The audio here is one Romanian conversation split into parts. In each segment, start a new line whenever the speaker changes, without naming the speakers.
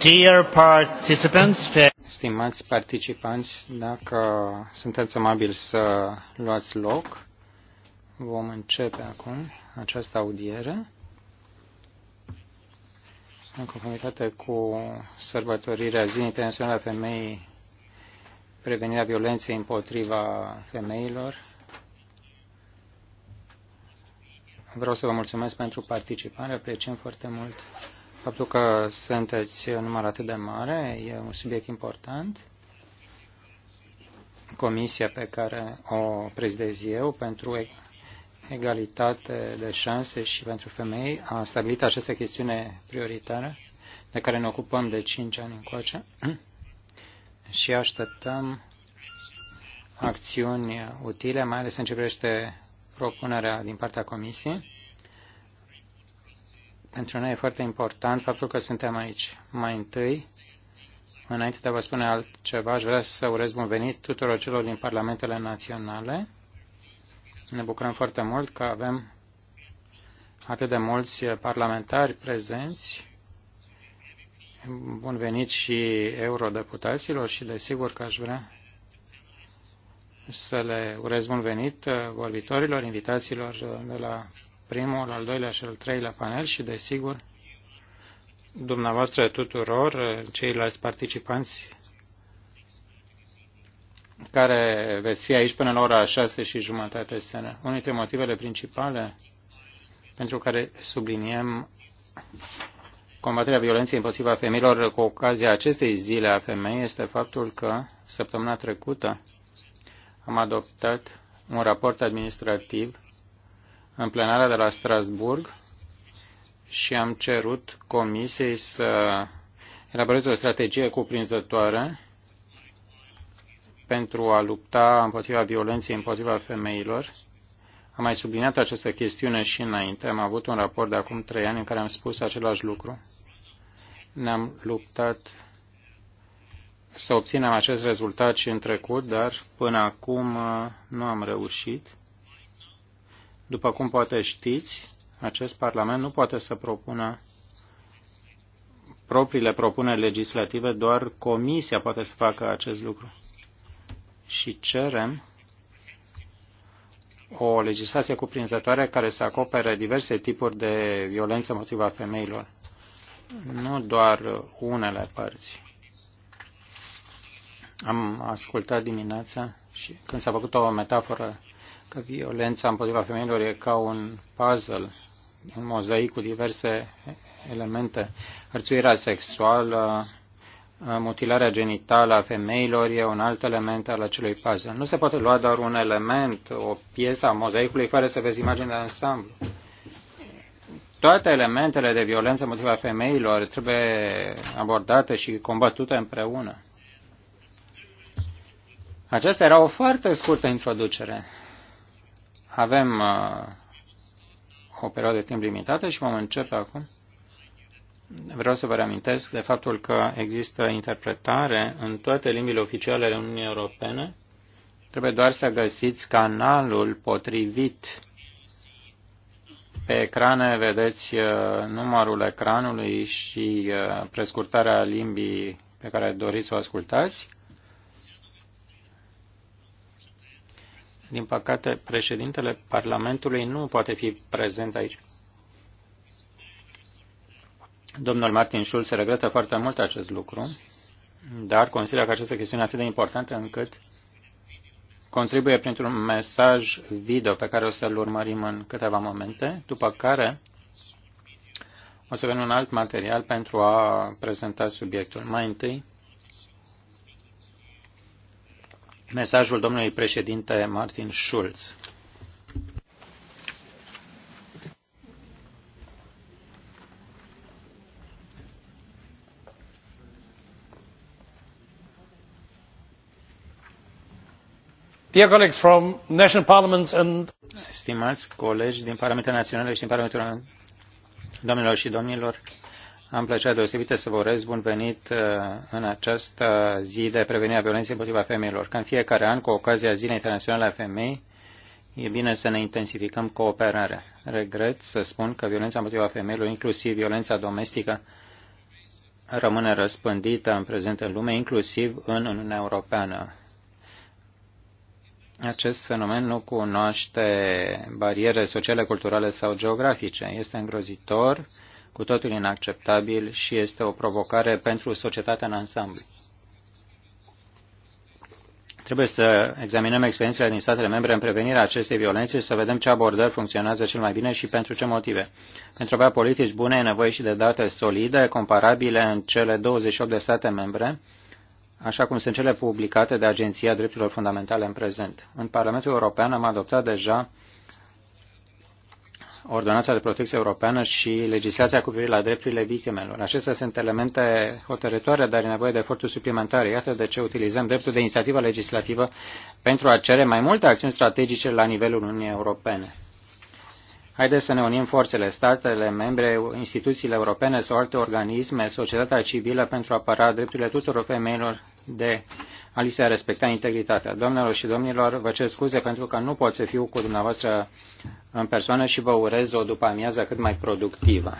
Dear participants, Stimați participanți, dacă sunteți amabili să luați loc, vom începe acum această audiere în conformitate cu sărbătorirea Zilei Internaționale a Femeii, prevenirea violenței împotriva femeilor. Vreau să vă mulțumesc pentru participare, apreciem foarte mult faptul că sunteți un număr atât de mare. E un subiect important. Comisia pe care o prezidez eu pentru egalitate de șanse și pentru femei a stabilit această chestiune prioritară de care ne ocupăm de 5 ani încoace și așteptăm acțiuni utile, mai ales în ce privește propunerea din partea Comisiei pentru noi e foarte important faptul că suntem aici. Mai întâi, înainte de a vă spune altceva, aș vrea să urez bun venit tuturor celor din Parlamentele Naționale. Ne bucurăm foarte mult că avem atât de mulți parlamentari prezenți. Bun venit și eurodeputaților și desigur că aș vrea să le urez bun venit vorbitorilor, invitațiilor de la primul, al doilea și al treilea panel și, desigur, dumneavoastră tuturor, eh, ceilalți participanți care veți fi aici până la ora 6 și jumătate seara. Unul dintre motivele principale pentru care subliniem combaterea violenței împotriva femeilor cu ocazia acestei zile a femei este faptul că săptămâna trecută am adoptat un raport administrativ în plenarea de la Strasburg și am cerut comisiei să elaboreze o strategie cuprinzătoare pentru a lupta împotriva violenței împotriva femeilor. Am mai subliniat această chestiune și înainte. Am avut un raport de acum trei ani în care am spus același lucru. Ne-am luptat să obținem acest rezultat și în trecut, dar până acum uh, nu am reușit. După cum poate știți, acest Parlament nu poate să propună propriile propuneri legislative, doar Comisia poate să facă acest lucru. Și cerem o legislație cuprinzătoare care să acopere diverse tipuri de violență împotriva femeilor, nu doar unele părți. Am ascultat dimineața și când s-a făcut o metaforă că violența împotriva femeilor e ca un puzzle, un mozaic cu diverse elemente. Hărțuirea sexuală, mutilarea genitală a femeilor e un alt element al acelui puzzle. Nu se poate lua doar un element, o piesă a mozaicului, fără să vezi imaginea de ansamblu. Toate elementele de violență împotriva femeilor trebuie abordate și combătute împreună. Aceasta era o foarte scurtă introducere. Avem uh, o perioadă de timp limitată și vom începe acum. Vreau să vă reamintesc de faptul că există interpretare în toate limbile oficiale ale Uniunii Europene. Trebuie doar să găsiți canalul potrivit. Pe ecrane vedeți uh, numărul ecranului și uh, prescurtarea limbii pe care doriți să o ascultați. Din păcate, președintele Parlamentului nu poate fi prezent aici. Domnul Martin Schulz regretă foarte mult acest lucru, dar consideră că această chestiune atât de importantă încât contribuie printr-un mesaj video pe care o să-l urmărim în câteva momente, după care o să avem un alt material pentru a prezenta subiectul. Mai întâi, mesajul domnului președinte Martin Schulz. Dear colleagues from national parliaments and Stimați colegi din Parlamentele Naționale și din Parlamentul Domnilor și domnilor, am plăcerea deosebită să vă urez bun venit uh, în această zi de prevenire a violenței împotriva femeilor. Ca în fiecare an, cu ocazia Zilei Internaționale a Femei, e bine să ne intensificăm cooperarea. Regret să spun că violența împotriva femeilor, inclusiv violența domestică, rămâne răspândită în prezent în lume, inclusiv în Uniunea Europeană. Acest fenomen nu cunoaște bariere sociale, culturale sau geografice. Este îngrozitor cu totul inacceptabil și este o provocare pentru societatea în ansamblu. Trebuie să examinăm experiențele din statele membre în prevenirea acestei violențe și să vedem ce abordări funcționează cel mai bine și pentru ce motive. Pentru a avea politici bune e nevoie și de date solide, comparabile în cele 28 de state membre, așa cum sunt cele publicate de Agenția Drepturilor Fundamentale în prezent. În Parlamentul European am adoptat deja Ordonanța de Protecție Europeană și legislația cu privire la drepturile victimelor. Acestea sunt elemente hotărătoare, dar e nevoie de eforturi suplimentare. Iată de ce utilizăm dreptul de inițiativă legislativă pentru a cere mai multe acțiuni strategice la nivelul Uniunii Europene. Haideți să ne unim forțele, statele membre, instituțiile europene sau alte organisme, societatea civilă pentru a apăra drepturile tuturor femeilor de a li se respecta integritatea. Doamnelor și domnilor, vă cer scuze pentru că nu pot să fiu cu dumneavoastră în persoană și vă urez o după amiază cât mai productivă.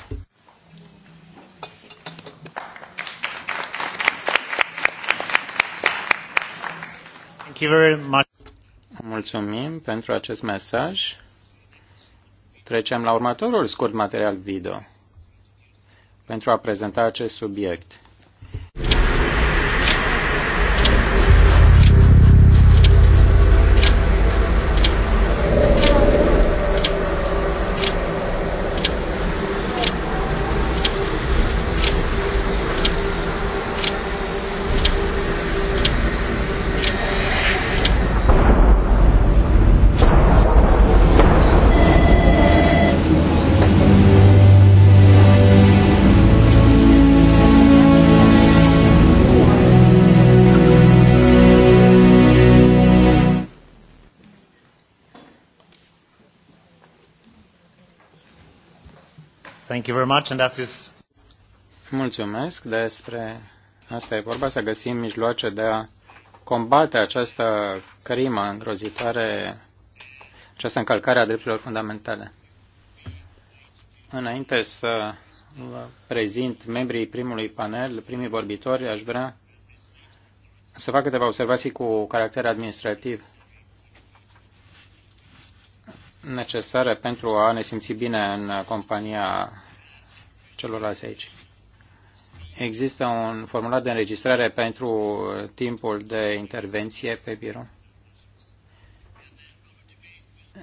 Thank you very much. Mulțumim pentru acest mesaj. Trecem la următorul scurt material video pentru a prezenta acest subiect. Mulțumesc despre... Asta e vorba, să găsim mijloace de a combate această crimă îngrozitoare, această încălcare a drepturilor fundamentale. Înainte să vă prezint membrii primului panel, primii vorbitori, aș vrea să fac câteva observații cu caracter administrativ necesare pentru a ne simți bine în compania celorlalți aici. Există un formular de înregistrare pentru timpul de intervenție pe birou.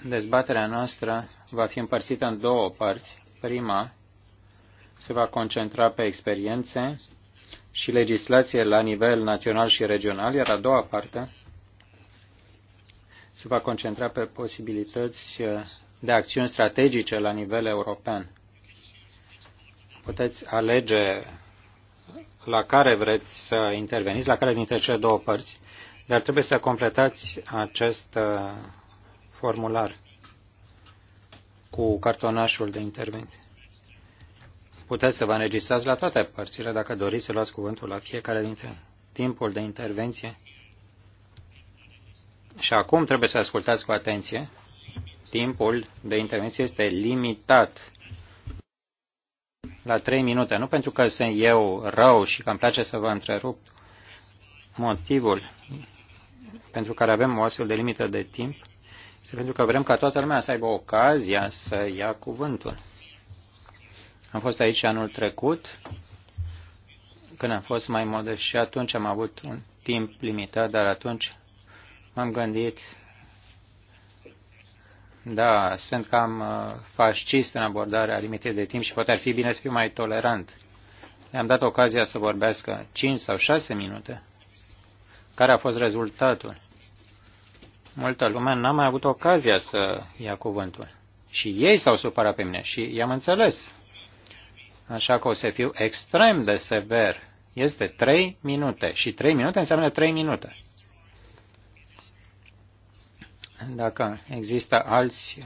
Dezbaterea noastră va fi împărțită în două părți. Prima se va concentra pe experiențe și legislație la nivel național și regional, iar a doua parte se va concentra pe posibilități de acțiuni strategice la nivel european. Puteți alege la care vreți să interveniți, la care dintre cele două părți, dar trebuie să completați acest uh, formular cu cartonașul de intervenție. Puteți să vă înregistrați la toate părțile dacă doriți să luați cuvântul la fiecare dintre timpul de intervenție. Și acum trebuie să ascultați cu atenție. Timpul de intervenție este limitat la trei minute, nu pentru că sunt eu rău și că îmi place să vă întrerup. Motivul pentru care avem o astfel de limită de timp este pentru că vrem ca toată lumea să aibă ocazia să ia cuvântul. Am fost aici anul trecut, când am fost mai modest și atunci am avut un timp limitat, dar atunci m-am gândit da, sunt cam uh, fascist în abordarea limitei de timp și poate ar fi bine să fiu mai tolerant. Le-am dat ocazia să vorbească 5 sau 6 minute. Care a fost rezultatul? Multă lume n-a mai avut ocazia să ia cuvântul. Și ei s-au supărat pe mine și i-am înțeles. Așa că o să fiu extrem de sever. Este 3 minute și 3 minute înseamnă 3 minute dacă există alți uh,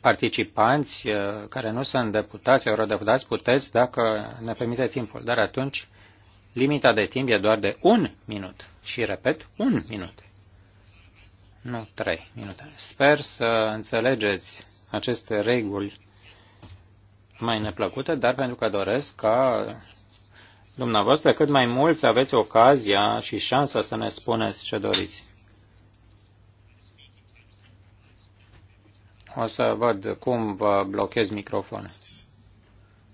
participanți uh, care nu sunt deputați, eurodeputați, puteți dacă ne permite timpul. Dar atunci limita de timp e doar de un minut. Și repet, un minut. Nu trei minute. Sper să înțelegeți aceste reguli mai neplăcute, dar pentru că doresc ca dumneavoastră cât mai mulți aveți ocazia și șansa să ne spuneți ce doriți. O să văd cum vă blochez microfonul.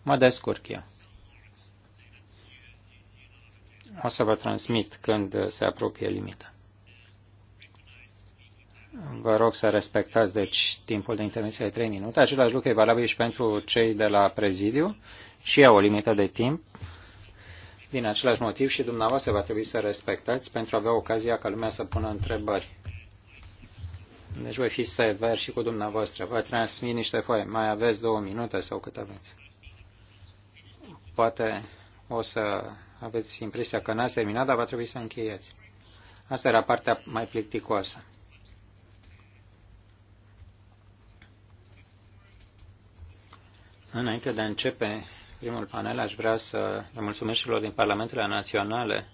Mă descurc eu. O să vă transmit când se apropie limita. Vă rog să respectați, deci, timpul de intervenție de 3 minute. Același lucru e valabil și pentru cei de la prezidiu și au o limită de timp. Din același motiv și dumneavoastră va trebui să respectați pentru a avea ocazia ca lumea să pună întrebări. Deci voi fi sever și cu dumneavoastră. Vă transmit niște foi. Mai aveți două minute sau cât aveți? Poate o să aveți impresia că n-ați terminat, dar va trebui să încheieți. Asta era partea mai plicticoasă. Înainte de a începe primul panel, aș vrea să le mulțumesc celor din Parlamentele Naționale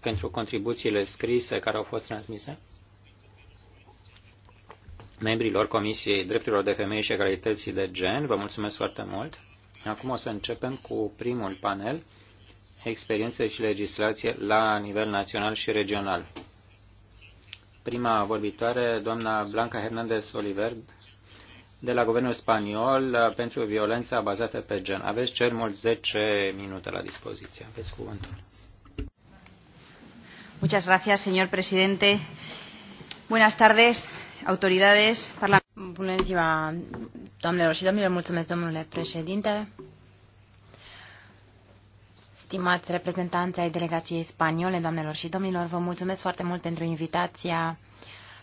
pentru contribuțiile scrise care au fost transmise membrilor Comisiei Drepturilor de Femei și Egalității de Gen. Vă mulțumesc foarte mult. Acum o să începem cu primul panel, experiențe și legislație la nivel național și regional. Prima vorbitoare, doamna Blanca Hernández Oliver, de la Guvernul Spaniol pentru violența bazată pe gen. Aveți cel mult 10 minute la dispoziție. Aveți cuvântul.
Muchas gracias, señor presidente. Buenas tardes autoridades Bună ziua, doamnelor și domnilor, mulțumesc, domnule președinte. Stimați reprezentanți ai delegației spaniole, doamnelor și domnilor, vă mulțumesc foarte mult pentru invitația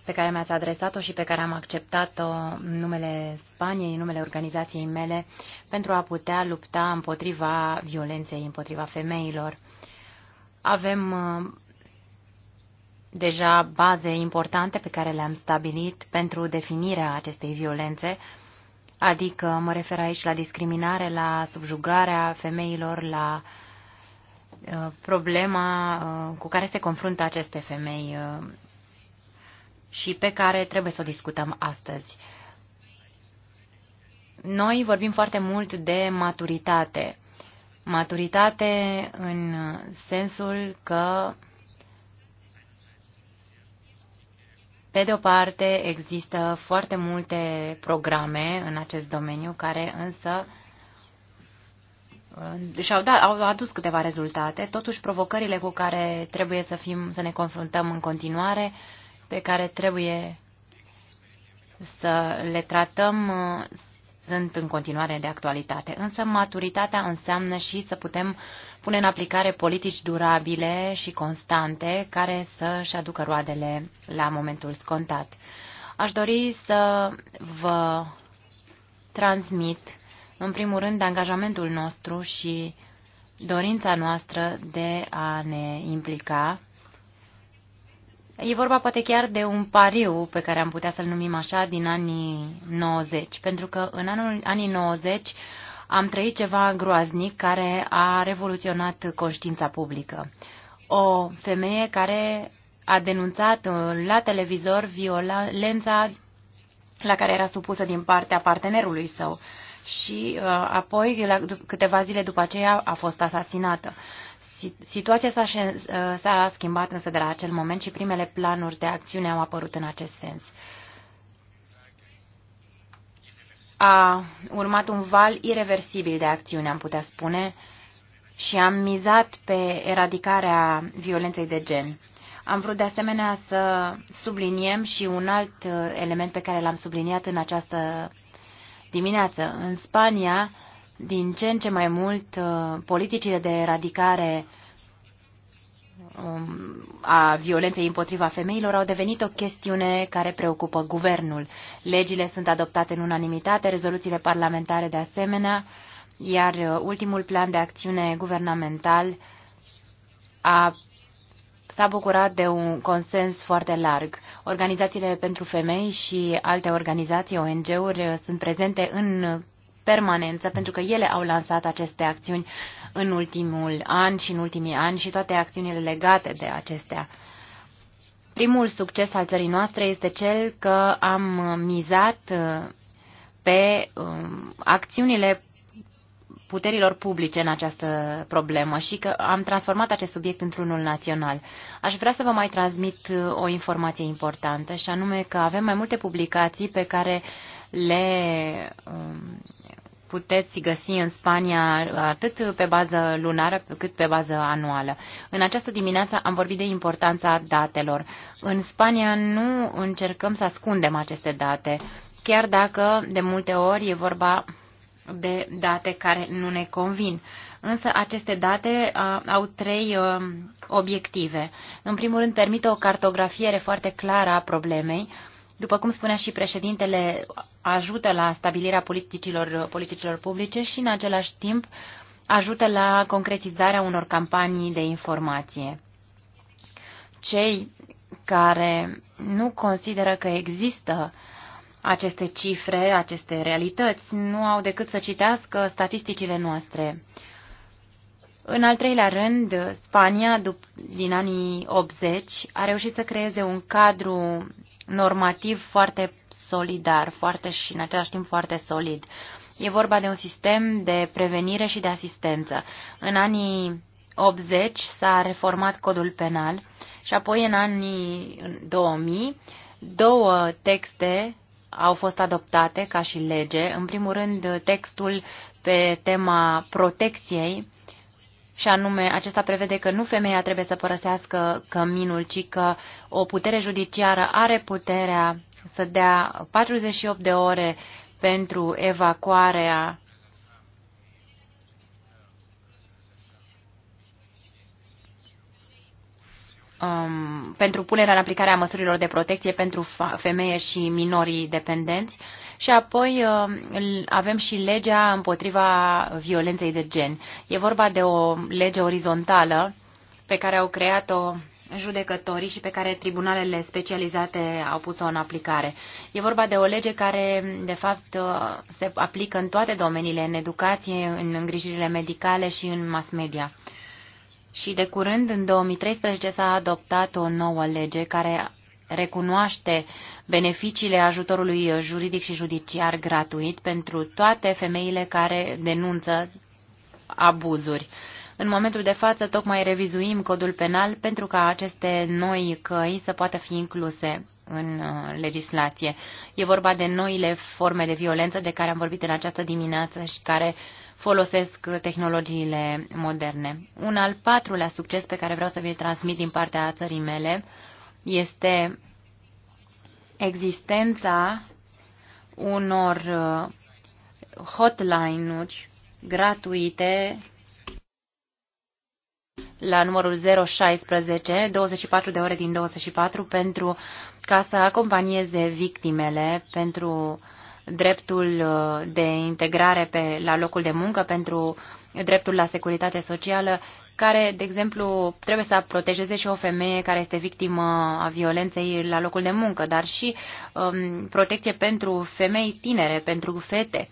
pe care mi-ați adresat-o și pe care am acceptat-o în numele Spaniei, în numele organizației mele, pentru a putea lupta împotriva violenței, împotriva femeilor. Avem uh, deja baze importante pe care le-am stabilit pentru definirea acestei violențe, adică mă refer aici la discriminare, la subjugarea femeilor, la uh, problema uh, cu care se confruntă aceste femei uh, și pe care trebuie să o discutăm astăzi. Noi vorbim foarte mult de maturitate. Maturitate în sensul că Pe de o parte, există foarte multe programe în acest domeniu care însă uh, și-au dat, au adus câteva rezultate, totuși provocările cu care trebuie să, fim, să ne confruntăm în continuare, pe care trebuie să le tratăm uh, sunt în continuare de actualitate. Însă maturitatea înseamnă și să putem pune în aplicare politici durabile și constante care să-și aducă roadele la momentul scontat. Aș dori să vă transmit, în primul rând, angajamentul nostru și dorința noastră de a ne implica E vorba poate chiar de un pariu pe care am putea să-l numim așa din anii 90, pentru că în anul, anii 90 am trăit ceva groaznic care a revoluționat conștiința publică. O femeie care a denunțat uh, la televizor violența la care era supusă din partea partenerului său și uh, apoi, câteva zile după aceea, a fost asasinată. Situația s-a schimbat însă de la acel moment și primele planuri de acțiune au apărut în acest sens. A urmat un val irreversibil de acțiune, am putea spune, și am mizat pe eradicarea violenței de gen. Am vrut de asemenea să subliniem și un alt uh, element pe care l-am subliniat în această dimineață. În Spania, din ce în ce mai mult uh, politicile de eradicare um, a violenței împotriva femeilor au devenit o chestiune care preocupă guvernul. Legile sunt adoptate în unanimitate, rezoluțiile parlamentare de asemenea, iar uh, ultimul plan de acțiune guvernamental a s-a bucurat de un consens foarte larg. Organizațiile pentru femei și alte organizații, ONG-uri, uh, sunt prezente în permanență, pentru că ele au lansat aceste acțiuni în ultimul an și în ultimii ani și toate acțiunile legate de acestea. Primul succes al țării noastre este cel că am mizat uh, pe um, acțiunile puterilor publice în această problemă și că am transformat acest subiect într-unul național. Aș vrea să vă mai transmit uh, o informație importantă și anume că avem mai multe publicații pe care le um, puteți găsi în Spania atât pe bază lunară cât pe bază anuală. În această dimineață am vorbit de importanța datelor. În Spania nu încercăm să ascundem aceste date, chiar dacă de multe ori e vorba de date care nu ne convin. Însă aceste date uh, au trei uh, obiective. În primul rând, permite o cartografiere foarte clară a problemei, uh, după cum spunea și președintele, ajută la stabilirea politicilor, politicilor publice și, în același timp, ajută la concretizarea unor campanii de informație. Cei care nu consideră că există aceste cifre, aceste realități, nu au decât să citească statisticile noastre. În al treilea rând, Spania, din anii 80, a reușit să creeze un cadru normativ foarte solidar foarte și în același timp foarte solid. E vorba de un sistem de prevenire și de asistență. În anii 80 s-a reformat codul penal și apoi în anii 2000 două texte au fost adoptate ca și lege. În primul rând textul pe tema protecției și anume acesta prevede că nu femeia trebuie să părăsească căminul, ci că o putere judiciară are puterea să dea 48 de ore pentru evacuarea um, pentru punerea în aplicare a măsurilor de protecție pentru femeie și minorii dependenți. Uh, și apoi uh, avem și legea împotriva violenței de gen. E vorba de o lege orizontală pe care au creat-o judecătorii și pe care tribunalele specializate au pus-o în aplicare. E vorba de o lege care, de fapt, uh, se aplică în toate domeniile, în educație, în îngrijirile medicale și în mass media. Și de curând, în 2013, s-a adoptat o nouă lege care recunoaște beneficiile ajutorului juridic și judiciar gratuit pentru toate femeile care denunță abuzuri. În momentul de față, tocmai revizuim codul penal pentru ca aceste noi căi să poată fi incluse în uh, legislație. E vorba de noile forme de violență de care am vorbit în această dimineață și care folosesc tehnologiile moderne. Un al patrulea succes pe care vreau să vi-l transmit din partea țării mele este existența unor uh, hotline-uri gratuite la numărul 016, 24 de ore din 24, pentru ca să acompanieze victimele pentru dreptul uh, de integrare pe, la locul de muncă, pentru dreptul la securitate socială care, de exemplu, trebuie să protejeze și o femeie care este victimă a violenței la locul de muncă, dar și um, protecție pentru femei tinere, pentru fete.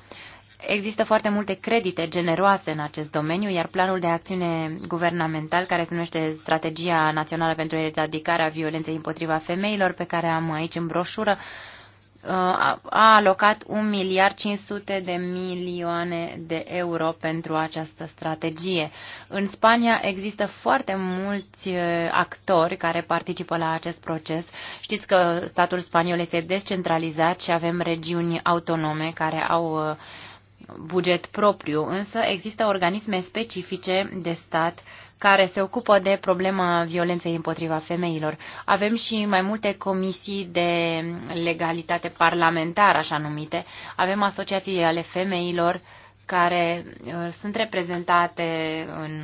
Există foarte multe credite generoase în acest domeniu, iar planul de acțiune guvernamental, care se numește Strategia Națională pentru Eradicarea Violenței împotriva Femeilor, pe care am aici în broșură, uh, a alocat 1 miliard 500 de milioane de euro pentru această strategie. În Spania există foarte mulți actori care participă la acest proces. Știți că statul spaniol este descentralizat și avem regiuni autonome care au buget propriu, însă există organisme specifice de stat care se ocupă de problema violenței împotriva femeilor. Avem și mai multe comisii de legalitate parlamentară, așa numite. Avem asociații ale femeilor uh, care uh, sunt reprezentate în,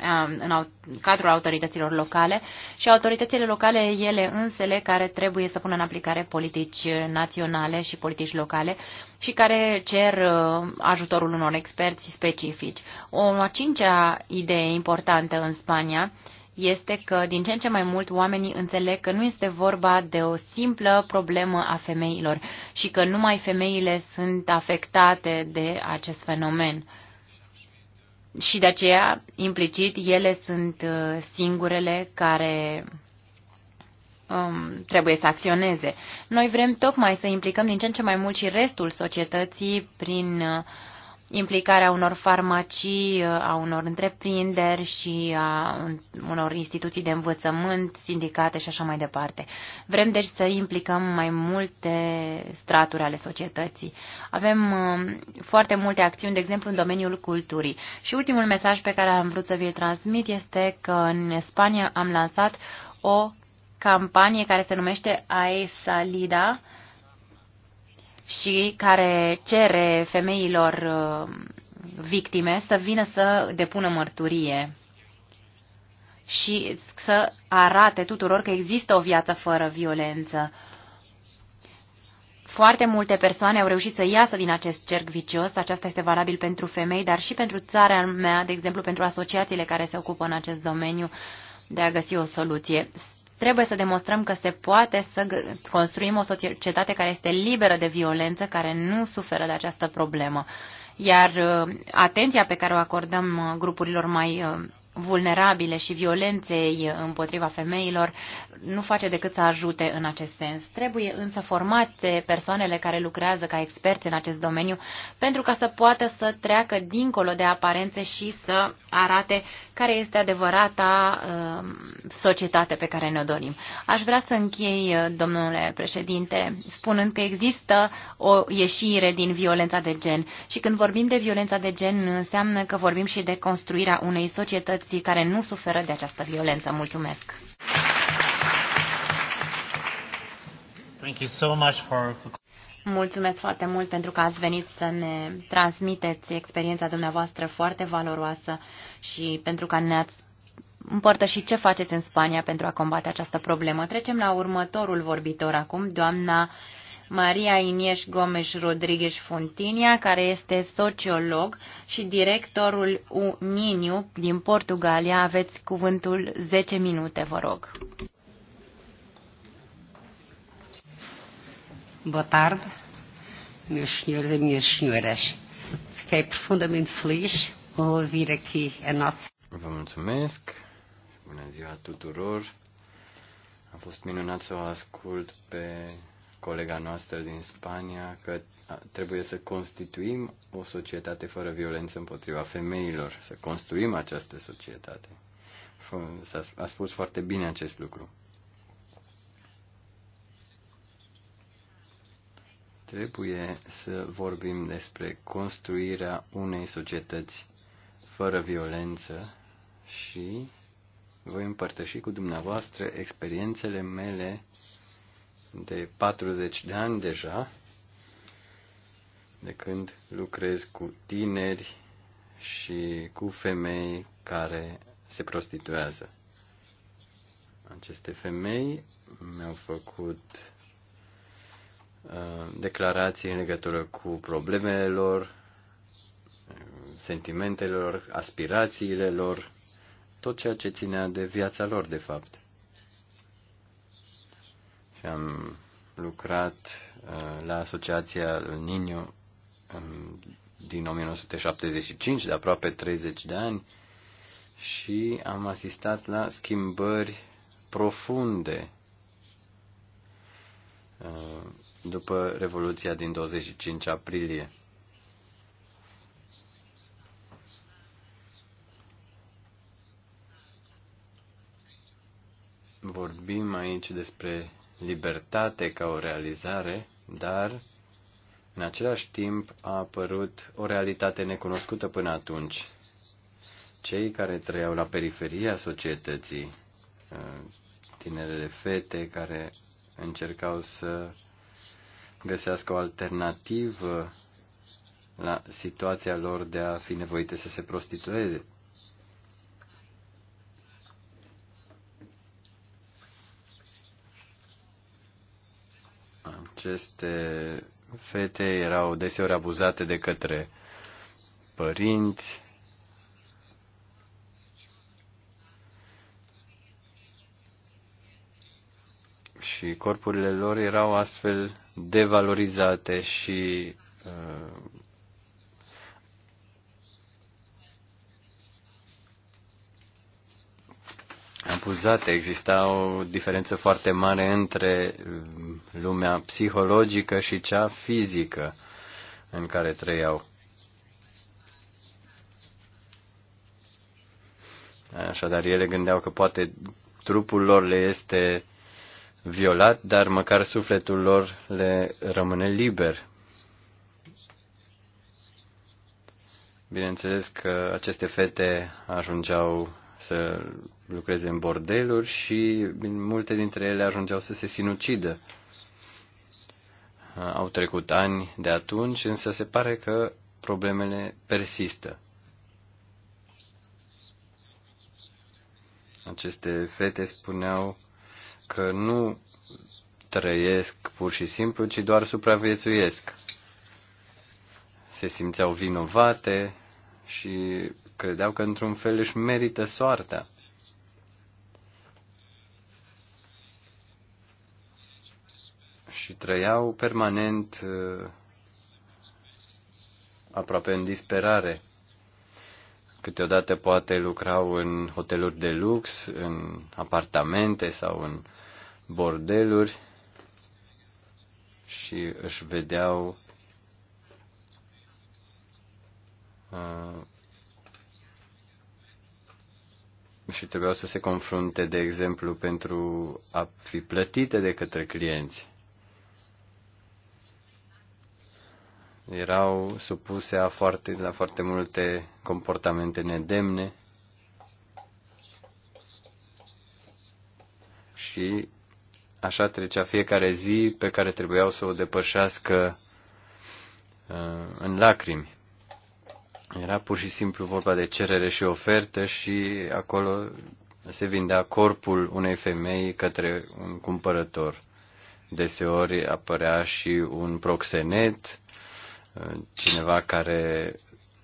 uh, în cadrul autorităților locale și autoritățile locale ele însele care trebuie să pună în aplicare politici naționale și politici locale și care cer uh, ajutorul unor experți specifici. O a cincea idee importantă în Spania este că din ce în ce mai mult oamenii înțeleg că nu este vorba de o simplă problemă a femeilor și că numai femeile sunt afectate de acest fenomen. Și de aceea, implicit, ele sunt uh, singurele care um, trebuie să acționeze. Noi vrem tocmai să implicăm din ce în ce mai mult și restul societății prin uh, implicarea unor farmacii, a unor întreprinderi și a unor instituții de învățământ, sindicate și așa mai departe. Vrem deci să implicăm mai multe straturi ale societății. Avem uh, foarte multe acțiuni, de exemplu, în domeniul culturii. Și ultimul mesaj pe care am vrut să vi-l transmit este că în Spania am lansat o campanie care se numește AESALIDA, Salida, și care cere femeilor uh, victime să vină să depună mărturie și să arate tuturor că există o viață fără violență. Foarte multe persoane au reușit să iasă din acest cerc vicios. Aceasta este valabil pentru femei, dar și pentru țara mea, de exemplu, pentru asociațiile care se ocupă în acest domeniu de a găsi o soluție. Trebuie să demonstrăm că se poate să construim o societate care este liberă de violență, care nu suferă de această problemă. Iar uh, atenția pe care o acordăm uh, grupurilor mai uh, vulnerabile și violenței împotriva femeilor nu face decât să ajute în acest sens. Trebuie însă formate persoanele care lucrează ca experți în acest domeniu pentru ca să poată să treacă dincolo de aparențe și să arate care este adevărata um, societate pe care ne-o dorim. Aș vrea să închei, domnule președinte, spunând că există o ieșire din violența de gen și când vorbim de violența de gen înseamnă că vorbim și de construirea unei societăți instituții care nu suferă de această violență. Mulțumesc!
Thank you so much for...
Mulțumesc foarte mult pentru că ați venit să ne transmiteți experiența dumneavoastră foarte valoroasă și pentru că ne-ați împărtășit ce faceți în Spania pentru a combate această problemă. Trecem la următorul vorbitor acum, doamna Maria Inieș Gomes Rodriguez Fontinia, care este sociolog și directorul UNINIU din Portugalia. Aveți cuvântul 10 minute, vă rog.
Boa tarde, meus senhores e minhas senhoras. Fiquei profundamente feliz ao ouvir aqui a nossa.
Vă mulțumesc. Bună ziua tuturor. A fost minunat să o ascult pe colega noastră din Spania că trebuie să constituim o societate fără violență împotriva femeilor, să construim această societate. A spus foarte bine acest lucru. Trebuie să vorbim despre construirea unei societăți fără violență și voi împărtăși cu dumneavoastră experiențele mele de 40 de ani deja, de când lucrez cu tineri și cu femei care se prostituează. Aceste femei mi-au făcut uh, declarații în legătură cu problemele lor, sentimentele lor, aspirațiile lor, tot ceea ce ținea de viața lor, de fapt și am lucrat uh, la Asociația El Niño um, din 1975, de aproape 30 de ani, și am asistat la schimbări profunde uh, după Revoluția din 25 aprilie. Vorbim aici despre libertate ca o realizare, dar în același timp a apărut o realitate necunoscută până atunci. Cei care trăiau la periferia societății, uh, tinerele fete care încercau să găsească o alternativă la situația lor de a fi nevoite să se prostitueze. aceste fete erau deseori abuzate de către părinți. Și corpurile lor erau astfel devalorizate și uh, confuzate. Exista o diferență foarte mare între mm, lumea psihologică și cea fizică în care trăiau. Așadar, ele gândeau că poate trupul lor le este violat, dar măcar sufletul lor le rămâne liber. Bineînțeles că aceste fete ajungeau să lucreze în bordeluri și multe dintre ele ajungeau să se sinucidă. Au trecut ani de atunci, însă se pare că problemele persistă. Aceste fete spuneau că nu trăiesc pur și simplu, ci doar supraviețuiesc. Se simțeau vinovate și credeau că într-un fel își merită soarta. Și trăiau permanent uh, aproape în disperare. Câteodată poate lucrau în hoteluri de lux, în apartamente sau în bordeluri și își vedeau uh, și trebuiau să se confrunte, de exemplu, pentru a fi plătite de către clienți. Erau supuse a foarte, la foarte multe comportamente nedemne și așa trecea fiecare zi pe care trebuiau să o depășească uh, în lacrimi. Era pur și simplu vorba de cerere și ofertă și acolo se vindea corpul unei femei către un cumpărător. Deseori apărea și un proxenet, cineva care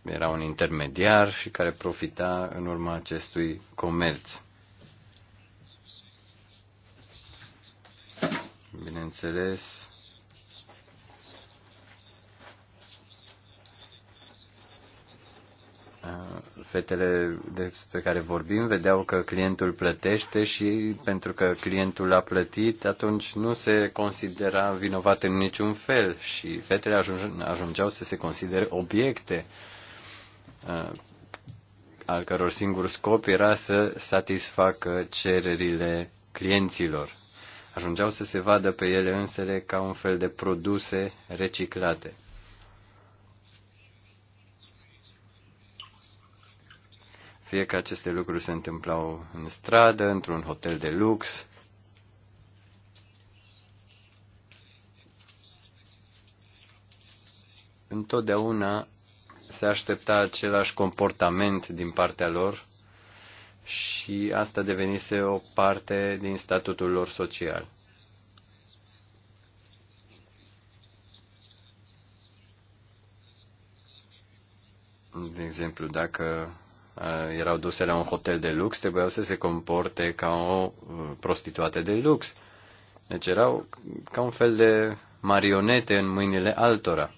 era un intermediar și care profita în urma acestui comerț. Bineînțeles, Ah, fetele despre care vorbim vedeau că clientul plătește și pentru că clientul a plătit, atunci nu se considera vinovat în niciun fel și fetele ajungeau să se considere obiecte ah, al căror singur scop era să satisfacă cererile clienților. Ajungeau să se vadă pe ele însele ca un fel de produse reciclate. Fie că aceste lucruri se întâmplau în stradă, într-un hotel de lux, întotdeauna se aștepta același comportament din partea lor și asta devenise o parte din statutul lor social. De exemplu, dacă Eh, erau duse la un hotel de lux, trebuiau să se comporte ca o eh, prostituată de lux. Deci erau ca un fel de marionete în mâinile altora.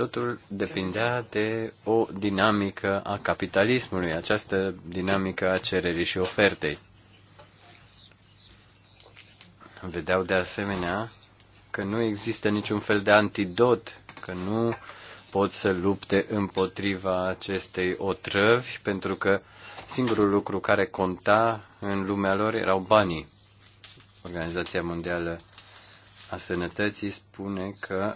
totul depindea de o dinamică a capitalismului, această dinamică a cererii și ofertei. Vedeau de asemenea că nu există niciun fel de antidot, că nu pot să lupte împotriva acestei otrăvi, pentru că singurul lucru care conta în lumea lor erau banii. Organizația Mondială a Sănătății spune că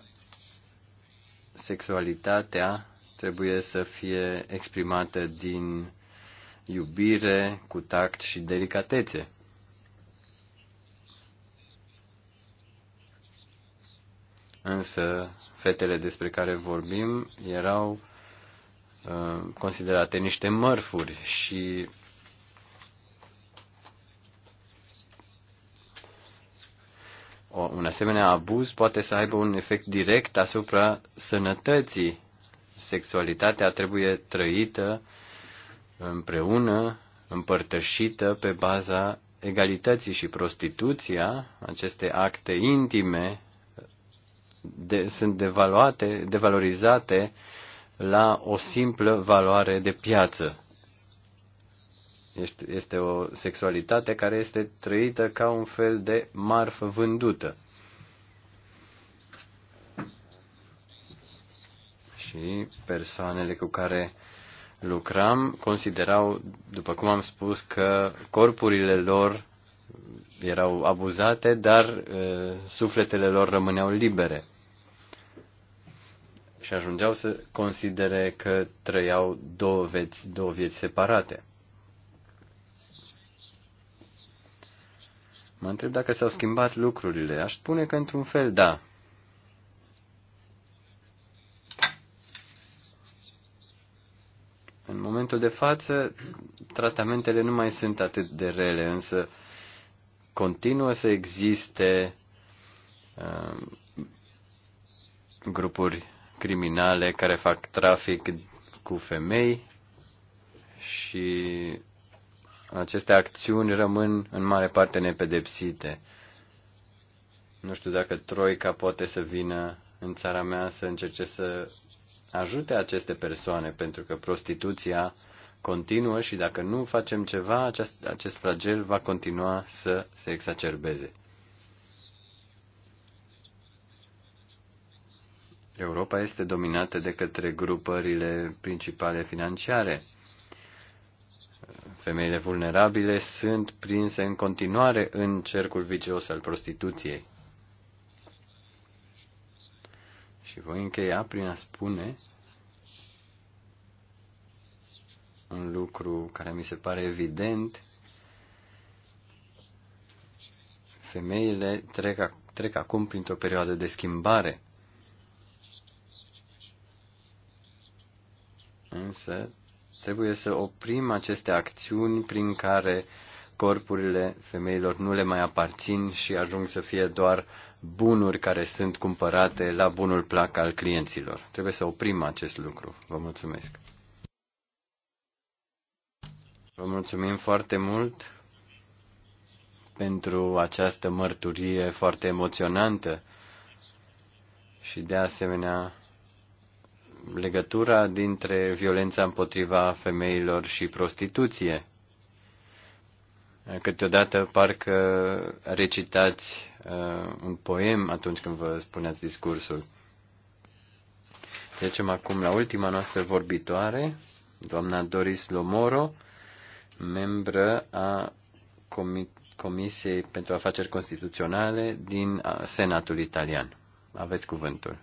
sexualitatea trebuie să fie exprimată din iubire, cu tact și delicatețe. Însă, fetele despre care vorbim erau uh, considerate niște mărfuri și un asemenea abuz poate să aibă un efect direct asupra sănătății. Sexualitatea trebuie trăită împreună, împărtășită pe baza egalității și prostituția, aceste acte intime de, sunt devaluate, devalorizate la o simplă valoare de piață. Este o sexualitate care este trăită ca un fel de marfă vândută. Și persoanele cu care lucram considerau, după cum am spus, că corpurile lor erau abuzate, dar e, sufletele lor rămâneau libere. Și ajungeau să considere că trăiau două vieți, două vieți separate. Mă întreb dacă s-au schimbat lucrurile. Aș spune că într-un fel da. În momentul de față, tratamentele nu mai sunt atât de rele, însă continuă să existe uh, grupuri criminale care fac trafic cu femei și aceste acțiuni rămân în mare parte nepedepsite. Nu știu dacă Troica poate să vină în țara mea să încerce să ajute aceste persoane, pentru că prostituția continuă și dacă nu facem ceva, acest, acest flagel va continua să se exacerbeze. Europa este dominată de către grupările principale financiare. Femeile vulnerabile sunt prinse în continuare în cercul vicios al prostituției. Și voi încheia prin a spune un lucru care mi se pare evident. Femeile trec, trec acum printr-o perioadă de schimbare. Însă Trebuie să oprim aceste acțiuni prin care corpurile femeilor nu le mai aparțin și ajung să fie doar bunuri care sunt cumpărate la bunul plac al clienților. Trebuie să oprim acest lucru. Vă mulțumesc. Vă mulțumim foarte mult pentru această mărturie foarte emoționantă și de asemenea legătura dintre violența împotriva femeilor și prostituție. Câteodată parcă recitați uh, un poem atunci când vă spuneați discursul. Trecem acum la ultima noastră vorbitoare, doamna Doris Lomoro, membră a Comisiei pentru Afaceri Constituționale din uh, Senatul Italian. Aveți cuvântul.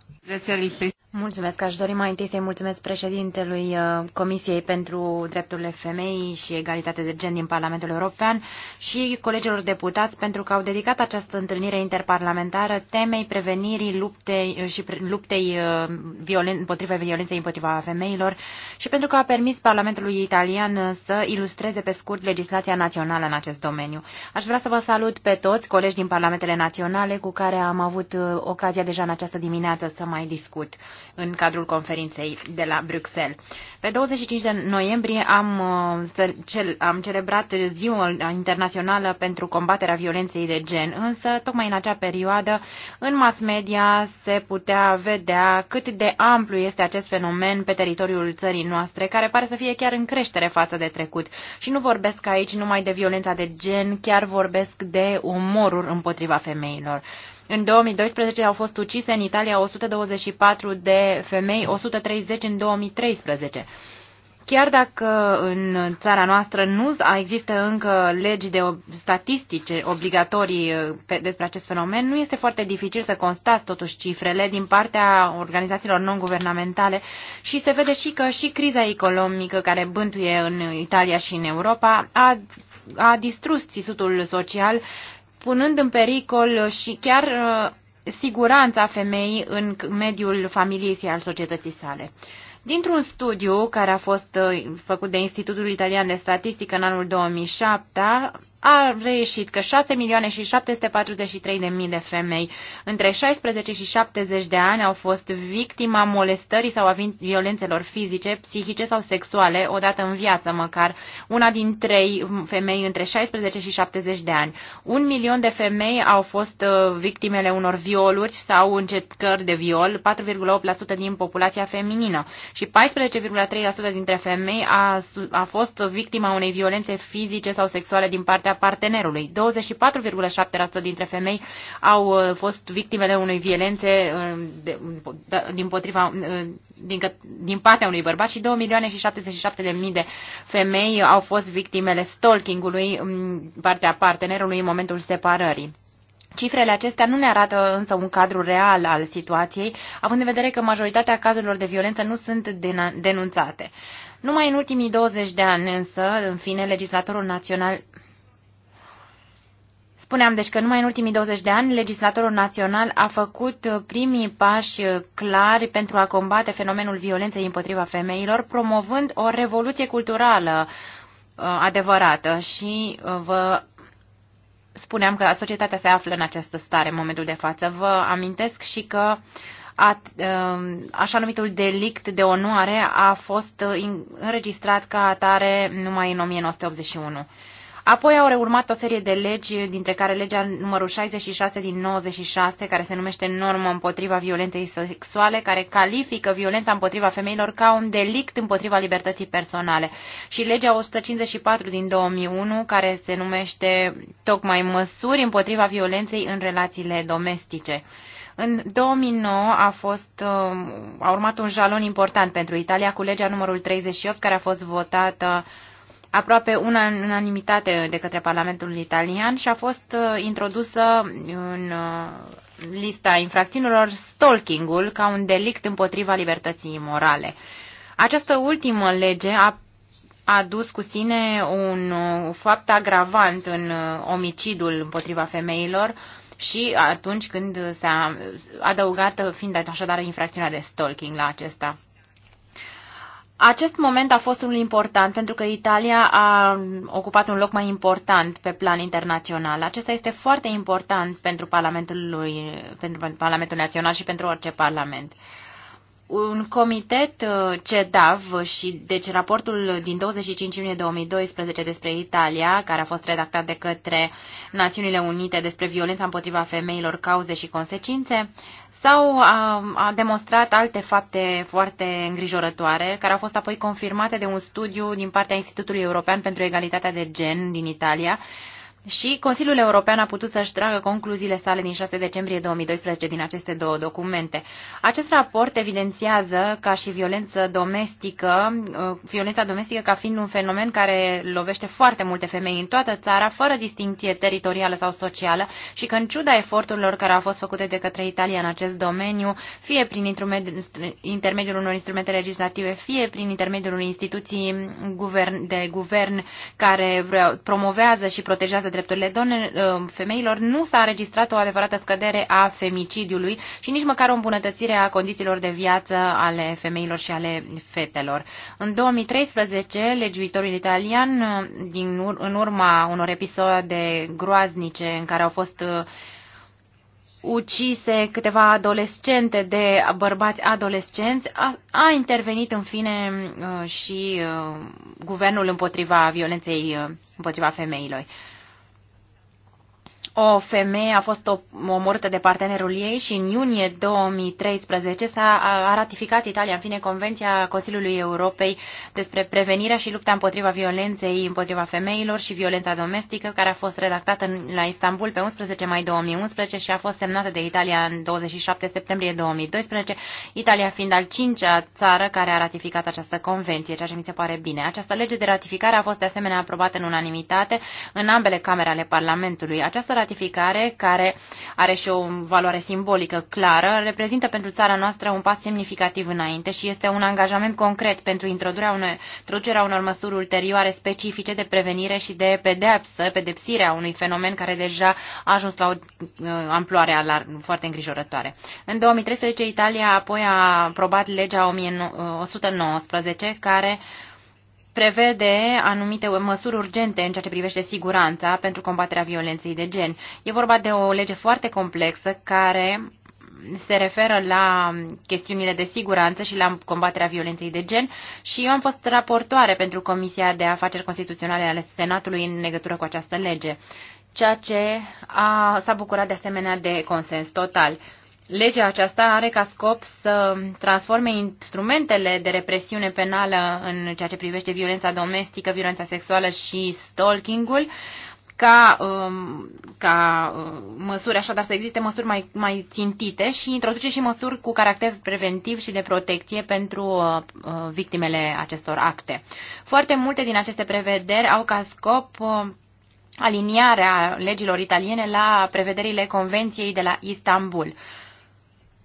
Mulțumesc. Aș dori mai întâi să-i mulțumesc președintelui uh, Comisiei pentru Drepturile Femeii și Egalitate de Gen din Parlamentul European și colegilor deputați pentru că au dedicat această întâlnire interparlamentară temei prevenirii luptei uh, și luptei uh, violen, împotriva violenței împotriva femeilor și pentru că a permis Parlamentului Italian să ilustreze pe scurt legislația națională în acest domeniu. Aș vrea să vă salut pe toți colegi din Parlamentele Naționale cu care am avut ocazia deja în această dimineață să mai discut în cadrul conferinței de la Bruxelles. Pe 25 de noiembrie am, uh, am celebrat Ziua Internațională pentru combaterea violenței de gen, însă tocmai în acea perioadă în mass media se putea vedea cât de amplu este acest fenomen pe teritoriul țării noastre, care pare să fie chiar în creștere față de trecut. Și nu vorbesc aici numai de violența de gen, chiar vorbesc de umorul împotriva femeilor. În 2012 au fost ucise în Italia 124 de femei, 130 în 2013. Chiar dacă în țara noastră nu există încă legi de statistice obligatorii uh, despre acest fenomen, nu este foarte dificil să constați totuși cifrele din partea organizațiilor non-guvernamentale și se vede și că și criza economică care bântuie în Italia și în Europa a a distrus țisutul social punând în pericol și chiar uh, siguranța femeii în mediul familiei și al societății sale. Dintr-un studiu care a fost uh, făcut de Institutul Italian de Statistică în anul 2007, a reieșit că 6 milioane și 743 de mii de femei între 16 și 70 de ani au fost victima molestării sau a violențelor fizice, psihice sau sexuale, odată în viață măcar, una din trei femei între 16 și 70 de ani. Un milion de femei au fost uh, victimele unor violuri sau încercări de viol, 4,8% din populația feminină și 14,3% dintre femei a, a fost victima unei violențe fizice sau sexuale din partea partea partenerului. 24,7% dintre femei au uh, fost victimele unei violențe uh, da, din, potriva, uh, din, din partea unui bărbat și 2 milioane și 77 de mii de femei au fost victimele stalkingului în partea partenerului în momentul separării. Cifrele acestea nu ne arată însă un cadru real al situației, având în vedere că majoritatea cazurilor de violență nu sunt denunțate. Numai în ultimii 20 de ani însă, în fine, legislatorul național Spuneam deci că numai în ultimii 20 de ani legislatorul național a făcut uh, primii pași uh, clari pentru a combate fenomenul violenței împotriva femeilor, promovând o revoluție culturală uh, adevărată și vă spuneam că societatea se află în această stare în momentul de față. Vă amintesc și că a, um, așa numitul delict de onoare a fost înregistrat ca atare numai în 1981. Apoi au urmat o serie de legi, dintre care legea numărul 66 din 96, care se numește Normă împotriva violenței sexuale, care califică violența împotriva femeilor ca un delict împotriva libertății personale. Și legea 154 din 2001, care se numește tocmai măsuri împotriva violenței în relațiile domestice. În 2009 a, fost, um, a urmat un jalon important pentru Italia cu legea numărul 38, care a fost votată aproape una în unanimitate de către Parlamentul italian și a fost uh, introdusă în uh, lista infracțiunilor stalkingul ca un delict împotriva libertății morale. Această ultimă lege a adus cu sine un uh, fapt agravant în omicidul împotriva femeilor și atunci când s-a adăugat fiind așadar infracțiunea de stalking la acesta. Acest moment a fost unul important pentru că Italia a ocupat un loc mai important pe plan internațional. Acesta este foarte important pentru Parlamentul, lui, pentru Parlamentul Național și pentru orice parlament. Un comitet uh, CEDAV și deci raportul din 25 iunie 2012 despre Italia, care a fost redactat de către Națiunile Unite despre violența împotriva femeilor, cauze și consecințe, sau a, a demonstrat alte fapte foarte îngrijorătoare, care au fost apoi confirmate de un studiu din partea Institutului European pentru Egalitatea de Gen din Italia, și Consiliul European a putut să-și tragă concluziile sale din 6 decembrie 2012 din aceste două documente. Acest raport evidențiază ca și violență domestică, uh, violența domestică ca fiind un fenomen care lovește foarte multe femei în toată țara, fără distinție teritorială sau socială și că în ciuda eforturilor care au fost făcute de către Italia în acest domeniu, fie prin intermediul unor instrumente legislative, fie prin intermediul unor instituții de guvern care promovează și protejează privește drepturile donor, uh, femeilor, nu s-a înregistrat o adevărată scădere a femicidiului și nici măcar o îmbunătățire a condițiilor de viață ale femeilor și ale fetelor. În 2013, legiuitorul italian, uh, din, în urma unor episoade groaznice în care au fost uh, ucise câteva adolescente de bărbați adolescenți, a, a intervenit în fine și guvernul împotriva violenței împotriva femeilor o femeie a fost omorâtă de partenerul ei și în iunie 2013 s-a ratificat Italia, în fine, Convenția Consiliului Europei despre prevenirea și lupta împotriva violenței împotriva femeilor și violența domestică, care a fost redactată la Istanbul pe 11 mai 2011 și a fost semnată de Italia în 27 septembrie 2012, Italia fiind al cincea țară care a ratificat această convenție, ceea ce mi se pare bine. Această lege de ratificare a fost de asemenea aprobată în unanimitate în ambele camere ale Parlamentului. Această ratificare, care are și o valoare simbolică clară, reprezintă pentru țara noastră un pas semnificativ înainte și este un angajament concret pentru introducerea unor, introducerea unor măsuri ulterioare specifice de prevenire și de pedepsă, pedepsirea unui fenomen care deja a ajuns la o uh, amploare alar, foarte îngrijorătoare. În 2013, Italia apoi a aprobat legea 1119, uh, care prevede anumite măsuri urgente în ceea ce privește siguranța pentru combaterea violenței de gen. E vorba de o lege foarte complexă care se referă la chestiunile de siguranță și la combaterea violenței de gen și eu am fost raportoare pentru Comisia de Afaceri Constituționale ale Senatului în legătură cu această lege, ceea ce s-a bucurat de asemenea de consens total. Legea aceasta are ca scop să transforme instrumentele de represiune penală în ceea ce privește violența domestică, violența sexuală și stalkingul ca, um, ca uh, măsuri, așadar să existe măsuri mai, mai țintite și introduce și măsuri cu caracter preventiv și de protecție pentru uh, uh, victimele acestor acte. Foarte multe din aceste prevederi au ca scop aliniarea legilor italiene la prevederile Convenției de la Istanbul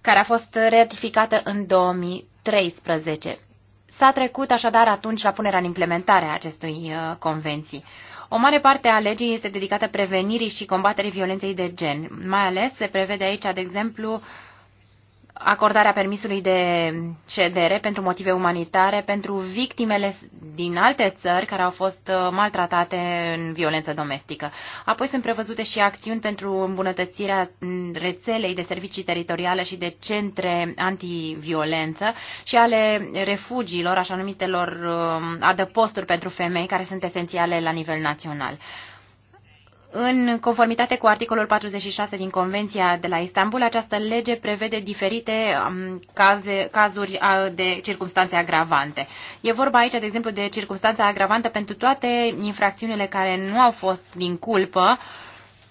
care a fost ratificată în 2013. S-a trecut așadar atunci la punerea în implementare a acestui uh, convenții. O mare parte a legii este dedicată prevenirii și combaterii violenței de gen. Mai ales se prevede aici, de exemplu, acordarea permisului de cedere pentru motive umanitare pentru victimele din alte țări care au fost uh, maltratate în violență domestică. Apoi sunt prevăzute și acțiuni pentru îmbunătățirea mm, rețelei de servicii teritoriale și de centre antiviolență și ale refugiilor, așa numitelor uh, adăposturi pentru femei, care sunt esențiale la nivel național. În conformitate cu articolul 46 din Convenția de la Istanbul, această lege prevede diferite um, caze, cazuri uh, de circunstanțe agravante. E vorba aici, de exemplu, de circunstanța agravantă pentru toate infracțiunile care nu au fost din culpă, uh,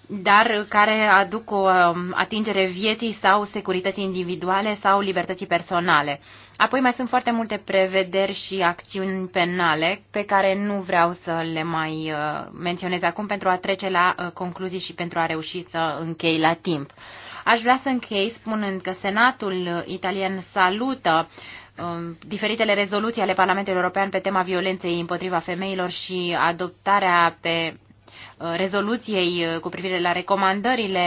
dar care aduc o um, atingere vieții sau securității individuale sau libertății personale. Apoi mai sunt foarte multe prevederi și acțiuni penale pe care nu vreau să le mai uh, menționez acum pentru a trece la uh, concluzii și pentru a reuși să închei la timp. Aș vrea să închei spunând că Senatul italian salută um, diferitele rezoluții ale Parlamentului European pe tema violenței împotriva femeilor și adoptarea pe Uh, rezoluției uh, cu privire la recomandările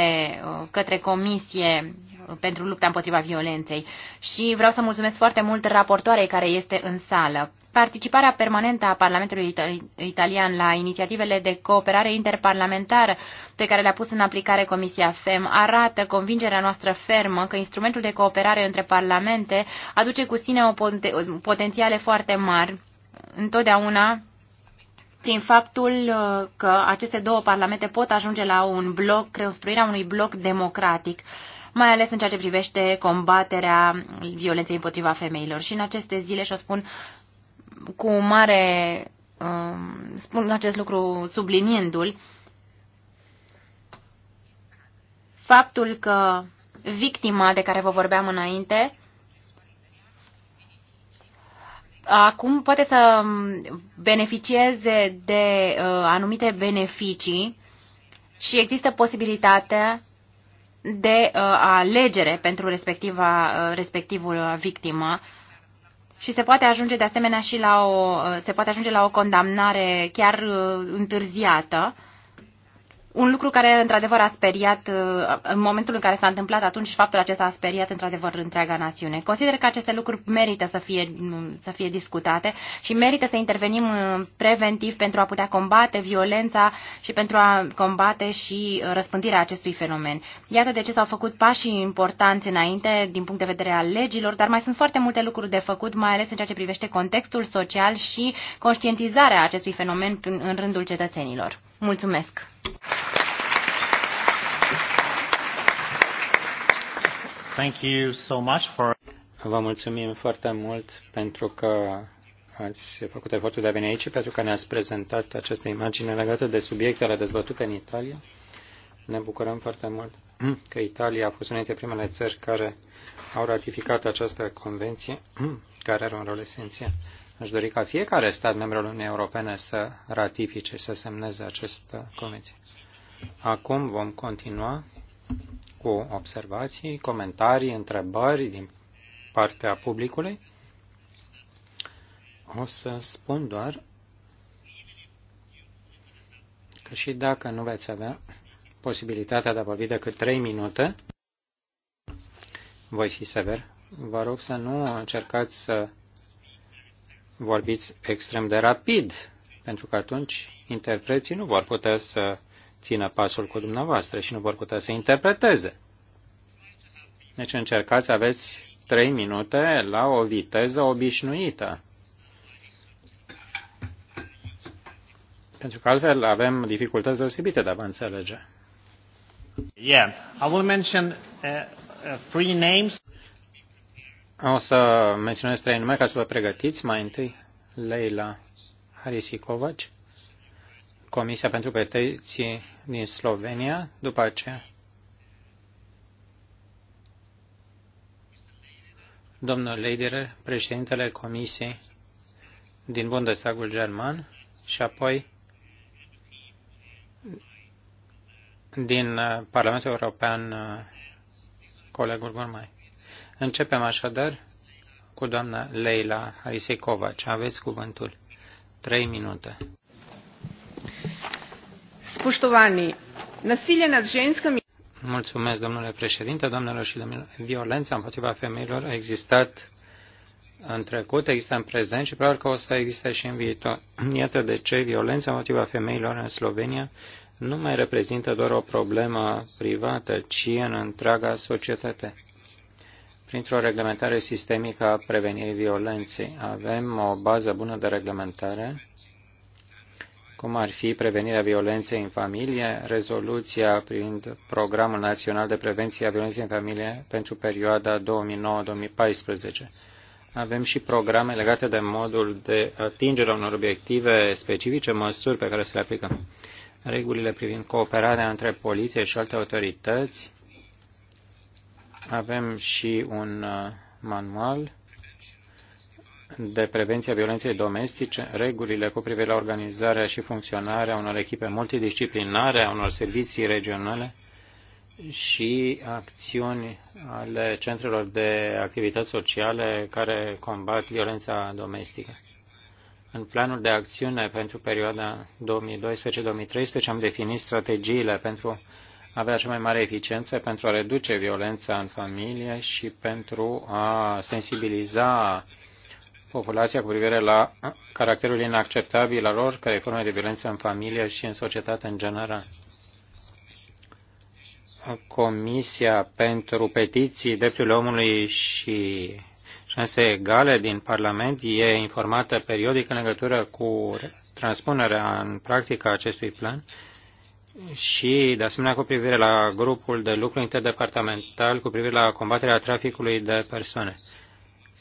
uh, către Comisie pentru lupta împotriva violenței. Și vreau să mulțumesc foarte mult raportoarei care este în sală. Participarea permanentă a Parlamentului Italian la inițiativele de cooperare interparlamentară pe care le-a pus în aplicare Comisia FEM arată convingerea noastră fermă că instrumentul de cooperare între parlamente aduce cu sine o potențiale foarte mari, întotdeauna prin faptul uh, că aceste două parlamente pot ajunge la un bloc, construirea unui bloc democratic, mai ales în ceea ce privește combaterea violenței împotriva femeilor. Și în aceste zile, și o spun cu mare, um, spun acest lucru subliniindu-l, faptul că victima de care vă vorbeam înainte acum poate să beneficieze de uh, anumite beneficii și există posibilitatea de uh, alegere pentru respectiva, uh, respectivul victimă și se poate ajunge de asemenea și la o, uh, se poate ajunge la o condamnare chiar uh, întârziată un lucru care într-adevăr a speriat, uh, în momentul în care s-a întâmplat atunci, faptul acesta a speriat într-adevăr întreaga națiune. Consider că aceste lucruri merită să fie, mm, să fie discutate și merită să intervenim uh, preventiv pentru a putea combate violența și pentru a combate și uh, răspândirea acestui fenomen. Iată de ce s-au făcut pași importanți înainte din punct de vedere al legilor, dar mai sunt foarte multe lucruri de făcut, mai ales în ceea ce privește contextul social și conștientizarea acestui fenomen în rândul cetățenilor. Mulțumesc!
Thank you so much for... Vă mulțumim foarte mult pentru că ați făcut efortul de a veni aici, pentru că ne-ați prezentat această imagine legată de subiectele dezbătute în Italia. Ne bucurăm foarte mult că Italia a fost una dintre primele țări care au ratificat această convenție, care are un rol esențial. Aș dori ca fiecare stat membru al Uniunii Europene să ratifice și să semneze această uh, convenție. Acum vom continua cu observații, comentarii, întrebări din partea publicului. O să spun doar că și dacă nu veți avea posibilitatea de a vorbi decât 3 minute, voi fi sever, vă rog să nu încercați să vorbiți extrem de rapid, pentru că atunci interpreții nu vor putea să țină pasul cu dumneavoastră și nu vor putea să interpreteze. Deci încercați să aveți trei minute la o viteză obișnuită. Pentru că altfel avem dificultăți deosebite de a vă înțelege.
Yeah, I will mention uh, uh, three names.
O să menționez trei nume ca să vă pregătiți. Mai întâi, Leila Harisikovac, Comisia pentru Petiții din Slovenia, după aceea domnul Leider, președintele Comisiei din Bundestagul German și apoi din Parlamentul European colegul Gormai. Începem așadar cu doamna Leila Ce Aveți cuvântul. Trei minute.
Spuștovani, nasilie nad ženskami...
Mulțumesc, domnule președinte, doamnelor și domnilor. Violența împotriva femeilor a existat în trecut, există în prezent și probabil că o să existe și în viitor. Iată de ce violența împotriva femeilor în Slovenia nu mai reprezintă doar o problemă privată, ci în întreaga societate printr-o reglementare sistemică a prevenirii violenței. Avem o bază bună de reglementare, cum ar fi prevenirea violenței în familie, rezoluția prin Programul Național de Prevenție a Violenței în Familie pentru perioada 2009-2014. Avem și programe legate de modul de atingere a unor obiective specifice, măsuri pe care să le aplicăm. Regulile privind cooperarea între poliție și alte autorități, avem și un uh, manual de prevenție a violenței domestice, regulile cu privire la organizarea și funcționarea unor echipe multidisciplinare, a unor servicii regionale și acțiuni ale centrelor de activități sociale care combat violența domestică. În planul de acțiune pentru perioada 2012-2013 am definit strategiile pentru avea cea mai mare eficiență pentru a reduce violența în familie și pentru a sensibiliza populația cu privire la caracterul inacceptabil al oricărei forme de violență în familie și în societate în general. Comisia pentru Petiții, Drepturile Omului și Șanse Egale din Parlament e informată periodic în legătură cu transpunerea în practică a acestui plan și, de asemenea, cu privire la grupul de lucru interdepartamental cu privire la combaterea traficului de persoane.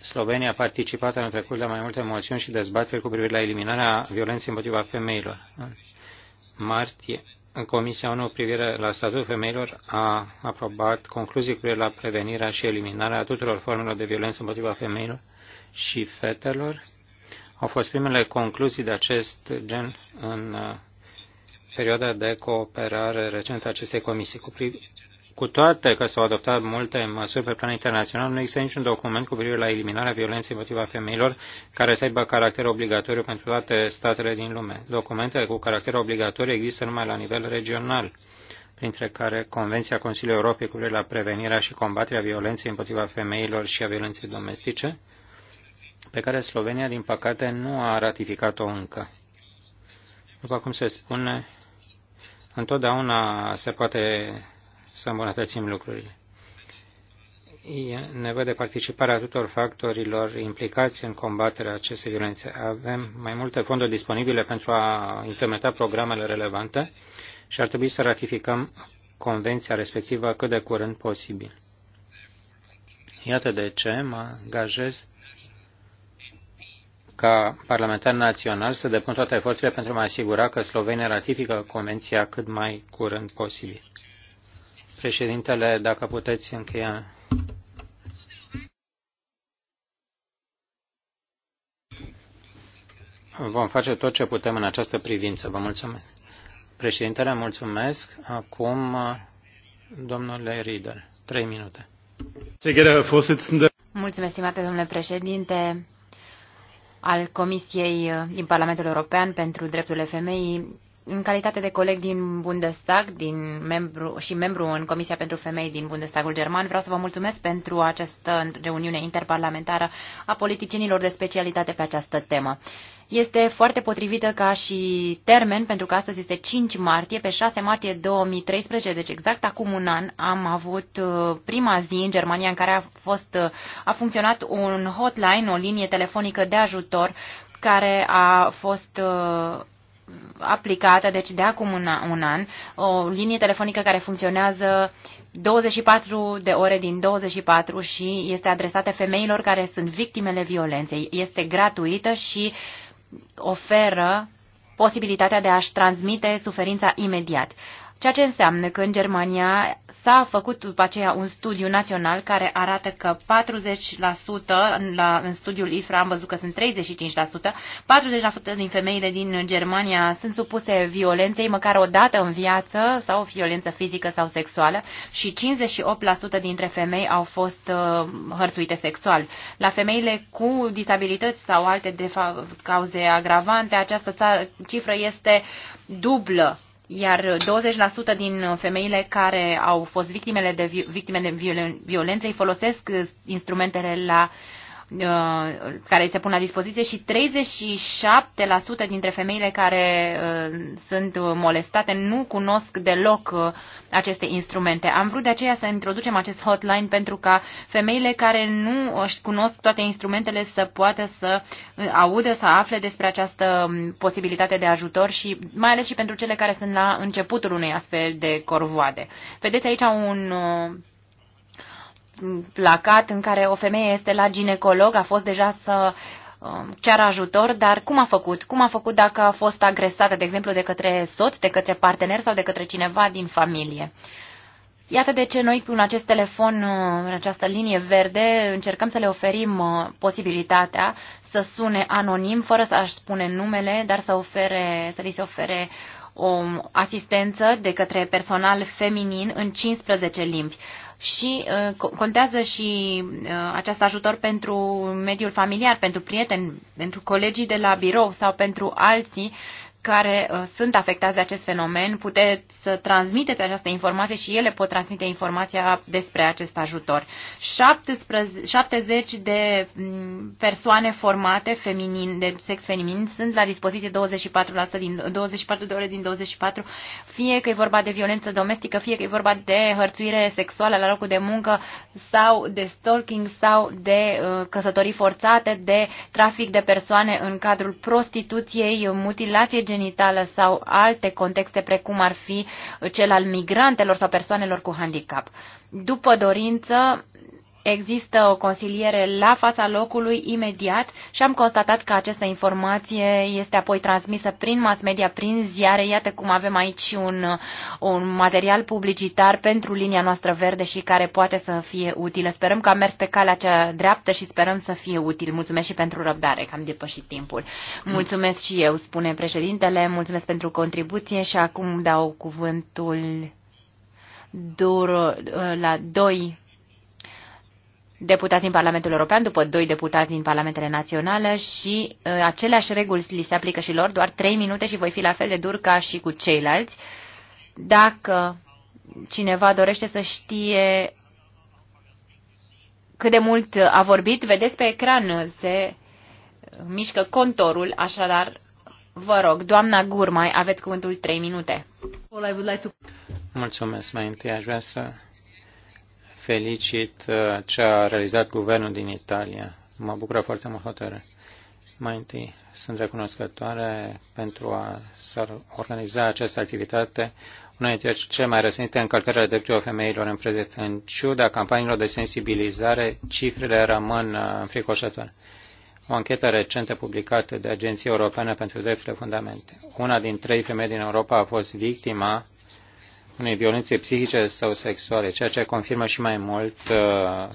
Slovenia a participat în trecut la mai multe moțiuni și dezbateri cu privire la eliminarea violenței împotriva femeilor. În martie, în Comisia 1 cu privire la statutul femeilor a aprobat concluzii cu privire la prevenirea și eliminarea tuturor formelor de violență împotriva femeilor și fetelor. Au fost primele concluzii de acest gen în uh, perioada de cooperare recentă a acestei comisii. Cu, cu toate că s-au adoptat multe măsuri pe plan internațional, nu există niciun document cu privire la eliminarea violenței împotriva femeilor care să aibă caracter obligatoriu pentru toate statele din lume. Documentele cu caracter obligatoriu există numai la nivel regional printre care Convenția Consiliului Europei cu privire la prevenirea și combaterea violenței împotriva femeilor și a violenței domestice, pe care Slovenia, din păcate, nu a ratificat-o încă. După cum se spune, Întotdeauna se poate să îmbunătățim lucrurile. E nevoie de participarea tuturor factorilor implicați în combaterea acestei violențe. Avem mai multe fonduri disponibile pentru a implementa programele relevante și ar trebui să ratificăm convenția respectivă cât de curând posibil. Iată de ce mă angajez ca parlamentar național să depun toate eforturile pentru a mă asigura că Slovenia ratifică convenția cât mai curând posibil. Președintele, dacă puteți încheia. Vom face tot ce putem în această privință. Vă mulțumesc. Președintele, mulțumesc. Acum, domnule Riedel, trei minute.
Mulțumesc, stimate domnule președinte al Comisiei uh, din Parlamentul European pentru Drepturile Femeii în calitate de coleg din Bundestag din membru, și membru în Comisia pentru Femei din Bundestagul German, vreau să vă mulțumesc pentru această reuniune interparlamentară a politicienilor de specialitate pe această temă este foarte potrivită ca și termen, pentru că astăzi este 5 martie. Pe 6 martie 2013, deci exact acum un an, am avut uh, prima zi în Germania în care a, fost, uh, a funcționat un hotline, o linie telefonică de ajutor, care a fost uh, aplicată, deci de acum un, un an, o linie telefonică care funcționează 24 de ore din 24 și este adresată femeilor care sunt victimele violenței. Este gratuită și uh, oferă posibilitatea de a-și transmite suferința imediat. Ceea ce înseamnă că în Germania s-a făcut după aceea un studiu național care arată că 40%, la, în studiul IFRA am văzut că sunt 35%, 40% din femeile din Germania sunt supuse violenței măcar o dată în viață sau violență fizică sau sexuală și 58% dintre femei au fost uh, hărțuite sexual. La femeile cu disabilități sau alte de cauze agravante, această țară, cifră este dublă iar 20% din femeile care au fost victimele de, victime de violență folosesc uh, instrumentele la uh, Uh, care se pun la dispoziție și 37% dintre femeile care uh, sunt molestate nu cunosc deloc uh, aceste instrumente. Am vrut de aceea să introducem acest hotline pentru ca femeile care nu își cunosc toate instrumentele să poată să audă, să afle despre această um, posibilitate de ajutor și mai ales și pentru cele care sunt la începutul unei astfel de corvoade. Vedeți aici un placat în care o femeie este la ginecolog, a fost deja să um, ceară ajutor, dar cum a făcut? Cum a făcut dacă a fost agresată, de exemplu, de către soț, de către partener sau de către cineva din familie? Iată de ce noi, prin acest telefon, uh, în această linie verde, încercăm să le oferim uh, posibilitatea să sune anonim, fără să-și spune numele, dar să, ofere, să li se ofere o asistență de către personal feminin în 15 limbi și uh, contează și uh, acest ajutor pentru mediul familiar, pentru prieteni, pentru colegii de la birou sau pentru alții care uh, sunt afectați de acest fenomen, puteți să transmiteți această informație și ele pot transmite informația despre acest ajutor. 17, 70 de mm, persoane formate feminin, de sex feminin sunt la dispoziție 24%, din, 24 de ore din 24, fie că e vorba de violență domestică, fie că e vorba de hărțuire sexuală la locul de muncă sau de stalking sau de uh, căsătorii forțate, de trafic de persoane în cadrul prostituției, mutilație genitală sau alte contexte precum ar fi cel al migrantelor sau persoanelor cu handicap. După dorință, Există o consiliere la fața locului imediat și am constatat că această informație este apoi transmisă prin mass media, prin ziare. Iată cum avem aici un, un material publicitar pentru linia noastră verde și care poate să fie utilă. Sperăm că am mers pe calea cea dreaptă și sperăm să fie util. Mulțumesc și pentru răbdare că am depășit timpul. Mulțumesc și eu, spune președintele. Mulțumesc pentru contribuție și acum dau cuvântul dur la doi deputați din Parlamentul European, după doi deputați din Parlamentele Naționale și uh, aceleași reguli li se aplică și lor, doar trei minute și voi fi la fel de dur ca și cu ceilalți. Dacă cineva dorește să știe cât de mult a vorbit, vedeți pe ecran, se mișcă contorul, așadar Vă rog, doamna Gurmai, aveți cuvântul trei minute.
Mulțumesc. Mai întâi aș vrea să felicit uh, ce a realizat guvernul din Italia. Mă bucură foarte mult hotărâre. Mai întâi, sunt recunoscătoare pentru a să organiza această activitate, una dintre cele mai răsmite încălcări ale drepturilor femeilor în prezent. În ciuda campaniilor de sensibilizare, cifrele rămân uh, înfricoșătoare. O anchetă recentă publicată de Agenția Europeană pentru Drepturile Fundamente. Una din trei femei din Europa a fost victima unei violențe psihice sau sexuale, ceea ce confirmă și mai mult uh,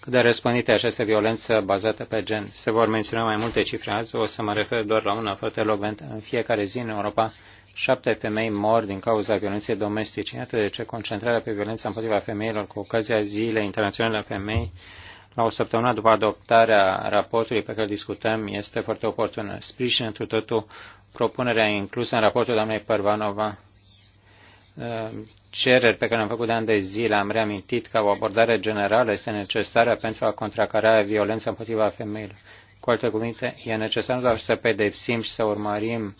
cât de răspândită această violență bazată pe gen. Se vor menționa mai multe cifre azi, o să mă refer doar la una foarte elogventă. În fiecare zi în Europa, șapte femei mor din cauza violenței domestice. Iată de ce concentrarea pe violența împotriva femeilor cu ocazia Zilei Internaționale a Femei la o săptămână după adoptarea raportului pe care discutăm este foarte oportună. Sprijin întru totul propunerea inclusă în raportul doamnei Părvanova Uh, cereri pe care le-am făcut de ani de zile, am reamintit că o abordare generală este necesară pentru a contracara violența împotriva femeilor. Cu alte cuvinte, e necesar nu doar să pedepsim și să urmărim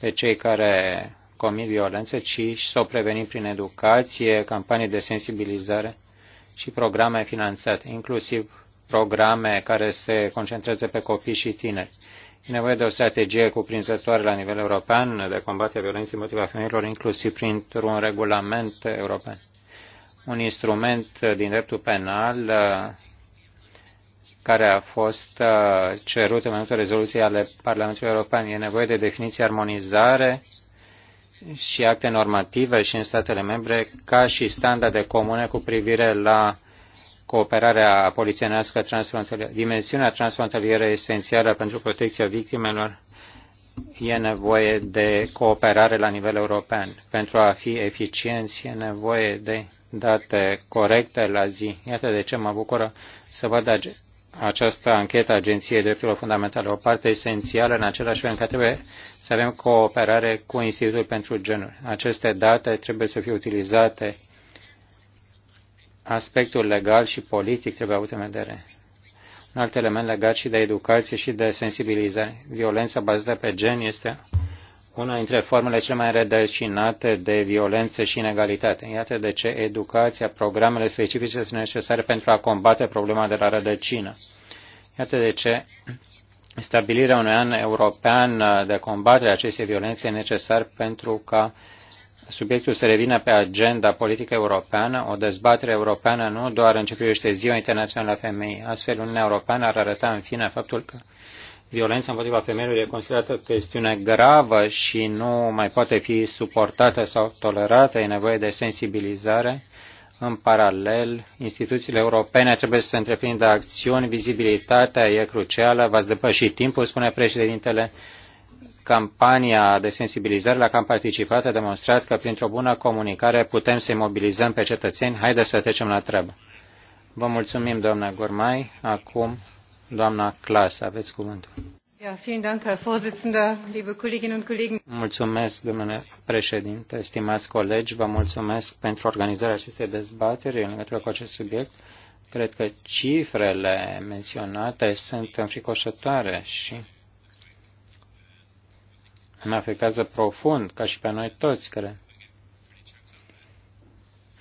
pe cei care comit violență, ci și să o prevenim prin educație, campanii de sensibilizare și programe finanțate, inclusiv programe care se concentrează pe copii și tineri nevoie de o strategie cuprinzătoare la nivel european de combatere a violenței împotriva femeilor, inclusiv printr-un regulament european. Un instrument din dreptul penal care a fost uh, cerut în mai multe rezoluții ale Parlamentului European. E nevoie de definiții armonizare și acte normative și în statele membre, ca și standarde comune cu privire la cooperarea polițienească transfrontalieră. Dimensiunea transfrontalieră esențială pentru protecția victimelor e nevoie de cooperare la nivel european. Pentru a fi eficienți e nevoie de date corecte la zi. Iată de ce mă bucură să văd această anchetă a Agenției Drepturilor Fundamentale, o parte esențială în același fel că trebuie să avem cooperare cu Institutul pentru Genuri. Aceste date trebuie să fie utilizate aspectul legal și politic trebuie avut în vedere. Un alt element legat și de educație și de sensibilizare. Violența bazată pe gen este una dintre formele cele mai rădăcinate de violență și inegalitate. Iată de ce educația, programele specifice sunt necesare pentru a combate problema de la rădăcină. Iată de ce stabilirea unui an european de combatere a acestei violențe e necesar pentru ca subiectul să revină pe agenda politică europeană, o dezbatere europeană nu doar în ce privește Ziua Internațională a Femeii. Astfel, Uniunea Europeană ar arăta în fine faptul că violența împotriva femeilor e considerată o chestiune gravă și nu mai poate fi suportată sau tolerată. E nevoie de sensibilizare. În paralel, instituțiile europene trebuie să întreprindă acțiuni, vizibilitatea e crucială, v-ați depășit timpul, spune președintele, campania de sensibilizare la care am participat a demonstrat că printr-o bună comunicare putem să-i mobilizăm pe cetățeni. Haideți să trecem la treabă. Vă mulțumim, doamna Gormai. Acum, doamna Clas, aveți cuvântul. Mulțumesc, domnule președinte, stimați colegi, vă mulțumesc pentru organizarea acestei dezbateri în legătură cu acest subiect. Cred că cifrele menționate sunt înfricoșătoare și mă afectează profund, ca și pe noi toți, care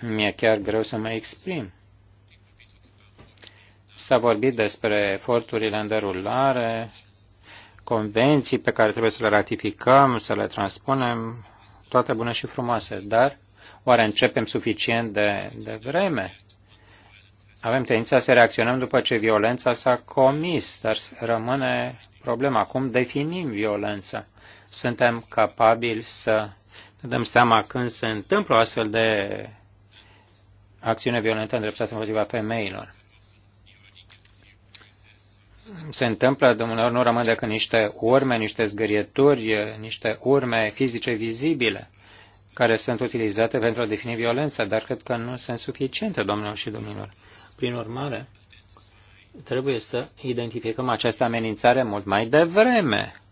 Mi-e chiar greu să mă exprim. S-a vorbit despre eforturile în derulare, convenții pe care trebuie să le ratificăm, să le transpunem, toate bune și frumoase, dar oare începem suficient de, de vreme? Avem tendința să reacționăm după ce violența s-a comis, dar rămâne problema. Cum definim violența? suntem capabili să ne dăm seama când se întâmplă o astfel de acțiune violentă îndreptată împotriva femeilor. Se întâmplă, domnule, nu rămân decât niște urme, niște zgârieturi, niște urme fizice vizibile care sunt utilizate pentru a defini violența, dar cred că nu sunt suficiente, domnilor și domnilor. Prin urmare, trebuie să identificăm această amenințare mult mai devreme,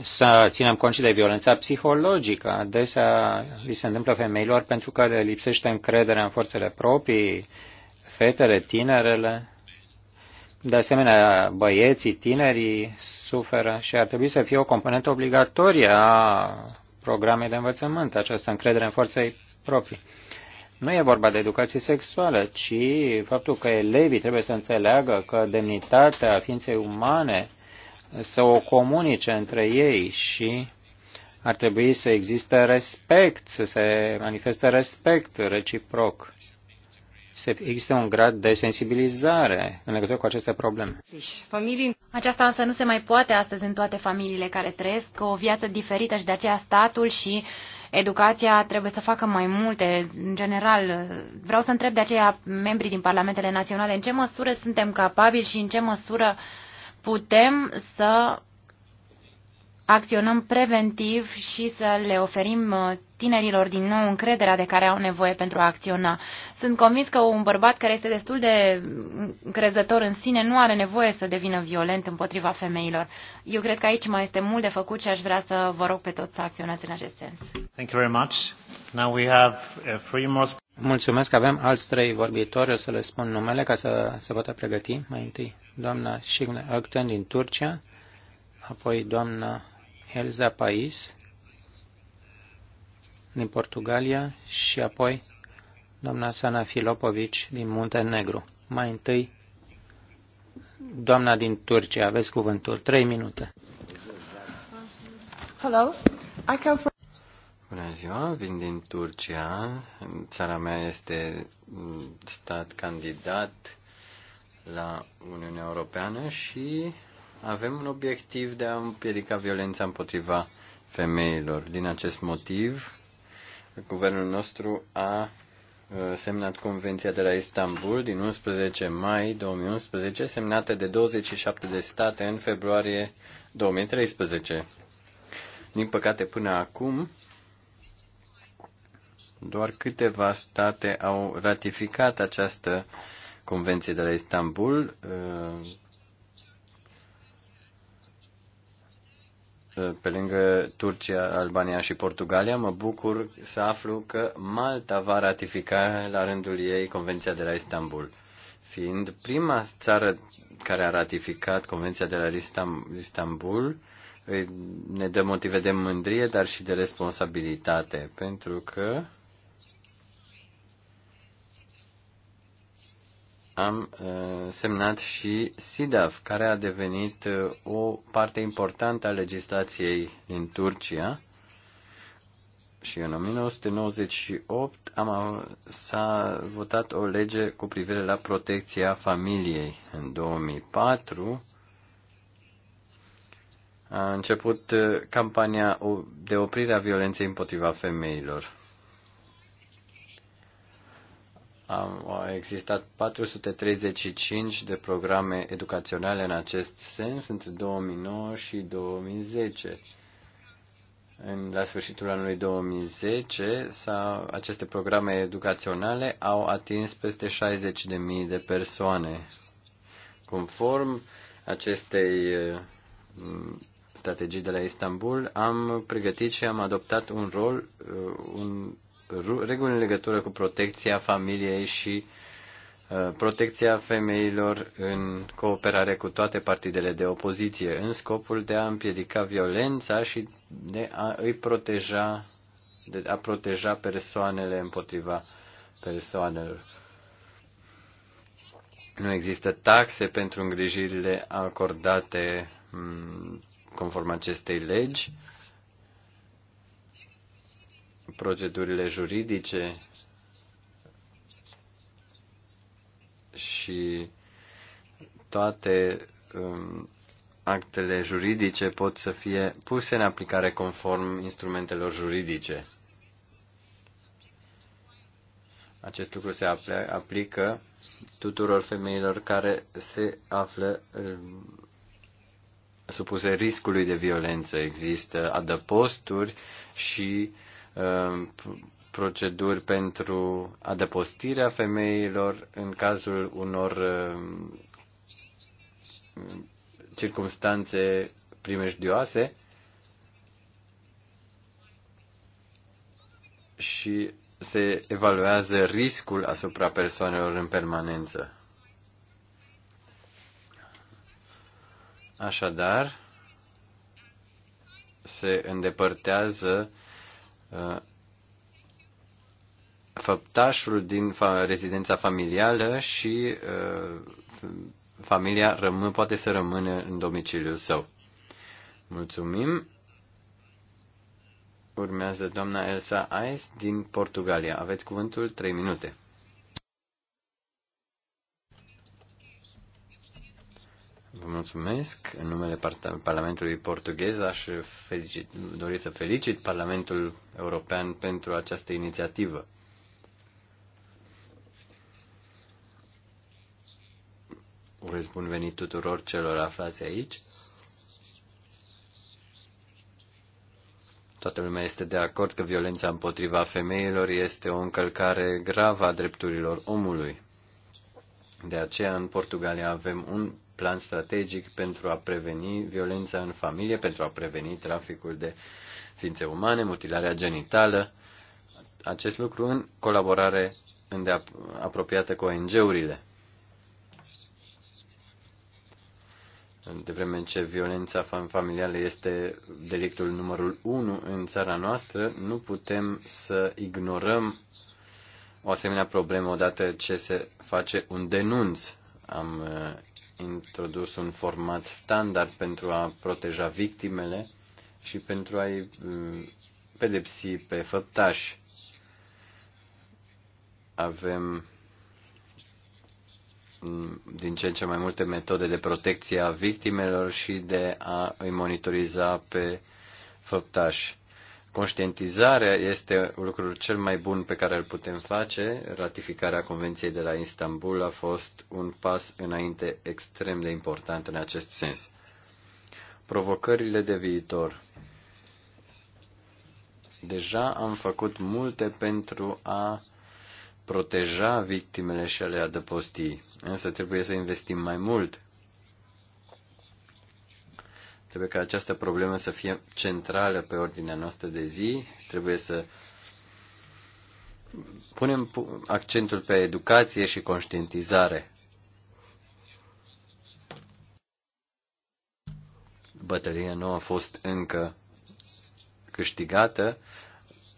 să ținem cont și de violența psihologică. Adesea li se întâmplă femeilor pentru că le lipsește încrederea în forțele proprii, fetele, tinerele. De asemenea, băieții, tinerii suferă și ar trebui să fie o componentă obligatorie a programei de învățământ, această încredere în forței proprii. Nu e vorba de educație sexuală, ci faptul că elevii trebuie să înțeleagă că demnitatea ființei umane uh, să o comunice între ei și ar trebui să existe respect, să se manifeste respect reciproc. Să existe un grad de sensibilizare în legătură cu aceste probleme.
Aceasta însă nu se mai poate astăzi în toate familiile care trăiesc o viață diferită și de aceea statul și educația trebuie să facă mai multe. În general, vreau să întreb de aceea membrii din parlamentele naționale în ce măsură suntem capabili și în ce măsură uh, putem să acționăm preventiv și să le oferim uh, tinerilor din nou încrederea de care au nevoie pentru a acționa. Sunt convins că un bărbat care este destul de crezător în sine nu are nevoie să devină violent împotriva femeilor. Eu cred că aici mai este mult de făcut și aș vrea să vă rog pe toți să acționați în acest sens.
Thank you very much. Now we have uh, three more... Mulțumesc, avem alți trei vorbitori, o să le spun numele ca să se poată pregăti mai întâi. Doamna Shigne Ökten din Turcia, apoi doamna Elza Pais din Portugalia și apoi doamna Sana Filopovici din Muntenegru. Mai întâi, doamna din Turcia, aveți cuvântul. Trei minute.
Hello.
I come from... Bună ziua, vin din Turcia. Țara mea este stat candidat la Uniunea Europeană și avem un obiectiv de a împiedica violența împotriva femeilor. Din acest motiv, guvernul nostru a uh, semnat Convenția de la Istanbul din 11 mai 2011, semnată de 27 de state în februarie 2013. Din păcate, până acum, doar câteva state au ratificat această Convenție de la Istanbul, uh, Eh, pe lângă Turcia, Albania și Portugalia, mă bucur să aflu că Malta va ratifica la rândul ei Convenția de la Istanbul, fiind prima țară care a ratificat Convenția de la Istanbul, eh, ne dă motive de mândrie, dar și de responsabilitate, pentru că am uh, semnat și SIDAF, care a devenit uh, o parte importantă a legislației din Turcia. Și în 1998 am, s-a votat o lege cu privire la protecția familiei. În 2004 a început uh, campania de oprire a violenței împotriva femeilor. Au existat 435 de programe educaționale în acest sens între 2009 și 2010. În, la sfârșitul anului 2010, sau aceste programe educaționale au atins peste 60.000 de persoane. Conform acestei strategii de la Istanbul, am pregătit și am adoptat un rol, un reguli în legătură cu protecția familiei și uh, protecția femeilor în cooperare cu toate partidele de opoziție, în scopul de a împiedica violența și de a îi proteja, de a proteja persoanele împotriva persoanelor. Nu există taxe pentru îngrijirile acordate mm, conform acestei legi procedurile juridice și toate um, actele juridice pot să fie puse în aplicare conform instrumentelor juridice. Acest lucru se aplică tuturor femeilor care se află um, supuse riscului de violență. Există adăposturi și Um, proceduri pentru adăpostirea femeilor în cazul unor um, circumstanțe primejdioase și se evaluează riscul asupra persoanelor în permanență. Așadar, se îndepărtează uh, Uh, făptașul din fa- rezidența familială și uh, familia rămân, poate să rămână în domiciliul său. Mulțumim. Urmează doamna Elsa Ais din Portugalia. Aveți cuvântul 3 minute. Vă mulțumesc. În numele Parlamentului portughez aș felicit, dori să felicit Parlamentul European pentru această inițiativă. Urez bun venit tuturor celor aflați aici. Toată lumea este de acord că violența împotriva femeilor este o încălcare gravă a drepturilor omului. De aceea, în Portugalia avem un plan strategic pentru a preveni violența în familie, pentru a preveni traficul de ființe umane, mutilarea genitală. Acest lucru în colaborare apropiată cu ONG-urile. De vreme ce violența familială este delictul numărul 1 în țara noastră, nu putem să ignorăm o asemenea problemă odată ce se face un denunț. Am introdus un format standard pentru a proteja victimele și pentru a-i mm, pedepsi pe făptași. Avem mm, din ce în ce mai multe metode de protecție a victimelor și de a îi monitoriza pe făptași. Conștientizarea este lucrul cel mai bun pe care îl putem face. Ratificarea Convenției de la Istanbul a fost un pas înainte extrem de important în acest sens. Provocările de viitor. Deja am făcut multe pentru a proteja victimele și a le adăpostii, însă trebuie să investim mai mult Trebuie ca această problemă să fie centrală pe ordinea noastră de zi. Trebuie să punem accentul pe educație și conștientizare. Bătălia nu a fost încă câștigată,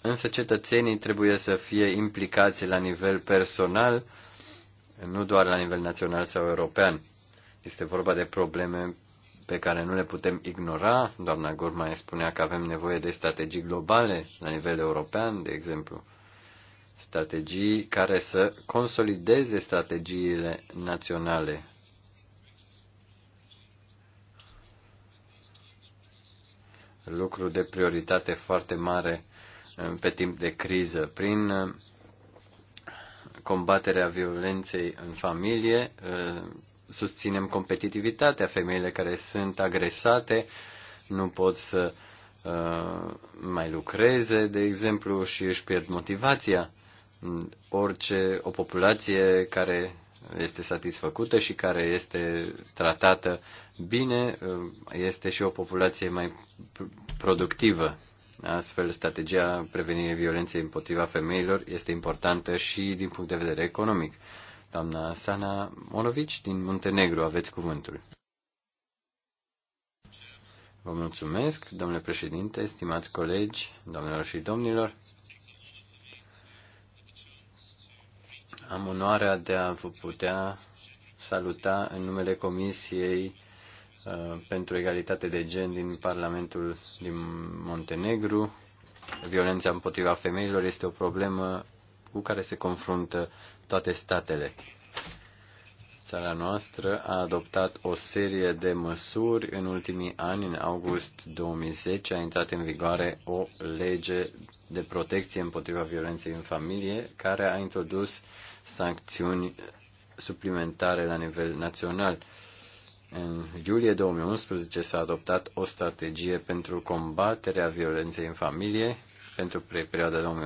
însă cetățenii trebuie să fie implicați la nivel personal, nu doar la nivel național sau european. Este vorba de probleme pe care nu le putem ignora. Doamna Gurma spunea că avem nevoie de strategii globale la nivel european, de exemplu. Strategii care să consolideze strategiile naționale. Lucru de prioritate foarte mare pe timp de criză. Prin uh, combaterea violenței în familie, uh, susținem competitivitatea. Femeile care sunt agresate nu pot să uh, mai lucreze, de exemplu, și își pierd motivația. Orice o populație care este satisfăcută și care este tratată bine, uh, este și o populație mai productivă. Astfel, strategia prevenirii violenței împotriva femeilor este importantă și din punct de vedere economic. Doamna Sana Monovici din Muntenegru, aveți cuvântul. Vă mulțumesc, domnule președinte, stimați colegi, domnilor și domnilor. Am onoarea de a vă putea saluta în numele Comisiei uh, pentru Egalitate de Gen din Parlamentul din Montenegru. Violența împotriva femeilor este o problemă cu care se confruntă toate statele. Țara noastră a adoptat o serie de măsuri în ultimii ani. În august 2010 a intrat în vigoare o lege de protecție împotriva violenței în familie, care a introdus sancțiuni suplimentare la nivel național. În iulie 2011 s-a adoptat o strategie pentru combaterea violenței în familie, pentru perioada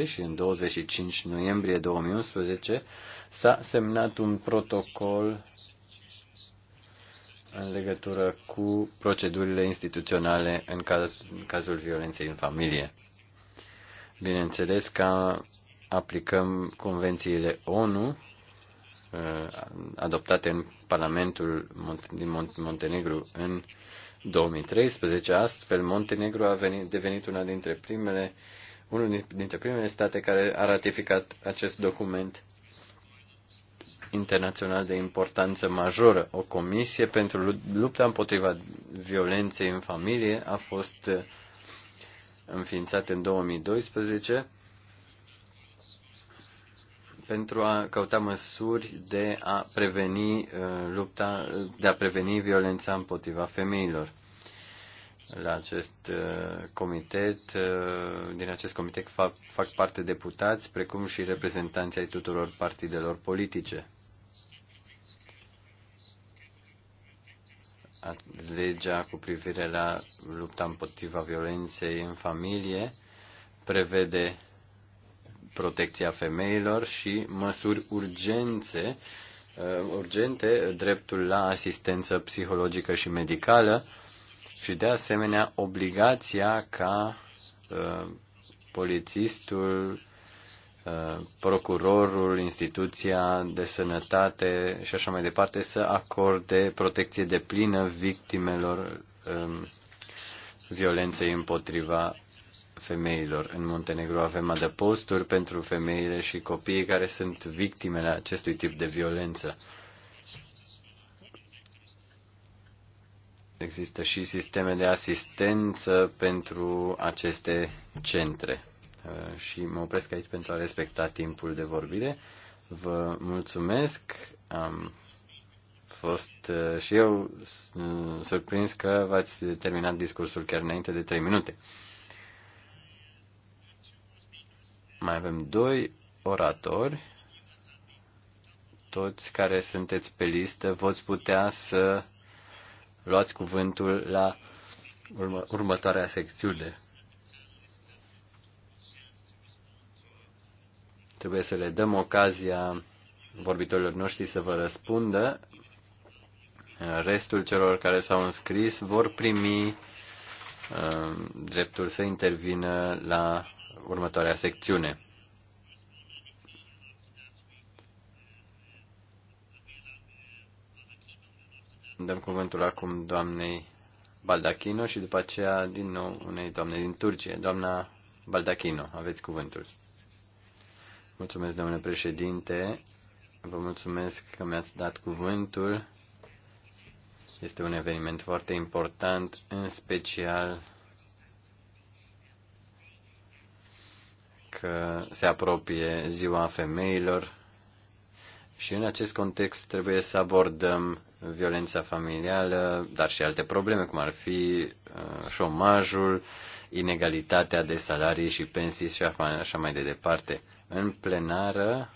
2011-2015 și în 25 noiembrie 2011 s-a semnat un protocol în legătură cu procedurile instituționale în, caz, în cazul violenței în familie. Bineînțeles că aplicăm convențiile ONU uh, adoptate în Parlamentul din Montenegru în 2013. Astfel, Montenegro a venit, devenit una dintre primele, unul dintre primele state care a ratificat acest document internațional de importanță majoră. O comisie pentru lupta împotriva violenței în familie a fost înființată în 2012 pentru a căuta măsuri de a preveni uh, lupta, de a preveni violența împotriva femeilor. La acest uh, comitet, uh, din acest comitet fac, fac parte deputați, precum și reprezentanții ai tuturor partidelor politice. Legea cu privire la lupta împotriva violenței în familie prevede protecția femeilor și măsuri urgențe, uh, urgente, dreptul la asistență psihologică și medicală și de asemenea obligația ca uh, polițistul, uh, procurorul, instituția de sănătate și așa mai departe să acorde protecție de plină victimelor um, violenței împotriva femeilor. În Montenegro avem adăposturi pentru femeile și copiii care sunt victimele acestui tip de violență. Există și sisteme de asistență pentru aceste centre. Uh, și mă opresc aici pentru a respecta timpul de vorbire. Vă mulțumesc. Am fost uh, și eu uh, surprins că v-ați terminat discursul chiar înainte de 3 minute. Mai avem doi oratori, toți care sunteți pe listă, voți putea să luați cuvântul la urmă, următoarea secțiune. Trebuie să le dăm ocazia vorbitorilor noștri să vă răspundă. Restul celor care s-au înscris vor primi uh, dreptul să intervină la următoarea secțiune. Dăm cuvântul acum doamnei Baldachino și după aceea din nou unei doamne din Turcie. Doamna Baldachino, aveți cuvântul. Mulțumesc, domnule președinte. Vă mulțumesc că mi-ați dat cuvântul. Este un eveniment foarte important, în special că se apropie ziua femeilor și în acest context trebuie să abordăm violența familială, dar și alte probleme, cum ar fi uh, șomajul, inegalitatea de salarii și pensii și așa mai de departe. În plenară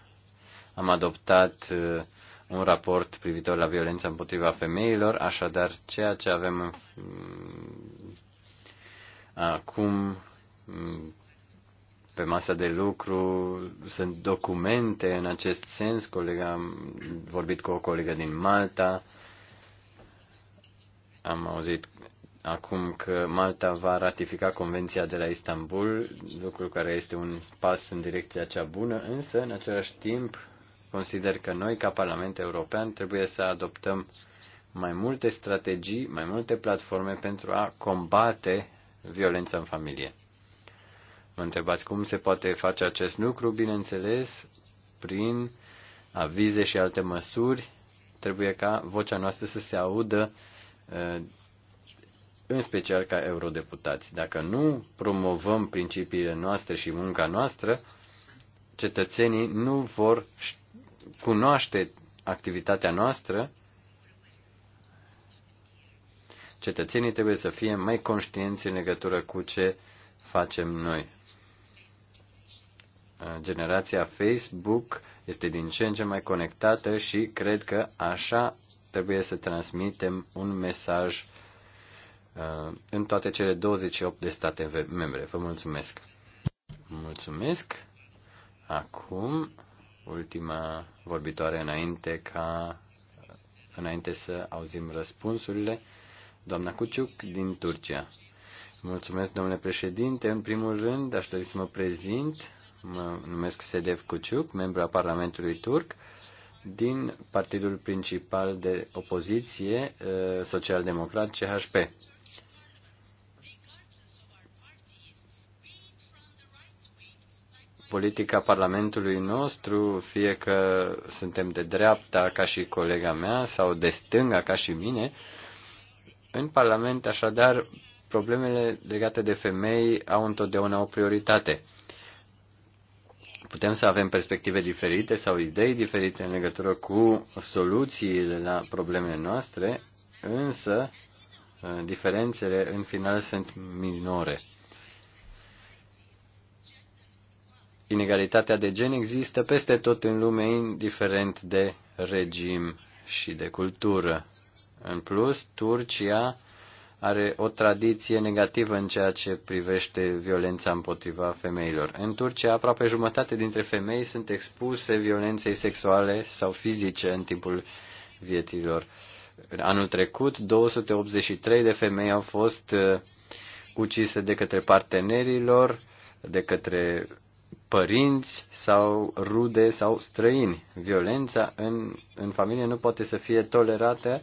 am adoptat uh, un raport privitor la violența împotriva femeilor, așadar ceea ce avem mm, acum mm, pe masa de lucru sunt documente în acest sens. Colega, am vorbit cu o colegă din Malta. Am auzit acum că Malta va ratifica Convenția de la Istanbul, lucru care este un pas în direcția cea bună, însă, în același timp, consider că noi, ca Parlament European, trebuie să adoptăm mai multe strategii, mai multe platforme pentru a combate violența în familie. Vă întrebați cum se poate face acest lucru? Bineînțeles, prin avize și alte măsuri, trebuie ca vocea noastră să se audă, ă, în special ca eurodeputați. Dacă nu promovăm principiile noastre și munca noastră, cetățenii nu vor cunoaște activitatea noastră cetățenii trebuie să fie mai conștienți în legătură cu ce facem noi generația Facebook este din ce în ce mai conectată și cred că așa trebuie să transmitem un mesaj uh, în toate cele 28 de state membre. Vă mulțumesc! Mulțumesc! Acum, ultima vorbitoare înainte ca înainte să auzim răspunsurile, doamna Cuciuc din Turcia. Mulțumesc, domnule președinte. În primul rând, aș dori să mă prezint. Mă numesc Sedev Kuciuk, membru a Parlamentului turc, din partidul principal de opoziție, uh, social-democrat CHP. politica Parlamentului nostru, fie că suntem de dreapta ca și colega mea sau de stânga ca și mine, în Parlament, așadar, problemele legate de femei au întotdeauna o prioritate. Putem să avem perspective diferite sau idei diferite în legătură cu soluțiile la problemele noastre, însă uh, diferențele în final sunt minore. Inegalitatea de gen există peste tot în lume, indiferent de regim și de cultură. În plus, Turcia are o tradiție negativă în ceea ce privește violența împotriva femeilor. În Turcia, aproape jumătate dintre femei sunt expuse violenței sexuale sau fizice în timpul vieților. Anul trecut, 283 de femei au fost uh, ucise de către partenerilor, de către părinți sau rude sau străini. Violența în, în familie nu poate să fie tolerată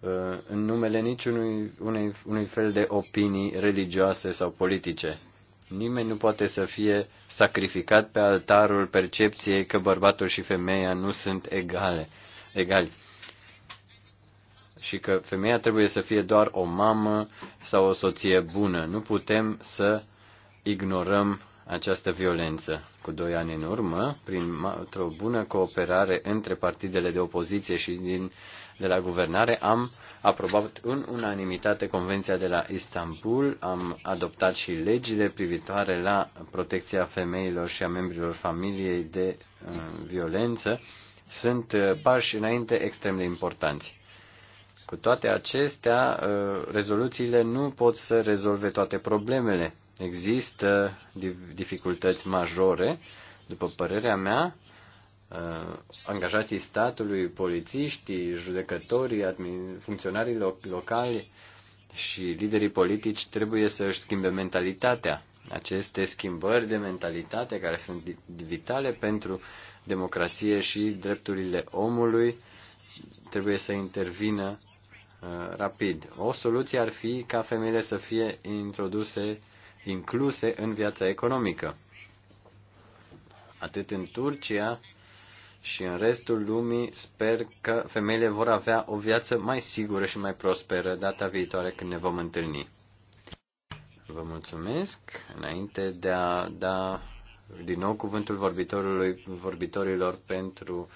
Uh, în numele niciunui unei, unui fel de opinii religioase sau politice. Nimeni nu poate să fie sacrificat pe altarul percepției că bărbatul și femeia nu sunt egale, egali. Și că femeia trebuie să fie doar o mamă sau o soție bună. Nu putem să ignorăm această violență. Cu doi ani în urmă, prin o bună cooperare între partidele de opoziție și din uh, de la guvernare, am aprobat în unanimitate Convenția de la Istanbul, am adoptat și legile privitoare la protecția femeilor și a membrilor familiei de uh, violență. Sunt uh, pași înainte extrem de importanți. Cu toate acestea, uh, rezoluțiile nu pot să rezolve toate problemele. Există dificultăți majore, după părerea mea, Uh, angajații statului, polițiștii, judecătorii, funcționarii locali și liderii politici trebuie să își schimbe mentalitatea. Aceste schimbări de mentalitate care sunt vitale pentru democrație și drepturile omului trebuie să intervină uh, rapid. O soluție ar fi ca femeile să fie introduse, incluse în viața economică. Atât în Turcia, și în restul lumii sper că femeile vor avea o viață mai sigură și mai prosperă data viitoare când ne vom întâlni. Vă mulțumesc. Înainte de a da din nou cuvântul vorbitorului, vorbitorilor pentru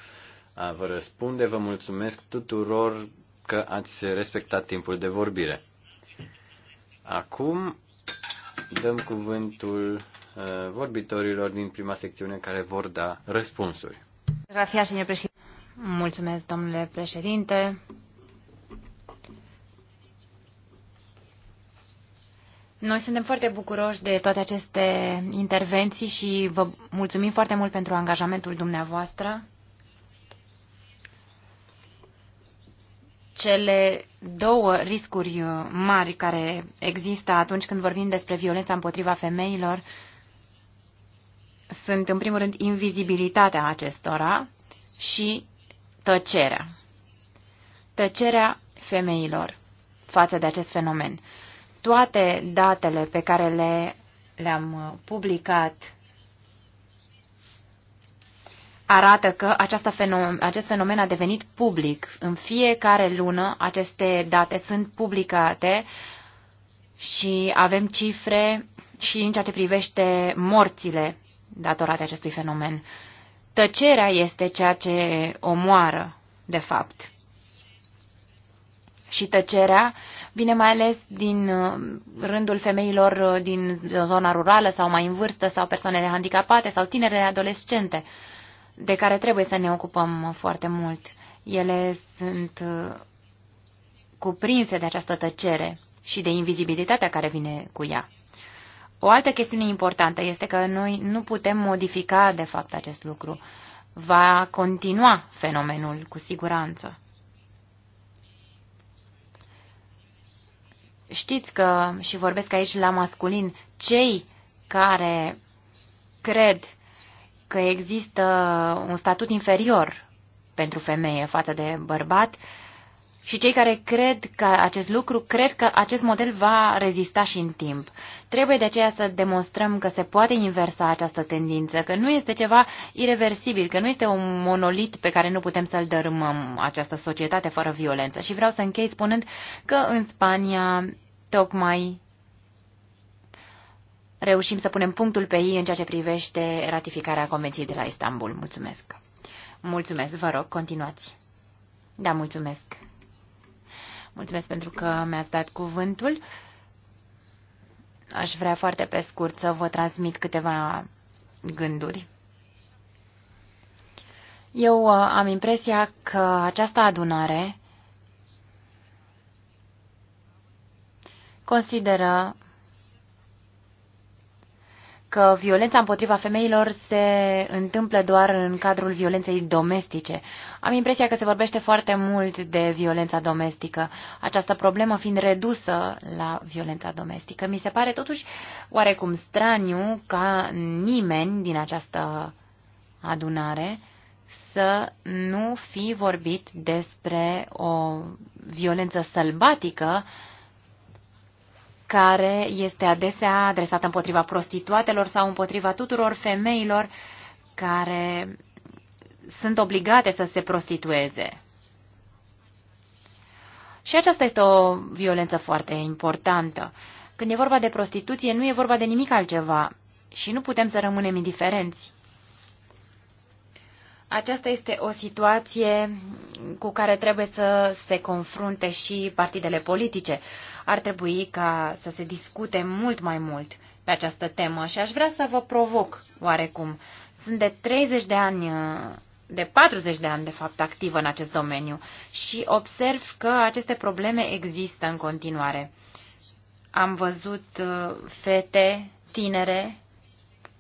a vă răspunde, vă mulțumesc tuturor că ați respectat timpul de vorbire. Acum dăm cuvântul uh, vorbitorilor din prima secțiune care vor da răspunsuri.
Mulțumesc, domnule președinte. Noi suntem foarte bucuroși de toate aceste intervenții și vă mulțumim foarte mult pentru angajamentul dumneavoastră. Cele două riscuri mari care există atunci când vorbim despre violența împotriva femeilor sunt, în primul rând, invizibilitatea acestora și tăcerea. Tăcerea femeilor față de acest fenomen. Toate datele pe care le, le-am uh, publicat arată că această fenomen, acest fenomen a devenit public. În fiecare lună aceste date sunt publicate și avem cifre și în ceea ce privește morțile datorate acestui fenomen. Tăcerea este ceea ce omoară, de fapt. Și tăcerea vine mai ales din uh, rândul femeilor uh, din zona rurală sau mai în vârstă sau persoanele handicapate sau tinerele adolescente, de care trebuie să ne ocupăm foarte mult. Ele sunt uh, cuprinse de această tăcere și de invizibilitatea care vine cu ea. O altă chestiune importantă este că noi nu putem modifica, de fapt, acest lucru. Va continua fenomenul, cu siguranță. Știți că, și vorbesc aici la masculin, cei care cred că există un statut inferior pentru femeie față de bărbat, uh, și cei care cred că acest lucru, cred că acest model va rezista și în timp. Trebuie de aceea să demonstrăm că se poate inversa această tendință, că nu este ceva irreversibil, că nu este un monolit pe care nu putem să-l dărâmăm această societate fără violență. Și vreau să închei spunând că în Spania tocmai reușim să punem punctul pe ei în ceea ce privește ratificarea Convenției de la Istanbul. Mulțumesc! Mulțumesc, vă rog, continuați. Da, mulțumesc. Mulțumesc pentru că mi-ați dat cuvântul. Aș vrea foarte pe scurt să vă transmit câteva gânduri. Eu uh, am impresia că această adunare consideră că violența împotriva femeilor se întâmplă doar în cadrul violenței domestice. Am impresia că se vorbește foarte mult de violența domestică, această problemă fiind redusă la violența domestică. Mi se pare totuși oarecum straniu ca nimeni din această adunare să nu fi vorbit despre o violență sălbatică uh, care este adesea adresată împotriva prostituatelor sau împotriva tuturor femeilor care sunt obligate să se prostitueze. Și aceasta este o violență foarte importantă. Când e vorba de prostituție, nu e vorba de nimic altceva și nu putem să rămânem indiferenți. Aceasta este o situație cu care trebuie să se confrunte și partidele politice ar trebui ca să se discute mult mai mult pe această temă și aș vrea să vă provoc oarecum. Sunt de 30 de ani, de 40 de ani de fapt activă în acest domeniu și observ că aceste probleme există în continuare. Am văzut uh, fete tinere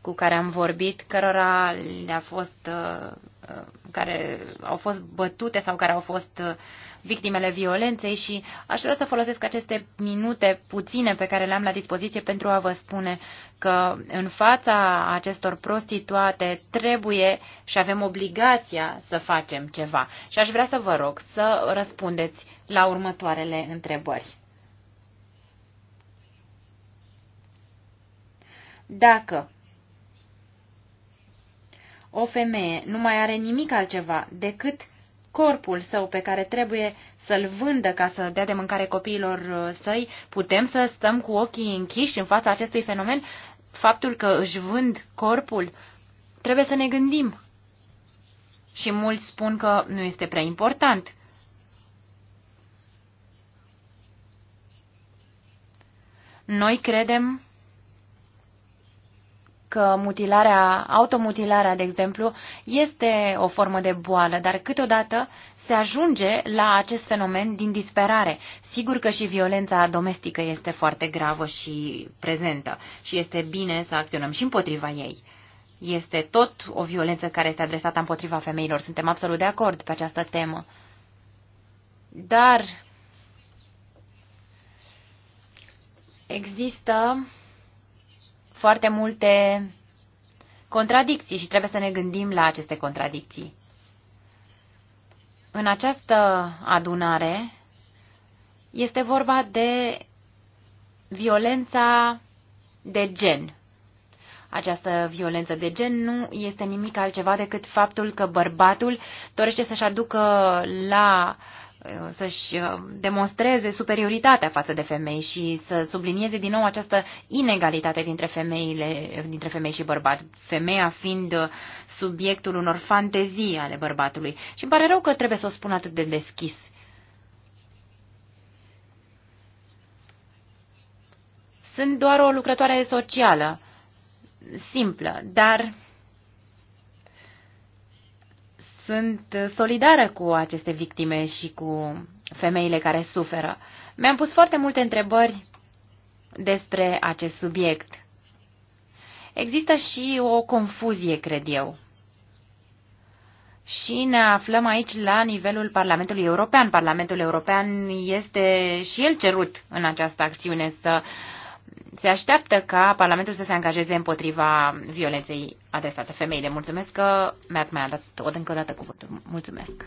cu care am vorbit, cărora le-a fost uh, Uh, care au fost bătute sau care au fost uh, victimele violenței și aș vrea să folosesc aceste minute puține pe care le-am la dispoziție pentru a vă spune că în fața acestor prostituate trebuie și avem obligația să facem ceva. Și aș vrea să vă rog să răspundeți la următoarele întrebări. Dacă o femeie nu mai are nimic altceva decât corpul său pe care trebuie să-l vândă ca să dea de mâncare copiilor uh, săi, putem să stăm cu ochii închiși în fața acestui fenomen? Faptul că își vând corpul? Trebuie să ne gândim. Și mulți spun că nu este prea important. Noi credem că mutilarea, automutilarea, de exemplu, este o formă de boală, dar câteodată se ajunge la acest fenomen din disperare. Sigur că și violența domestică este foarte gravă și prezentă și este bine să acționăm și împotriva ei. Este tot o violență care este adresată împotriva femeilor. Suntem absolut de acord pe această temă. Dar există foarte multe contradicții și trebuie să ne gândim la aceste contradicții. În această adunare este vorba de violența de gen. Această violență de gen nu este nimic altceva decât faptul că bărbatul dorește să-și aducă la uh, să-și uh, demonstreze superioritatea față de femei și să sublinieze din nou această inegalitate dintre, femeile, dintre femei și bărbați, femeia fiind uh, subiectul unor fantezii ale bărbatului. Și îmi pare rău că trebuie să o spun atât de deschis. Sunt doar o lucrătoare socială, simplă, dar sunt solidară cu aceste victime și cu femeile care suferă. Mi-am pus foarte multe întrebări despre acest subiect. Există și o confuzie, cred eu. Și ne aflăm aici la nivelul Parlamentului European. Parlamentul European este și el cerut în această acțiune să uh, se așteaptă ca Parlamentul să se angajeze împotriva violenței adresate femeile. Mulțumesc că mi-ați mai dat o dată cuvântul. Mulțumesc!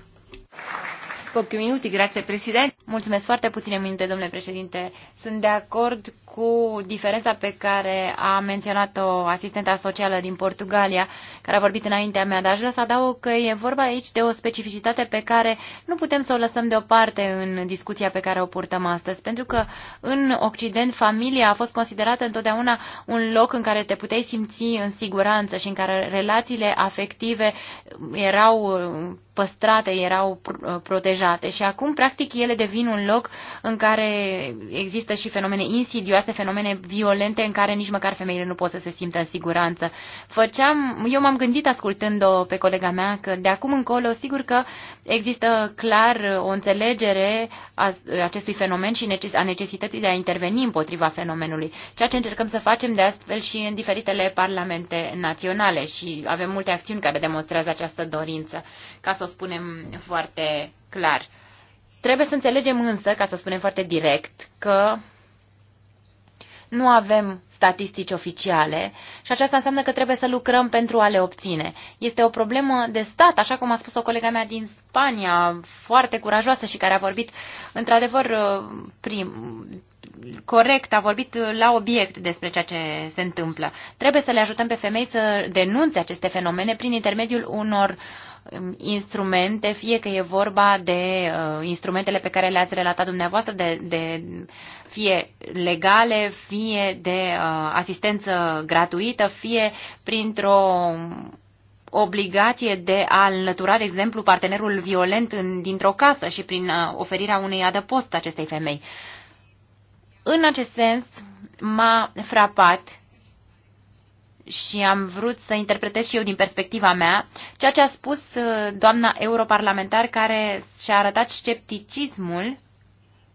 Pochi minuti, grazie Presidente. Mulțumesc foarte puține minute, domnule președinte. Sunt de acord cu diferența pe care a menționat-o asistenta socială din Portugalia, care a vorbit înaintea mea, dar aș vrea să adaug că e vorba aici de o specificitate pe care nu putem să o lăsăm deoparte în discuția pe care o purtăm astăzi, pentru că în Occident familia a fost considerată întotdeauna un loc în care te puteai simți în siguranță și în care relațiile afective erau păstrate, erau uh, protejate și acum, practic, ele devin un loc în care există și fenomene insidioase, fenomene violente în care nici măcar femeile nu pot să se simtă în siguranță. Făceam, eu m-am gândit ascultând-o pe colega mea că de acum încolo, sigur că există clar o înțelegere a acestui fenomen și a necesității de a interveni împotriva fenomenului, ceea ce încercăm să facem de astfel și în diferitele parlamente naționale și avem multe acțiuni care demonstrează această dorință ca să o spunem foarte clar. Trebuie să înțelegem însă, ca să o spunem foarte direct, că nu avem statistici oficiale și aceasta înseamnă că trebuie să lucrăm pentru a le obține. Este o problemă de stat, așa cum a spus o colega mea din Spania, foarte curajoasă și care a vorbit într-adevăr uh, prim, corect, a vorbit la obiect despre ceea ce se întâmplă. Trebuie să le ajutăm pe femei să denunțe aceste fenomene prin intermediul unor uh, Um, instrumente, fie că e vorba de uh, instrumentele pe care le-ați relatat dumneavoastră, de, de fie legale, fie de uh, asistență gratuită, fie printr-o obligație de a înlătura, de exemplu, partenerul violent în, dintr-o casă și prin uh, oferirea unei adăpost acestei femei. În acest sens, m-a frapat și am vrut să interpretez și eu din perspectiva mea ceea ce a spus uh, doamna europarlamentar care și-a arătat scepticismul,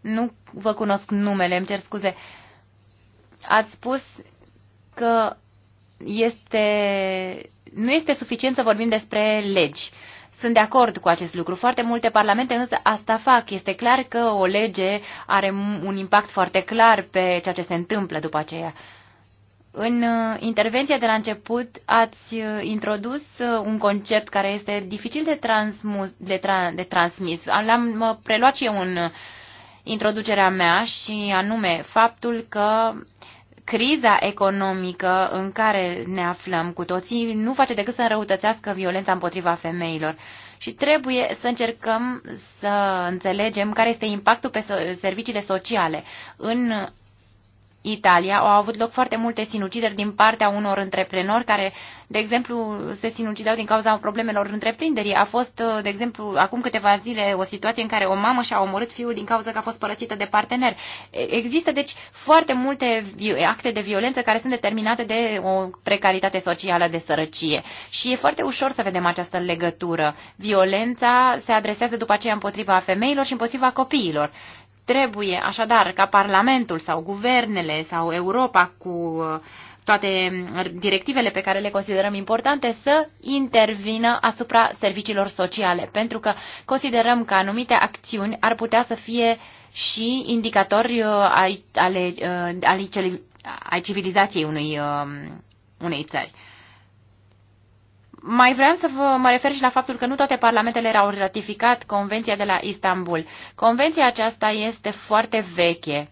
nu vă cunosc numele, îmi cer scuze, ați spus că este, nu este suficient să vorbim despre legi. Sunt de acord cu acest lucru. Foarte multe parlamente însă asta fac. Este clar că o lege are un impact foarte clar pe ceea ce se întâmplă după aceea. Uh, în uh, intervenția de la început ați uh, introdus uh, un concept care este dificil de, transmus, de, tra, de transmis. L-am preluat și eu în introducerea mea și anume faptul că criza economică în care ne aflăm cu toții nu face decât să înrăutățească violența împotriva femeilor. Și trebuie să încercăm să înțelegem care este impactul pe serviciile sociale. În Italia, au avut loc foarte multe sinucideri din partea unor întreprenori care, de exemplu, se sinucideau din cauza problemelor întreprinderii. A fost, uh, de exemplu, acum câteva zile o situație în care o mamă și-a omorât fiul din cauza că a fost părăsită de partener. Există, deci, foarte multe acte de violență care sunt determinate de o precaritate socială, de sărăcie. Și e foarte ușor să vedem această legătură. Violența se adresează după aceea împotriva femeilor și împotriva copiilor. Trebuie așadar ca Parlamentul sau guvernele sau Europa cu uh, toate uh, directivele pe care le considerăm importante să intervină asupra serviciilor sociale, pentru că considerăm că anumite acțiuni ar putea să fie și indicatori uh, ale, ale, ale civilizației unui, unei țări. Mai vreau să vă, mă refer și la faptul că nu toate parlamentele au ratificat Convenția de la Istanbul. Convenția aceasta este foarte veche.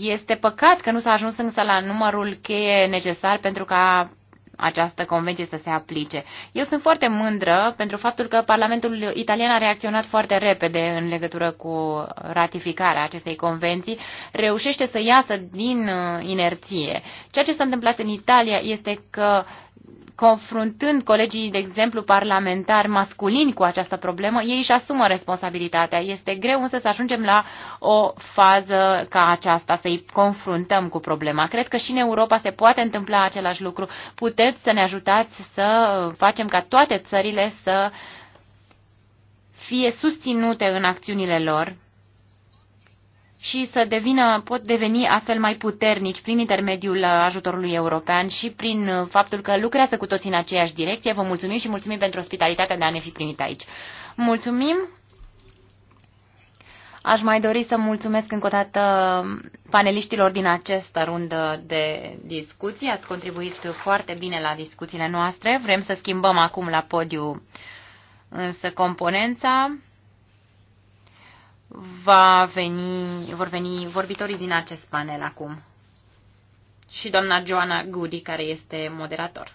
Este păcat că nu s-a ajuns însă la numărul cheie necesar pentru ca această convenție să se aplice. Eu sunt foarte mândră pentru faptul că Parlamentul italian a reacționat foarte repede în legătură cu ratificarea acestei convenții, reușește să iasă din uh, inerție. Ceea ce s-a întâmplat în Italia este că uh, confruntând colegii, de exemplu, parlamentari masculini cu această problemă, ei își asumă responsabilitatea. Este greu însă să ajungem la o fază ca aceasta, să-i confruntăm cu problema. Cred că și în Europa se poate întâmpla același lucru. Puteți să ne ajutați să facem ca toate țările să fie susținute în acțiunile lor și să devină, pot deveni astfel mai puternici prin intermediul ajutorului european și prin uh, faptul că lucrează cu toții în aceeași direcție. Vă mulțumim și mulțumim pentru ospitalitatea de a ne fi primit aici. Mulțumim! Aș mai dori să mulțumesc încă o dată paneliștilor din această rundă de discuții. Ați contribuit foarte bine la discuțiile noastre. Vrem să schimbăm acum la podiu însă componența va veni, vor veni vorbitorii din acest panel acum. Și doamna Joana Gudi, care este moderator.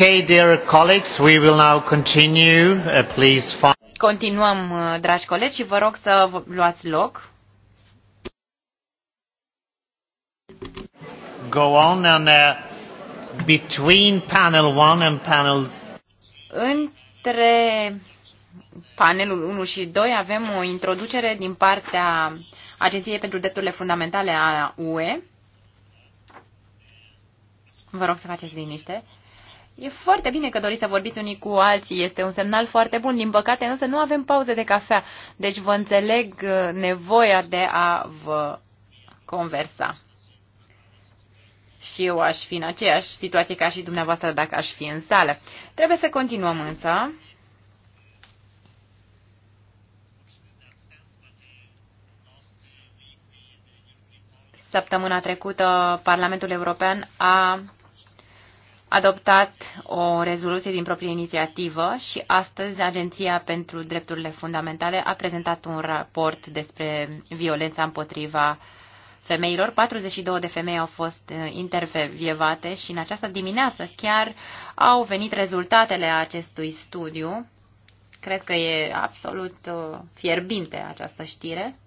Okay, dear colleagues, we will now continue. Uh, please find...
Continuăm, uh, dragi colegi, și vă rog să vă luați loc.
Go on and uh, between panel 1 and panel
Între panelul 1 și 2 avem o introducere din partea Agenției pentru Drepturile Fundamentale a UE. Vă rog să faceți liniște. E foarte bine că doriți să vorbiți unii cu alții, este un semnal foarte bun. Din păcate, însă, nu avem pauze de cafea, deci vă înțeleg uh, nevoia de a vă conversa. Și eu aș fi în aceeași situație ca și dumneavoastră dacă aș fi în sală. Trebuie să continuăm însă. Săptămâna trecută, Parlamentul European a adoptat o rezoluție din proprie inițiativă și astăzi Agenția pentru Drepturile Fundamentale a prezentat un raport despre violența împotriva femeilor. 42 de femei au fost uh, intervievate și în această dimineață chiar au venit rezultatele acestui studiu. Cred că e absolut uh, fierbinte această știre.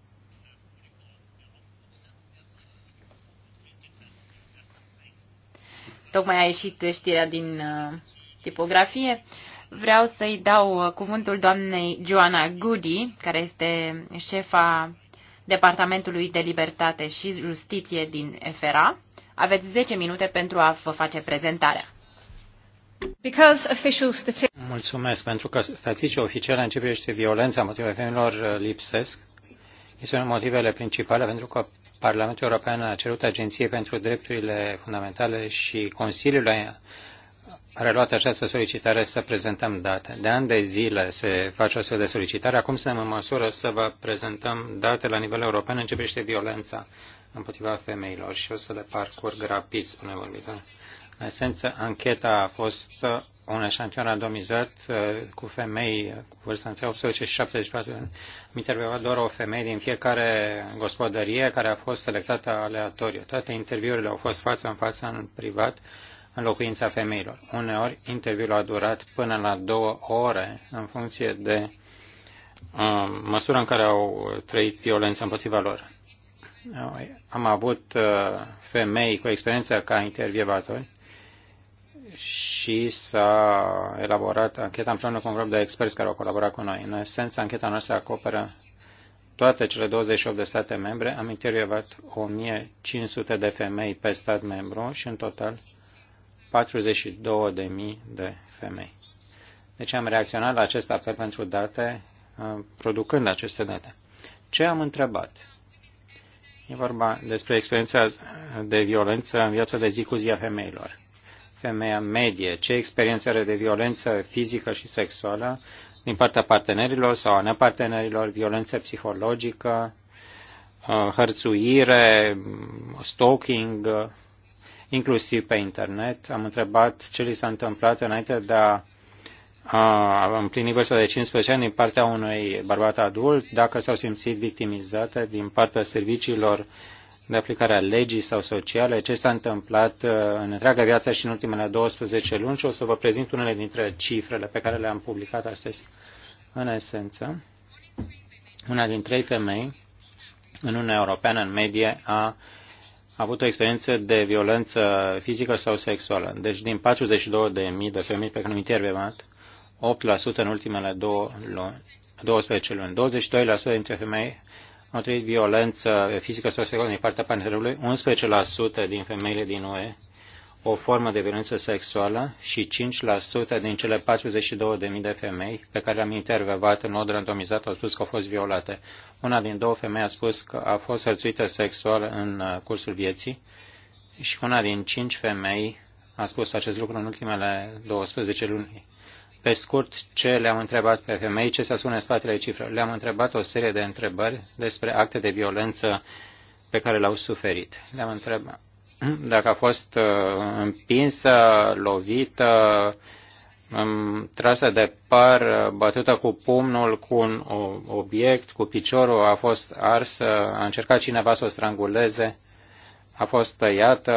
Tocmai a ieșit știrea din uh, tipografie. Vreau să-i dau uh, cuvântul doamnei Joana Goody, care este șefa Departamentului de Libertate și Justiție din FRA. Aveți 10 minute pentru a vă face prezentarea.
Mulțumesc pentru că statistici oficiale în ce privește violența împotriva femeilor uh, lipsesc este unul motivele principale pentru că Parlamentul European a cerut Agenției pentru Drepturile Fundamentale și Consiliul a reluat această solicitare să prezentăm date. De ani de zile se face o astfel de solicitare. Acum suntem în măsură să vă prezentăm date la nivel european în ce privește violența împotriva femeilor și o să le parcurg rapid, spune vorbitorul. În esență, ancheta a fost un eșantion randomizat uh, cu femei cu vârstă între 18 și 74 de ani. Am intervievat doar o femeie din fiecare gospodărie care a fost selectată aleatoriu. Toate interviurile au fost față în față în privat în locuința femeilor. Uneori, interviul a durat până la două ore în funcție de uh, măsura în care au trăit violența împotriva lor. Am avut uh, femei cu experiență ca intervievatori și s-a elaborat ancheta împreună cu un grup de experți care au colaborat cu noi. În esență, ancheta noastră acoperă toate cele 28 de state membre. Am intervievat 1500 de femei pe stat membru și în total 42.000 de femei. Deci am reacționat la acest apel pentru date, uh, producând aceste date. Ce am întrebat? E vorba despre experiența de violență în viața de zi cu zi a femeilor femeia medie, ce experiențe are de violență fizică și sexuală din partea partenerilor sau a nepartenerilor, violență psihologică, uh, hărțuire, stalking, uh, inclusiv pe internet. Am întrebat ce li s-a întâmplat înainte de a a împlini vârsta de 15 ani din partea unui bărbat adult, dacă s-au simțit victimizate din partea serviciilor de aplicare a legii sau sociale, ce s-a întâmplat uh, în întreaga viață și în ultimele 12 luni și o să vă prezint unele dintre cifrele pe care le-am publicat astăzi. În esență, una din trei femei în Uniunea Europeană, în medie, a avut o experiență de violență fizică sau sexuală. Deci din 42.000 de de femei pe care mi intervievat, 8% în ultimele două luni, 12 luni. 22% dintre femei trăit violență fizică sau sexuală din partea partenerului, 11% din femeile din UE o formă de violență sexuală și 5% din cele 42.000 de femei pe care am intervievat în mod randomizat au spus că au fost violate. Una din două femei a spus că a fost hărțuită sexual în uh, cursul vieții și una din cinci femei a spus acest lucru în ultimele 12 luni pe scurt, ce le-am întrebat pe femei, ce se ascunde în spatele cifrelor? Le-am întrebat o serie de întrebări despre acte de violență pe care le au suferit. Le-am întrebat dacă a fost uh, împinsă, lovită, um, trasă de par, uh, bătută cu pumnul, cu un obiect, cu piciorul, a fost arsă, a încercat cineva să o stranguleze, a fost tăiată,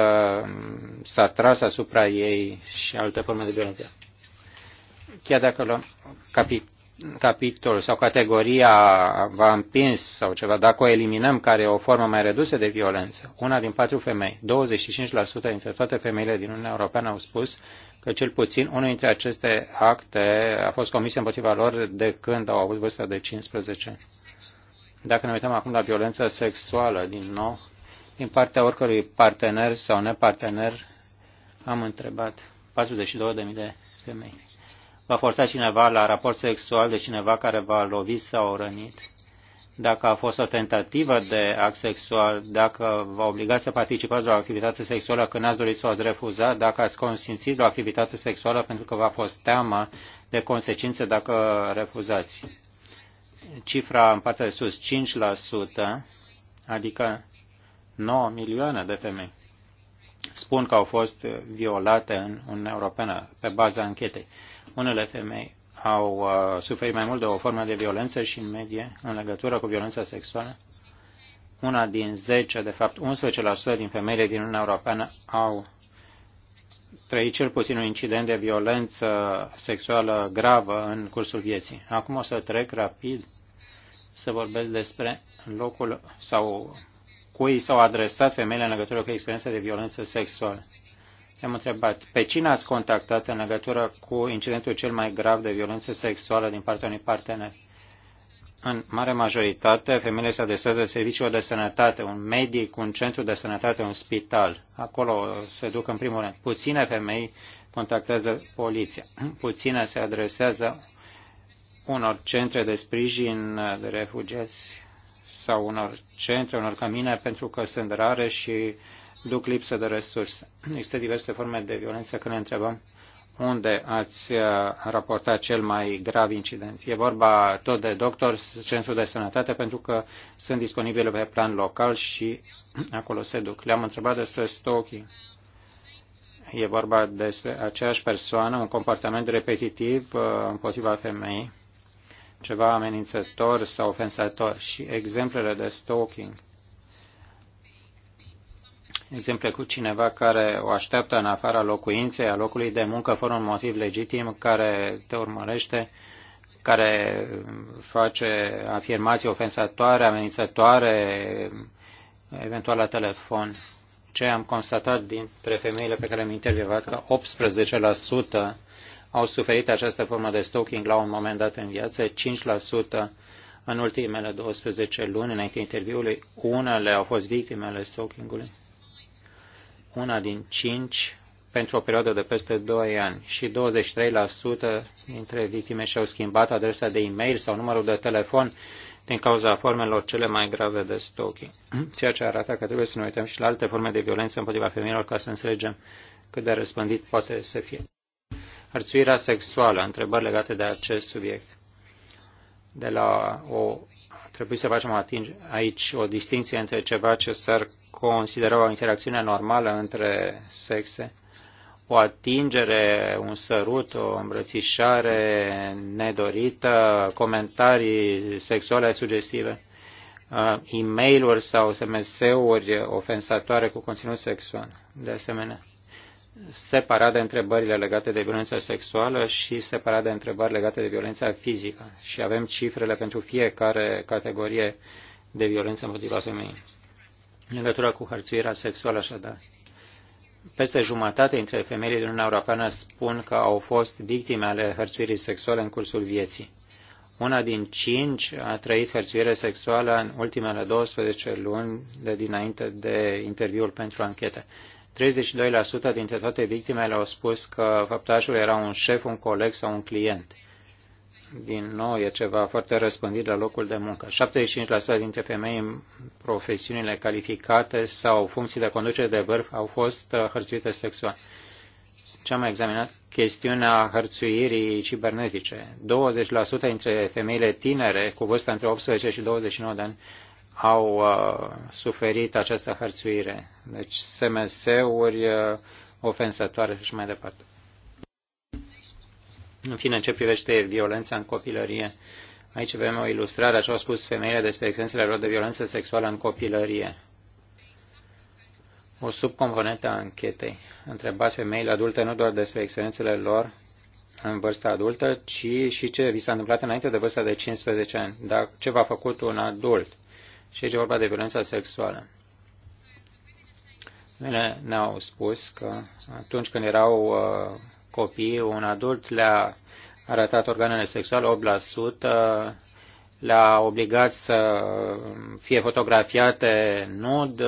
s-a tras asupra ei și alte forme de violență chiar dacă luăm capi- capitol sau categoria va împins sau ceva, dacă o eliminăm, care e o formă mai redusă de violență, una din patru femei, 25% dintre toate femeile din Uniunea Europeană au spus că cel puțin unul dintre aceste acte a fost comis împotriva lor de când au avut vârsta de 15 ani. Dacă ne uităm acum la violența sexuală, din nou, din partea oricărui partener sau nepartener, am întrebat 42.000 de femei va forța cineva la raport sexual de cineva care va lovit sau rănit, dacă a fost o tentativă de act sexual, dacă v-a obligat să participați la o activitate sexuală când ați dorit sau ați refuzat, dacă ați consimțit la o activitate sexuală pentru că v-a fost teamă de consecințe dacă refuzați. Cifra în partea de sus, 5%, adică 9 milioane de femei spun că au fost violate în Uniunea Europeană pe baza anchetei. Unele femei au uh, suferit mai mult de o formă de violență și, în medie, în legătură cu violența sexuală, una din 10, de fapt 11% din femeile din Uniunea Europeană au trăit cel puțin un incident de violență sexuală gravă în cursul vieții. Acum o să trec rapid să vorbesc despre locul sau cui s-au adresat femeile în legătură cu experiența de violență sexuală am întrebat pe cine ați contactat în legătură cu incidentul cel mai grav de violență sexuală din partea unui partener. În mare majoritate, femeile se adresează serviciilor de sănătate, un medic, un centru de sănătate, un spital. Acolo se duc în primul rând. Puține femei contactează poliția. Puține se adresează unor centre de sprijin de refugiați sau unor centre, unor camine, pentru că sunt rare și uh, duc lipsă de resurse. Există diverse forme de violență când ne întrebăm unde ați uh, raportat cel mai grav incident. E vorba tot de doctor, centru de sănătate, pentru că sunt disponibile pe plan local și acolo se duc. Le-am întrebat despre stalking. E vorba despre aceeași persoană, un comportament repetitiv uh, împotriva femeii, ceva amenințător sau ofensator. Și exemplele de stalking exemple cu cineva care o așteaptă în afara locuinței, a locului de muncă, fără un motiv legitim, care te urmărește, care face afirmații ofensatoare, amenințătoare, eventual la telefon. Ce am constatat dintre femeile pe care am intervievat că 18% au suferit această formă de stalking la un moment dat în viață, 5% în ultimele 12 luni înainte interviului, unele au fost victimele stalkingului una din cinci pentru o perioadă de peste 2 ani și 23% dintre victime și-au schimbat adresa de e-mail sau numărul de telefon din cauza formelor cele mai grave de stalking. Ceea ce arată că trebuie să ne uităm și la alte forme de violență împotriva femeilor ca să înțelegem cât de răspândit poate să fie. Hărțuirea sexuală, întrebări legate de acest subiect. De la o, trebuie să facem aici o distinție între ceva ce s-ar considera o interacțiune normală între sexe, o atingere, un sărut, o îmbrățișare nedorită, comentarii sexuale sugestive, uh, e mail sau SMS-uri ofensatoare cu conținut sexual. De asemenea, separat de întrebările legate de violența sexuală și separat de întrebări legate de violența fizică. Și avem cifrele pentru fiecare categorie de violență împotriva femeii. În legătură cu hărțuirea sexuală, așadar. Peste jumătate dintre femeile din Uniunea Europeană spun că au fost victime ale hărțuirii sexuale în cursul vieții. Una din cinci a trăit hărțuire sexuală în ultimele 12 luni de dinainte de interviul pentru anchetă. 32% dintre toate victimele au spus că făptașul era un șef, un coleg sau un client din nou e ceva foarte răspândit la locul de muncă. 75% dintre femei în profesiunile calificate sau funcții de conducere de vârf au fost uh, hărțuite sexual. Ce am examinat? Chestiunea hărțuirii cibernetice. 20% dintre femeile tinere cu vârsta între 18 și 29 de ani au uh, suferit această hărțuire. Deci SMS-uri uh, ofensatoare și mai departe. În fine, în ce privește violența în copilărie, aici avem o ilustrare, așa au spus femeile, despre experiențele lor de violență sexuală în copilărie. O subcomponentă a anchetei. Întrebați femeile adulte nu doar despre experiențele lor în vârsta adultă, ci și ce vi s-a întâmplat înainte de vârsta de 15 ani, dar ce v-a făcut un adult. Și aici e vorba de violența sexuală. Ele ne-au spus că atunci când erau uh, copii, un adult le-a arătat organele sexuale 8%, le-a obligat să fie fotografiate nud,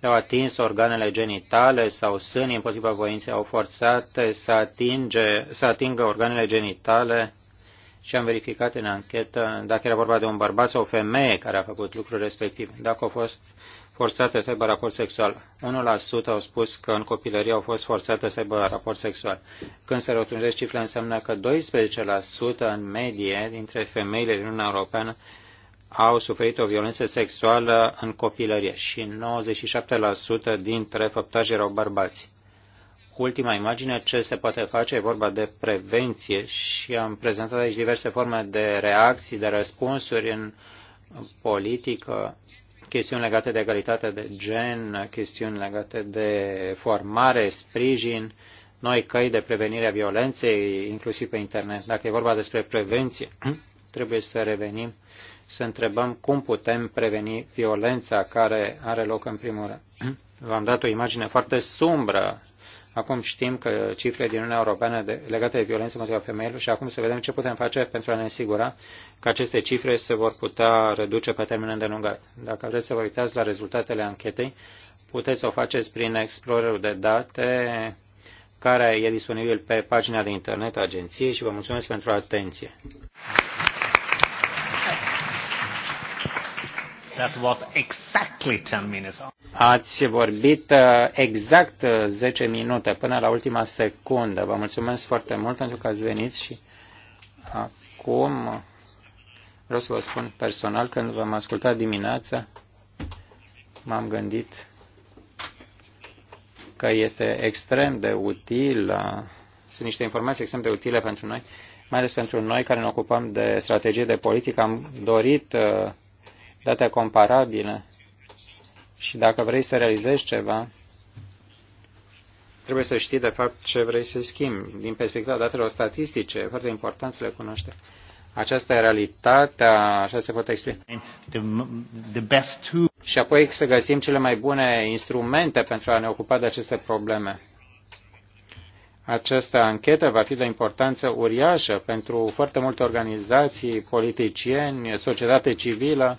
le-au atins organele genitale sau sânii împotriva voinței, au forțat să, atinge, să atingă organele genitale și am verificat în anchetă dacă era vorba de un bărbat sau o femeie care a făcut lucrul respectiv. Dacă a fost forțate să aibă raport sexual. 1% au spus că în copilărie au fost forțate să aibă raport sexual. Când se rotunjește cifra, înseamnă că 12% în medie dintre femeile din Uniunea Europeană au suferit o violență sexuală în copilărie și 97% dintre făptași erau bărbați. Ultima imagine, ce se poate face, e vorba de prevenție și am prezentat aici diverse forme de reacții, de răspunsuri în politică, chestiuni legate de egalitate de gen, chestiuni legate de formare, sprijin, noi căi de prevenire a violenței, inclusiv pe internet. Dacă e vorba despre prevenție, trebuie să revenim, să întrebăm cum putem preveni violența care are loc în primul rând. V-am dat o imagine foarte sumbră Acum știm că cifrele din Uniunea Europeană de, legate de violență împotriva femeilor și acum să vedem ce putem face pentru a ne asigura că aceste cifre se vor putea reduce pe termen îndelungat. Dacă vreți să vă uitați la rezultatele anchetei, puteți să o faceți prin explorerul de date care e disponibil pe pagina de internet a agenției și vă mulțumesc pentru atenție.
That was exactly 10 minutes.
Ați vorbit uh, exact 10 uh, minute până la ultima secundă. Vă mulțumesc foarte mult pentru că ați venit și acum vreau să vă spun personal, când v-am ascultat dimineața, m-am gândit că este extrem de util, uh, sunt niște informații extrem de utile pentru noi, mai ales pentru noi care ne ocupăm de strategie de politică. Am dorit date comparabile și dacă vrei să realizezi ceva, trebuie să știi de fapt ce vrei să schimbi. Din perspectiva datelor statistice, e foarte important să le cunoști. Aceasta e realitatea, așa se poate explica. Și apoi să găsim cele mai bune instrumente pentru a ne ocupa de aceste probleme. Această anchetă va fi de importanță uriașă pentru foarte multe organizații, politicieni, societate civilă,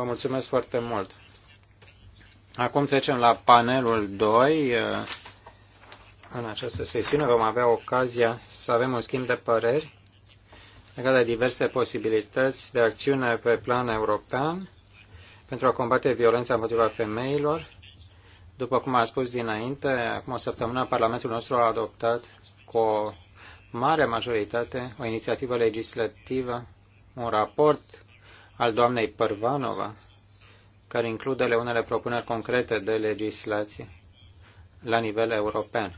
Vă mulțumesc foarte mult. Acum trecem la panelul 2. Uh, în această sesiune vom avea ocazia să avem un schimb de păreri legat de diverse posibilități de acțiune pe plan european pentru a combate violența împotriva femeilor. După cum am spus dinainte, acum o săptămână Parlamentul nostru a adoptat cu o mare majoritate o inițiativă legislativă, un raport al doamnei Părvanova, care include unele propuneri concrete de legislație la nivel european.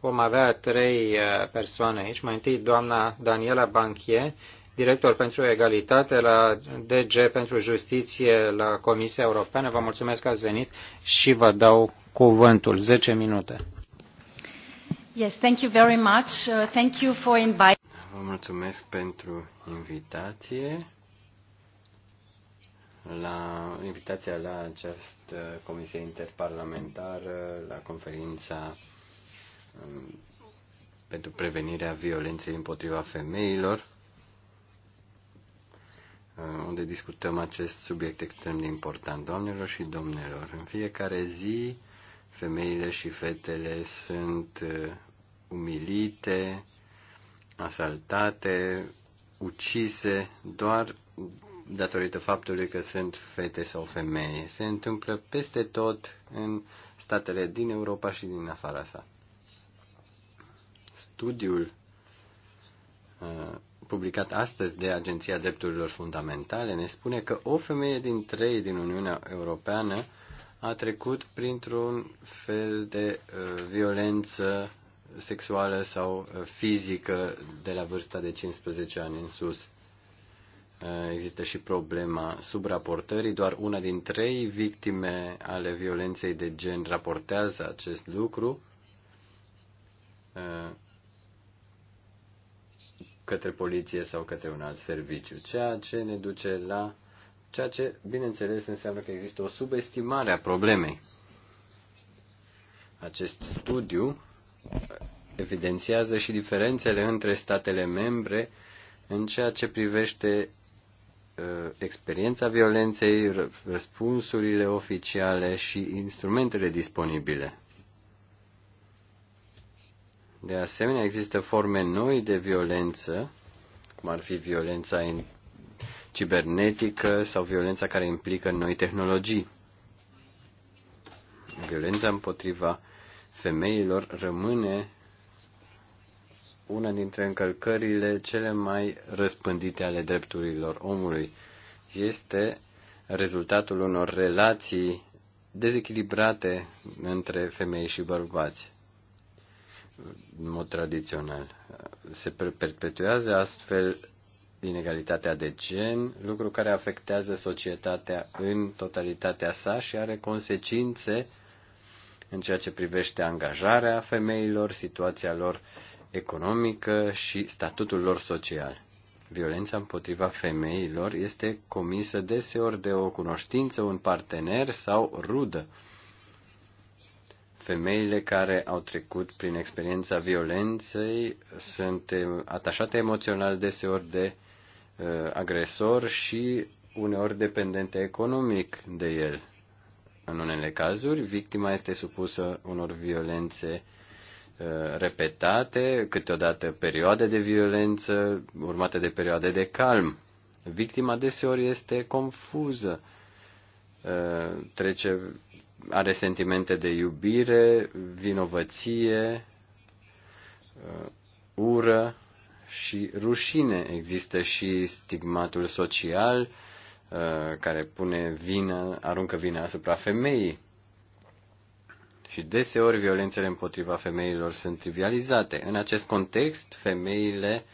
Vom avea trei uh, persoane aici. Mai întâi doamna Daniela Banchie, director pentru egalitate la DG pentru justiție la Comisia Europeană. Vă mulțumesc că ați venit și vă dau cuvântul. 10 minute.
Yes, thank you very much. Uh, thank you for inviting.
Vă mulțumesc pentru invitație la invitația la această comisie interparlamentară, la conferința um, pentru prevenirea violenței împotriva femeilor, uh, unde discutăm acest subiect extrem de important. Doamnelor și domnilor, în fiecare zi femeile și fetele sunt uh, umilite, asaltate, ucise doar datorită faptului că sunt fete sau femei. Se întâmplă peste tot în statele din Europa și din afara sa. Studiul uh, publicat astăzi de Agenția Drepturilor Fundamentale ne spune că o femeie din trei din Uniunea Europeană a trecut printr-un fel de uh, violență sexuală sau uh, fizică de la vârsta de 15 ani în sus. Eh, există și problema subraportării. Doar una din trei victime ale violenței de gen raportează acest lucru eh, către poliție sau către un alt serviciu, ceea ce ne duce la ceea ce, bineînțeles, înseamnă că există o subestimare a problemei. Acest studiu evidențiază și diferențele între statele membre în ceea ce privește Uh, experiența violenței, răspunsurile oficiale și instrumentele disponibile. De asemenea, există forme noi de violență, cum ar fi violența cibernetică sau violența care implică noi tehnologii. Violența împotriva femeilor rămâne una dintre încălcările cele mai răspândite ale drepturilor omului. Este rezultatul unor relații dezechilibrate între femei și bărbați în mod tradițional. Se perpetuează astfel inegalitatea de gen, lucru care afectează societatea în totalitatea sa și are consecințe în ceea ce privește angajarea femeilor, situația lor economică și statutul lor social. Violența împotriva femeilor este comisă deseori de o cunoștință, un partener sau rudă. Femeile care au trecut prin experiența violenței sunt atașate emoțional deseori de uh, agresor și uneori dependente economic de el. În unele cazuri, victima este supusă unor violențe repetate, câteodată perioade de violență urmate de perioade de calm. Victima deseori este confuză, uh, trece, are sentimente de iubire, vinovăție, uh, ură și rușine. Există și stigmatul social uh, care pune vină, aruncă vina asupra femeii și deseori violențele împotriva femeilor sunt trivializate. În acest context, femeile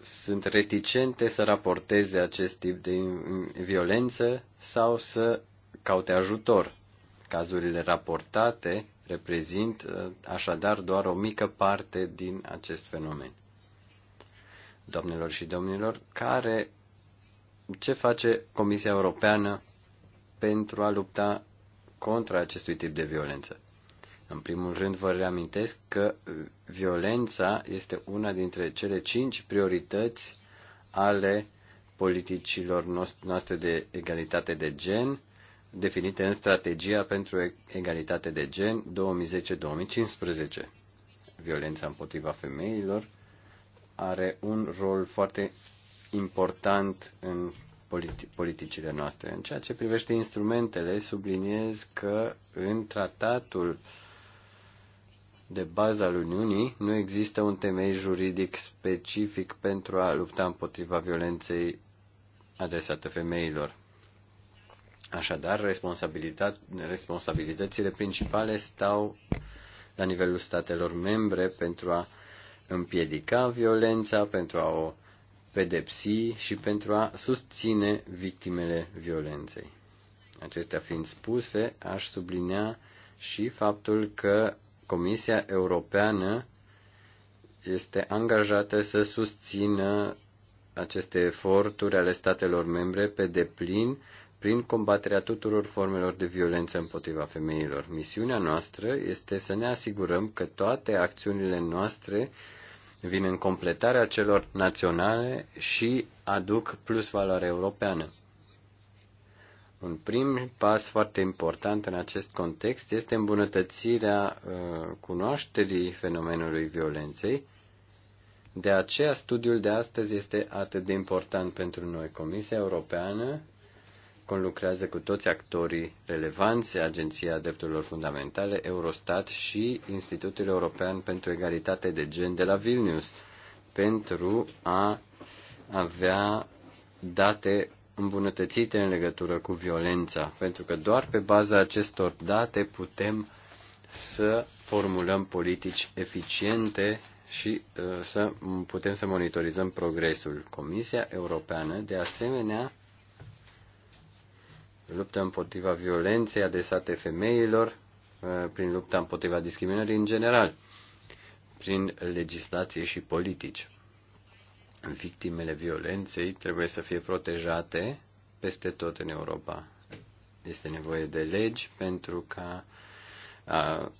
sunt reticente să raporteze acest tip de violență sau să caute ajutor. Cazurile raportate reprezint, uh, așadar doar o mică parte din acest fenomen. Doamnelor și domnilor, care ce face Comisia Europeană pentru a lupta contra acestui tip de violență. În primul rând, vă reamintesc că uh, violența este una dintre cele cinci priorități ale politicilor noastre de egalitate de gen, definite în Strategia pentru Egalitate de Gen 2010-2015. Violența împotriva femeilor are un rol foarte important în politi- politicile noastre. În ceea ce privește instrumentele, subliniez că în tratatul de bază al Uniunii nu există un temei juridic specific pentru a lupta împotriva violenței adresată femeilor. Așadar, responsabilitățile principale stau la nivelul statelor membre pentru a împiedica violența, pentru a o pedepsi și pentru a susține victimele violenței. Acestea fiind spuse, aș sublinea și faptul că Comisia Europeană este angajată să susțină aceste eforturi ale statelor membre pe deplin prin combaterea tuturor formelor de violență împotriva femeilor. Misiunea noastră este să ne asigurăm că toate acțiunile noastre vin în completarea celor naționale și aduc plus valoare europeană. Un prim pas foarte important în acest context este îmbunătățirea uh, cunoașterii fenomenului violenței. De aceea, studiul de astăzi este atât de important pentru noi. Comisia Europeană conlucrează cu toți actorii relevanți, Agenția Drepturilor Fundamentale, Eurostat și Institutul European pentru Egalitate de Gen de la Vilnius, pentru a avea date îmbunătățite în legătură cu violența, pentru că doar pe baza acestor date putem să formulăm politici eficiente și uh, să putem să monitorizăm progresul. Comisia Europeană, de asemenea, luptă împotriva violenței adresate femeilor, uh, prin lupta împotriva discriminării în general, prin legislație și politici. Victimele violenței trebuie să fie protejate peste tot în Europa. Este nevoie de legi pentru ca a,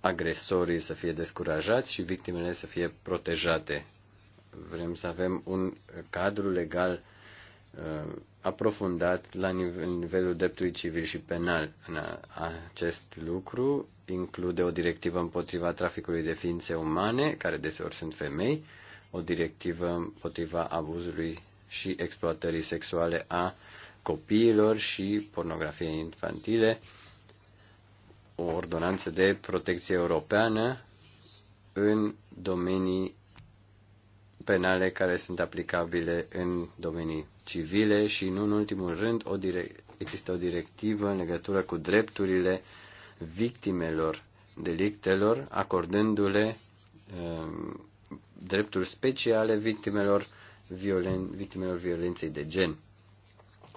agresorii să fie descurajați și victimele să fie protejate. Vrem să avem un cadru legal uh, aprofundat la nivelul dreptului civil și penal. În acest lucru include o directivă împotriva traficului de ființe umane, care deseori sunt femei, o directivă împotriva abuzului și exploatării sexuale a copiilor și pornografiei infantile, o ordonanță de protecție europeană în domenii penale care sunt aplicabile în domenii civile și, nu în ultimul rând, o există o directivă în legătură cu drepturile victimelor delictelor, acordându-le um, drepturi speciale victimelor, violen, victimelor violenței de gen.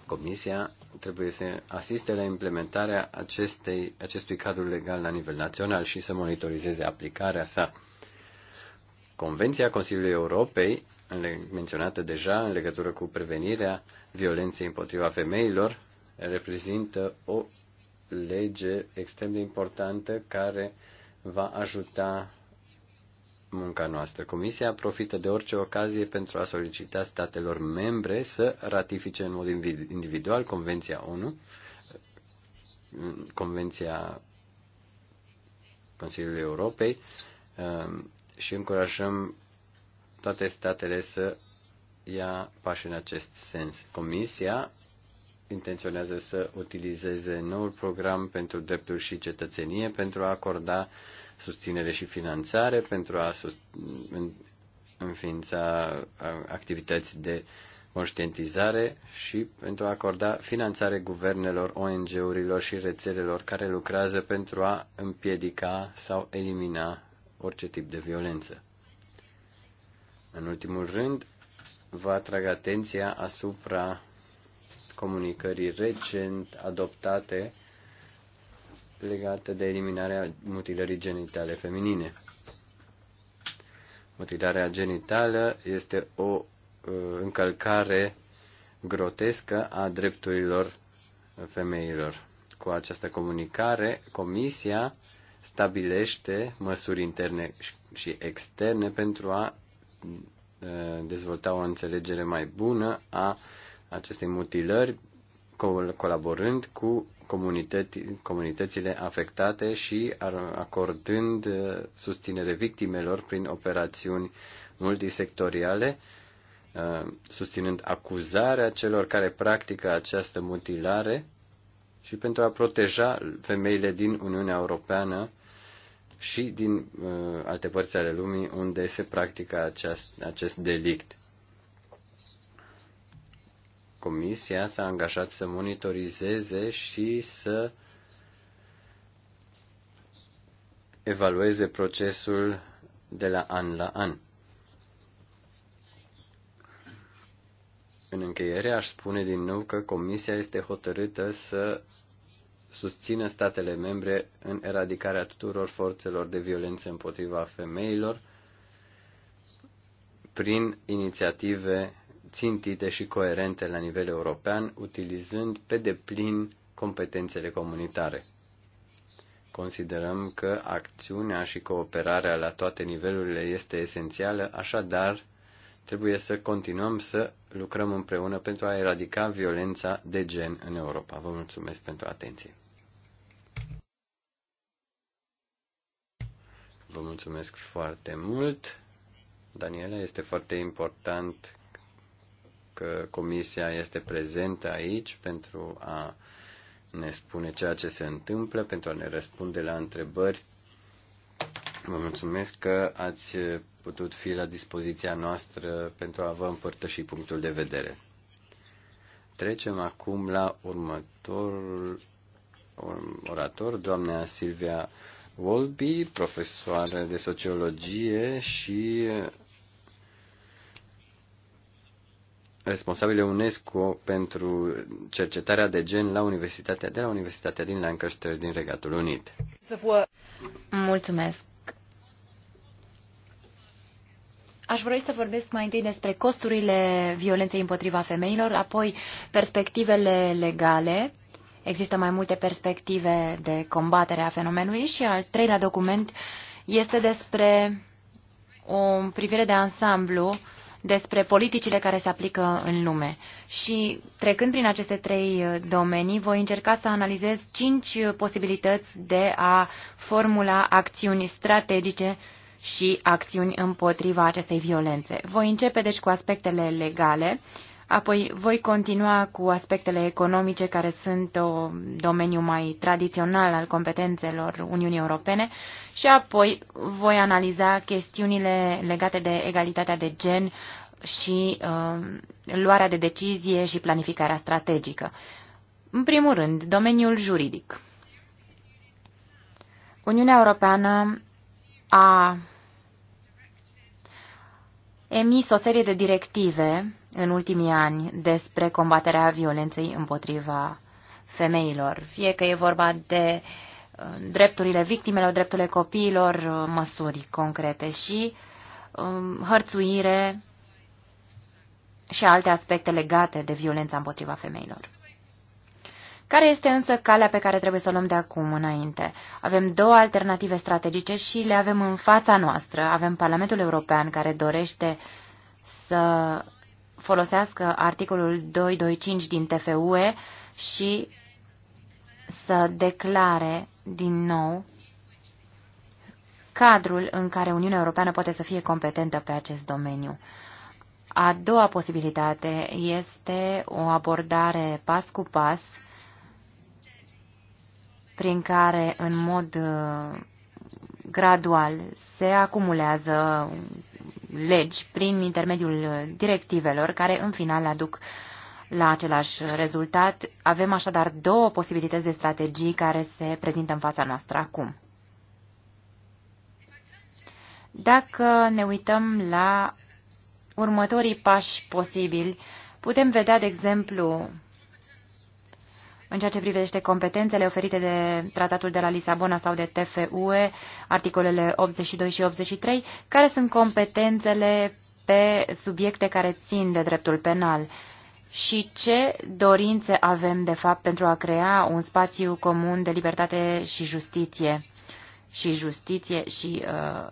Comisia trebuie să asiste la implementarea acestei, acestui cadru legal la nivel național și să monitorizeze aplicarea sa. Convenția Consiliului Europei menționată deja în legătură cu prevenirea violenței împotriva femeilor reprezintă o lege extrem de importantă care va ajuta munca noastră. Comisia profită de orice ocazie pentru a solicita statelor membre să ratifice în mod individual Convenția ONU, Convenția Consiliului Europei um, și încurajăm toate statele să ia pași în acest sens. Comisia intenționează să utilizeze noul program pentru drepturi și cetățenie pentru a acorda susținere și finanțare, pentru a înființa activități de conștientizare și pentru a acorda finanțare guvernelor, ONG-urilor și rețelelor care lucrează pentru a împiedica sau elimina orice tip de violență. În ultimul rând, vă atrag atenția asupra comunicării recent adoptate legate de eliminarea mutilării genitale feminine. Mutilarea genitală este o uh, încălcare grotescă a drepturilor femeilor. Cu această comunicare, Comisia stabilește măsuri interne și externe pentru a Uh, dezvolta o înțelegere mai bună a acestei mutilări, colaborând cu comunitățile afectate și acordând uh, susținere victimelor prin operațiuni multisectoriale, uh, susținând acuzarea celor care practică această mutilare și pentru a proteja femeile din Uniunea Europeană și din uh, alte părți ale lumii unde se practică aceast, acest delict. Comisia s-a angajat să monitorizeze și să evalueze procesul de la an la an. În încheiere aș spune din nou că Comisia este hotărâtă să susțină statele membre în eradicarea tuturor forțelor de violență împotriva femeilor prin inițiative țintite și coerente la nivel european, utilizând pe deplin competențele comunitare. Considerăm că acțiunea și cooperarea la toate nivelurile este esențială, așadar trebuie să continuăm să lucrăm împreună pentru a eradica violența de gen în Europa. Vă mulțumesc pentru atenție. Vă mulțumesc foarte mult. Daniela, este foarte important că comisia este prezentă aici pentru a ne spune ceea ce se întâmplă, pentru a ne răspunde la întrebări. Vă mulțumesc că ați putut fi la dispoziția noastră pentru a vă împărtăși punctul de vedere. Trecem acum la următorul orator, doamna Silvia Wolby, profesoară de sociologie și responsabilă UNESCO pentru cercetarea de gen la Universitatea de la Universitatea din Lancaster din Regatul Unit.
Mulțumesc. Aș vrea să vorbesc mai întâi despre costurile violenței împotriva femeilor, apoi perspectivele legale Există mai multe perspective de combatere a fenomenului și al treilea document este despre o privire de ansamblu despre politicile care se aplică în lume. Și trecând prin aceste trei domenii, voi încerca să analizez cinci posibilități de a formula acțiuni strategice și acțiuni împotriva acestei violențe. Voi începe deci cu aspectele legale. Uh, Apoi voi continua cu aspectele economice, care sunt o domeniu mai tradițional al competențelor Uniunii Europene, și apoi voi analiza chestiunile legate de egalitatea de gen și uh, luarea de decizie și planificarea strategică. În primul rând, domeniul juridic. Uniunea Europeană a emis o serie de directive în ultimii ani despre combaterea violenței împotriva femeilor. Fie că e vorba de uh, drepturile victimelor, drepturile copiilor, uh, măsuri concrete și um, hărțuire și alte aspecte legate de violența împotriva femeilor. Care este însă calea pe care trebuie să o luăm de acum înainte? Avem două alternative strategice și le avem în fața noastră. Avem Parlamentul European care dorește să folosească articolul 225 din TFUE și să declare din nou cadrul în care Uniunea Europeană poate să fie competentă pe acest domeniu. A doua posibilitate este o abordare pas cu pas prin care în mod uh, gradual se acumulează legi prin intermediul directivelor care în final aduc la același rezultat. Avem așadar două posibilități de strategii care se prezintă în fața noastră acum. Dacă ne uităm la următorii pași posibili, putem vedea, de exemplu, în ceea ce privește competențele oferite de Tratatul de la Lisabona sau de TFUE, articolele 82 și 83, care sunt competențele pe subiecte care țin de dreptul penal și ce dorințe avem, de fapt, pentru a crea un spațiu comun de libertate și justiție și justiție și uh,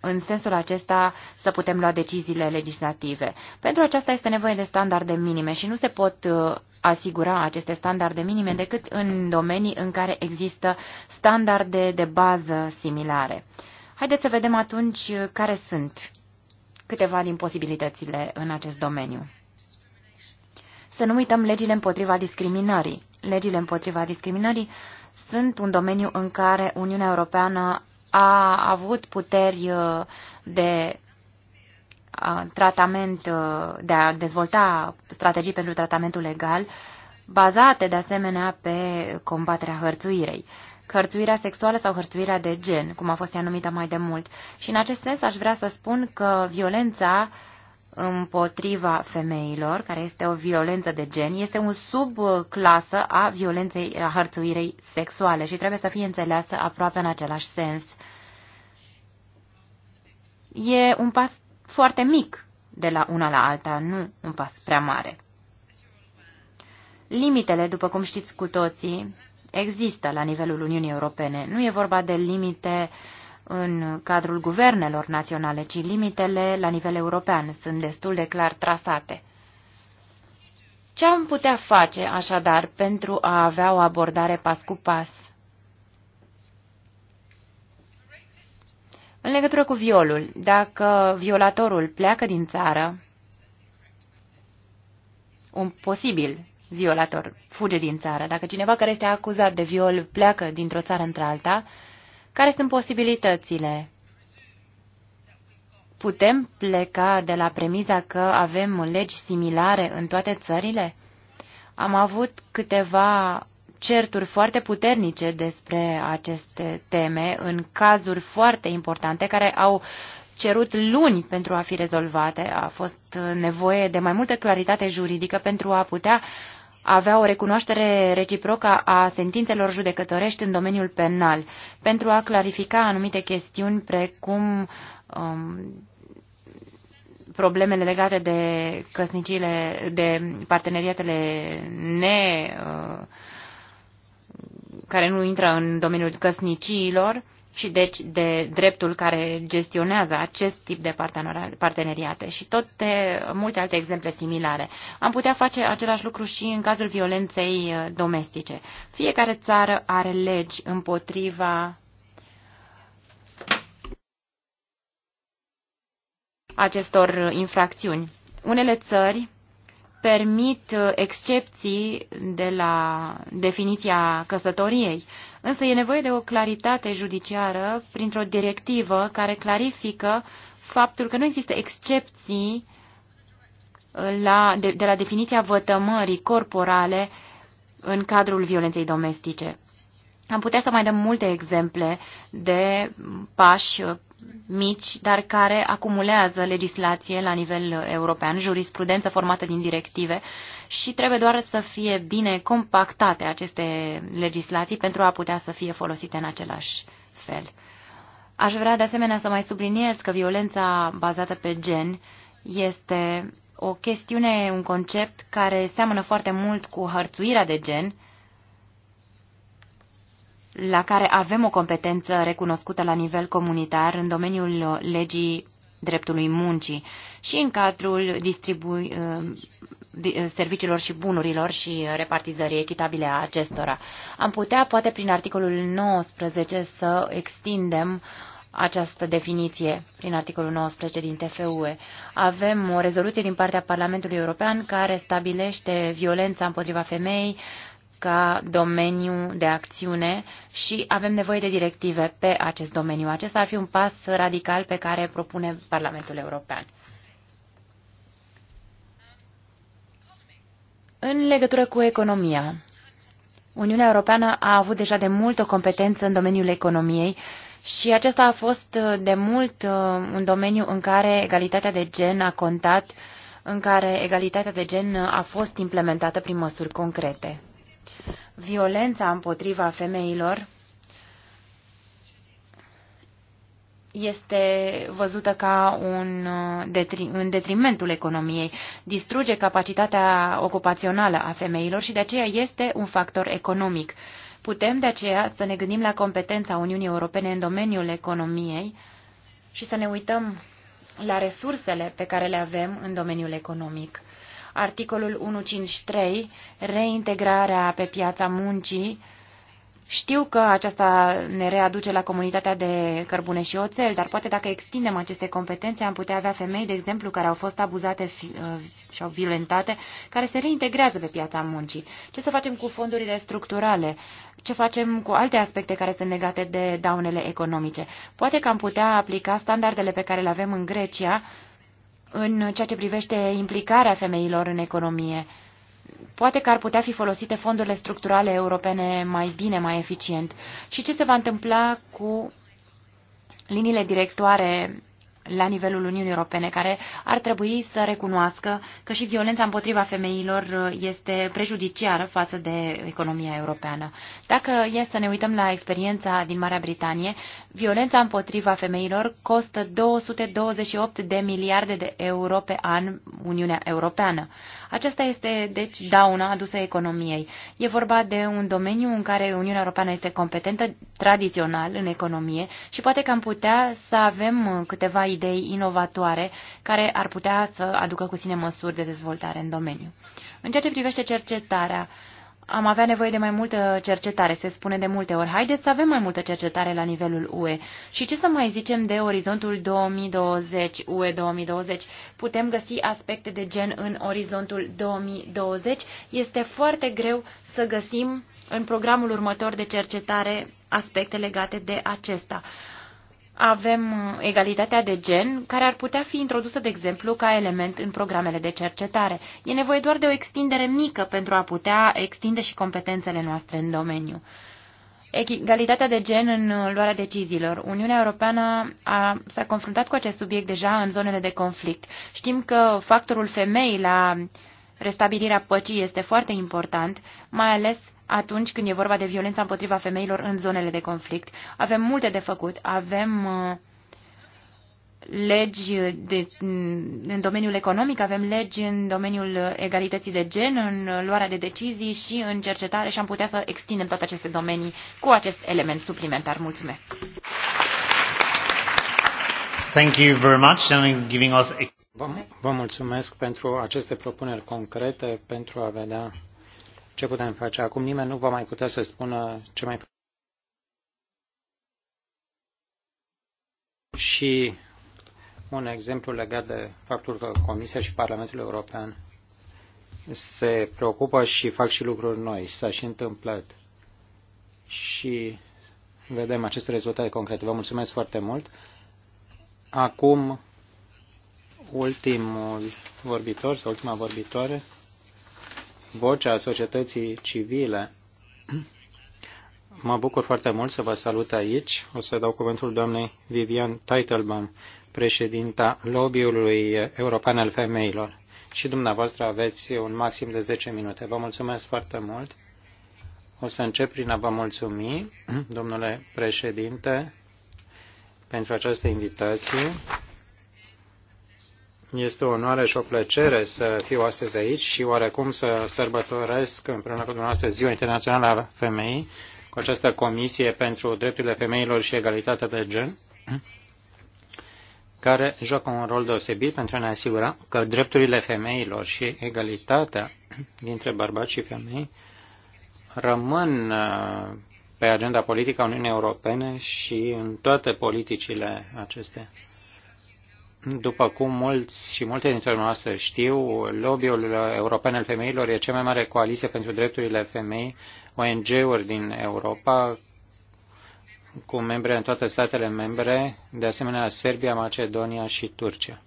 în sensul acesta să putem lua deciziile legislative. Pentru aceasta este nevoie de standarde minime și nu se pot uh, asigura aceste standarde minime decât în domenii în care există standarde de bază similare. Haideți să vedem atunci uh, care sunt câteva din posibilitățile în acest domeniu. Să nu uităm legile împotriva discriminării. Legile împotriva discriminării sunt un domeniu în care Uniunea Europeană a avut puteri uh, de uh, tratament, uh, de a dezvolta strategii pentru tratamentul legal, bazate de asemenea pe combaterea hărțuirei hărțuirea sexuală sau hărțuirea de gen, cum a fost ea numită mai de mult. Și în acest sens aș vrea să spun că violența împotriva femeilor, care este o violență de gen, este un subclasă a violenței a hărțuirei sexuale și trebuie să fie înțeleasă aproape în același sens. E un pas foarte mic de la una la alta, nu un pas prea mare. Limitele, după cum știți cu toții, există la nivelul Uniunii Europene. Nu e vorba de limite în cadrul guvernelor naționale, ci limitele la nivel european sunt destul de clar trasate. Ce am putea face, așadar, pentru a avea o abordare pas cu pas În legătură cu violul, dacă violatorul pleacă din țară, un posibil violator fuge din țară, dacă cineva care este acuzat de viol pleacă dintr-o țară într-alta, care sunt posibilitățile? Putem pleca de la premiza că avem legi similare în toate țările? Am avut câteva certuri foarte puternice despre aceste teme în cazuri foarte importante care au cerut luni pentru a fi rezolvate. A fost nevoie de mai multă claritate juridică pentru a putea avea o recunoaștere reciprocă a sentințelor judecătorești în domeniul penal, pentru a clarifica anumite chestiuni precum um, problemele legate de căsnicile, de parteneriatele ne. Uh, care nu intră în domeniul căsniciilor și deci de dreptul care gestionează acest tip de parteneriate și tot de multe alte exemple similare. Am putea face același lucru și în cazul violenței uh, domestice. Fiecare țară are legi împotriva acestor uh, infracțiuni. Unele țări permit uh, excepții de la definiția căsătoriei. Însă e nevoie de o claritate judiciară printr-o directivă care clarifică faptul că nu există excepții uh, la, de, de la definiția vătămării corporale în cadrul violenței domestice. Am putea să mai dăm multe exemple de pași mici, dar care acumulează legislație la nivel european, jurisprudență formată din directive și trebuie doar să fie bine compactate aceste legislații pentru a putea să fie folosite în același fel. Aș vrea de asemenea să mai subliniez că violența bazată pe gen este o chestiune, un concept care seamănă foarte mult cu hărțuirea de gen, la care avem o competență recunoscută la nivel comunitar în domeniul legii dreptului muncii și în cadrul uh, uh, serviciilor și bunurilor și repartizării echitabile a acestora. Am putea, poate prin articolul 19, să extindem această definiție prin articolul 19 din TFUE. Avem o rezoluție din partea Parlamentului European care stabilește violența împotriva femei, uh, ca domeniu de acțiune și avem nevoie de directive pe acest domeniu. Acesta ar fi un pas radical pe care propune Parlamentul European. În legătură cu economia, Uniunea Europeană a avut deja de mult o competență în domeniul economiei și acesta a fost de mult uh, un domeniu în care egalitatea de gen a contat, în care egalitatea de gen a fost implementată prin măsuri concrete violența împotriva femeilor este văzută ca un uh, detri, în detrimentul economiei, distruge capacitatea ocupațională a femeilor și de aceea este un factor economic. Putem de aceea să ne gândim la competența Uniunii Europene în domeniul economiei și să ne uităm la resursele pe care le avem în domeniul economic articolul 153, reintegrarea pe piața muncii. Știu că aceasta ne readuce la comunitatea de cărbune și oțel, dar poate dacă extindem aceste competențe am putea avea femei, de exemplu, care au fost abuzate uh, și au violentate, care se reintegrează pe piața muncii. Ce să facem cu fondurile structurale? Ce facem cu alte aspecte care sunt legate de daunele economice? Poate că am putea aplica standardele pe care le avem în Grecia în ceea ce privește implicarea femeilor în economie. Poate că ar putea fi folosite fondurile structurale europene mai bine, mai eficient. Și ce se va întâmpla cu liniile directoare la nivelul Uniunii Europene, care ar trebui să recunoască că și violența împotriva femeilor uh, este prejudiciară față de economia europeană. Dacă e să ne uităm la experiența din Marea Britanie, violența împotriva femeilor costă 228 de miliarde de euro pe an Uniunea Europeană. Aceasta este, deci, dauna adusă economiei. E vorba de un domeniu în care Uniunea Europeană este competentă tradițional în economie și poate că am putea să avem câteva idei inovatoare care ar putea să aducă cu sine măsuri de dezvoltare în domeniu. În ceea ce privește cercetarea, am avea nevoie de mai multă cercetare, se spune de multe ori. Haideți să avem mai multă cercetare la nivelul UE. Și ce să mai zicem de orizontul 2020, UE 2020? Putem găsi aspecte de gen în orizontul 2020? Este foarte greu să găsim în programul următor de cercetare aspecte legate de acesta avem uh, egalitatea de gen, care ar putea fi introdusă, de exemplu, ca element în programele de cercetare. E nevoie doar de o extindere mică pentru a putea extinde și competențele noastre în domeniu. Egalitatea de gen în uh, luarea deciziilor. Uniunea Europeană a, s-a confruntat cu acest subiect deja în zonele de conflict. Știm că factorul femei la restabilirea păcii este foarte important, mai ales atunci când e vorba de violența împotriva femeilor în zonele de conflict. Avem multe de făcut. Avem uh, legi de, mm, în domeniul economic, avem legi în domeniul egalității de gen, în luarea de decizii și în cercetare și am putea să extindem toate aceste domenii cu acest element suplimentar. Mulțumesc!
Thank you very much giving us... vă, vă mulțumesc pentru aceste propuneri concrete pentru a vedea ce putem face? Acum nimeni nu va mai putea să spună ce mai Și un exemplu legat de faptul că Comisia și Parlamentul European se preocupă și fac și lucruri noi. S-a și întâmplat. Și vedem aceste rezultate concrete. Vă mulțumesc foarte mult. Acum, ultimul vorbitor sau ultima vorbitoare vocea societății civile. Mă bucur foarte mult să vă salut aici. O să dau cuvântul doamnei Vivian Teitelbaum, președinta lobby-ului european al femeilor. Și dumneavoastră aveți un maxim de 10 minute. Vă mulțumesc foarte mult. O să încep prin a vă mulțumi, domnule președinte, pentru această invitație este o onoare și o plăcere să fiu astăzi aici și oarecum să sărbătoresc împreună cu dumneavoastră Ziua Internațională a Femeii cu această comisie pentru drepturile femeilor și egalitatea de gen, care joacă un rol deosebit pentru a ne asigura că drepturile femeilor și egalitatea dintre bărbați și femei rămân uh, pe agenda politică a Uniunii Europene și în toate politicile acestea. După cum mulți și multe dintre noastre știu, lobby-ul european al femeilor e cea mai mare coaliție pentru drepturile femei, ONG-uri din Europa, cu membre în toate statele membre, de asemenea Serbia, Macedonia și Turcia.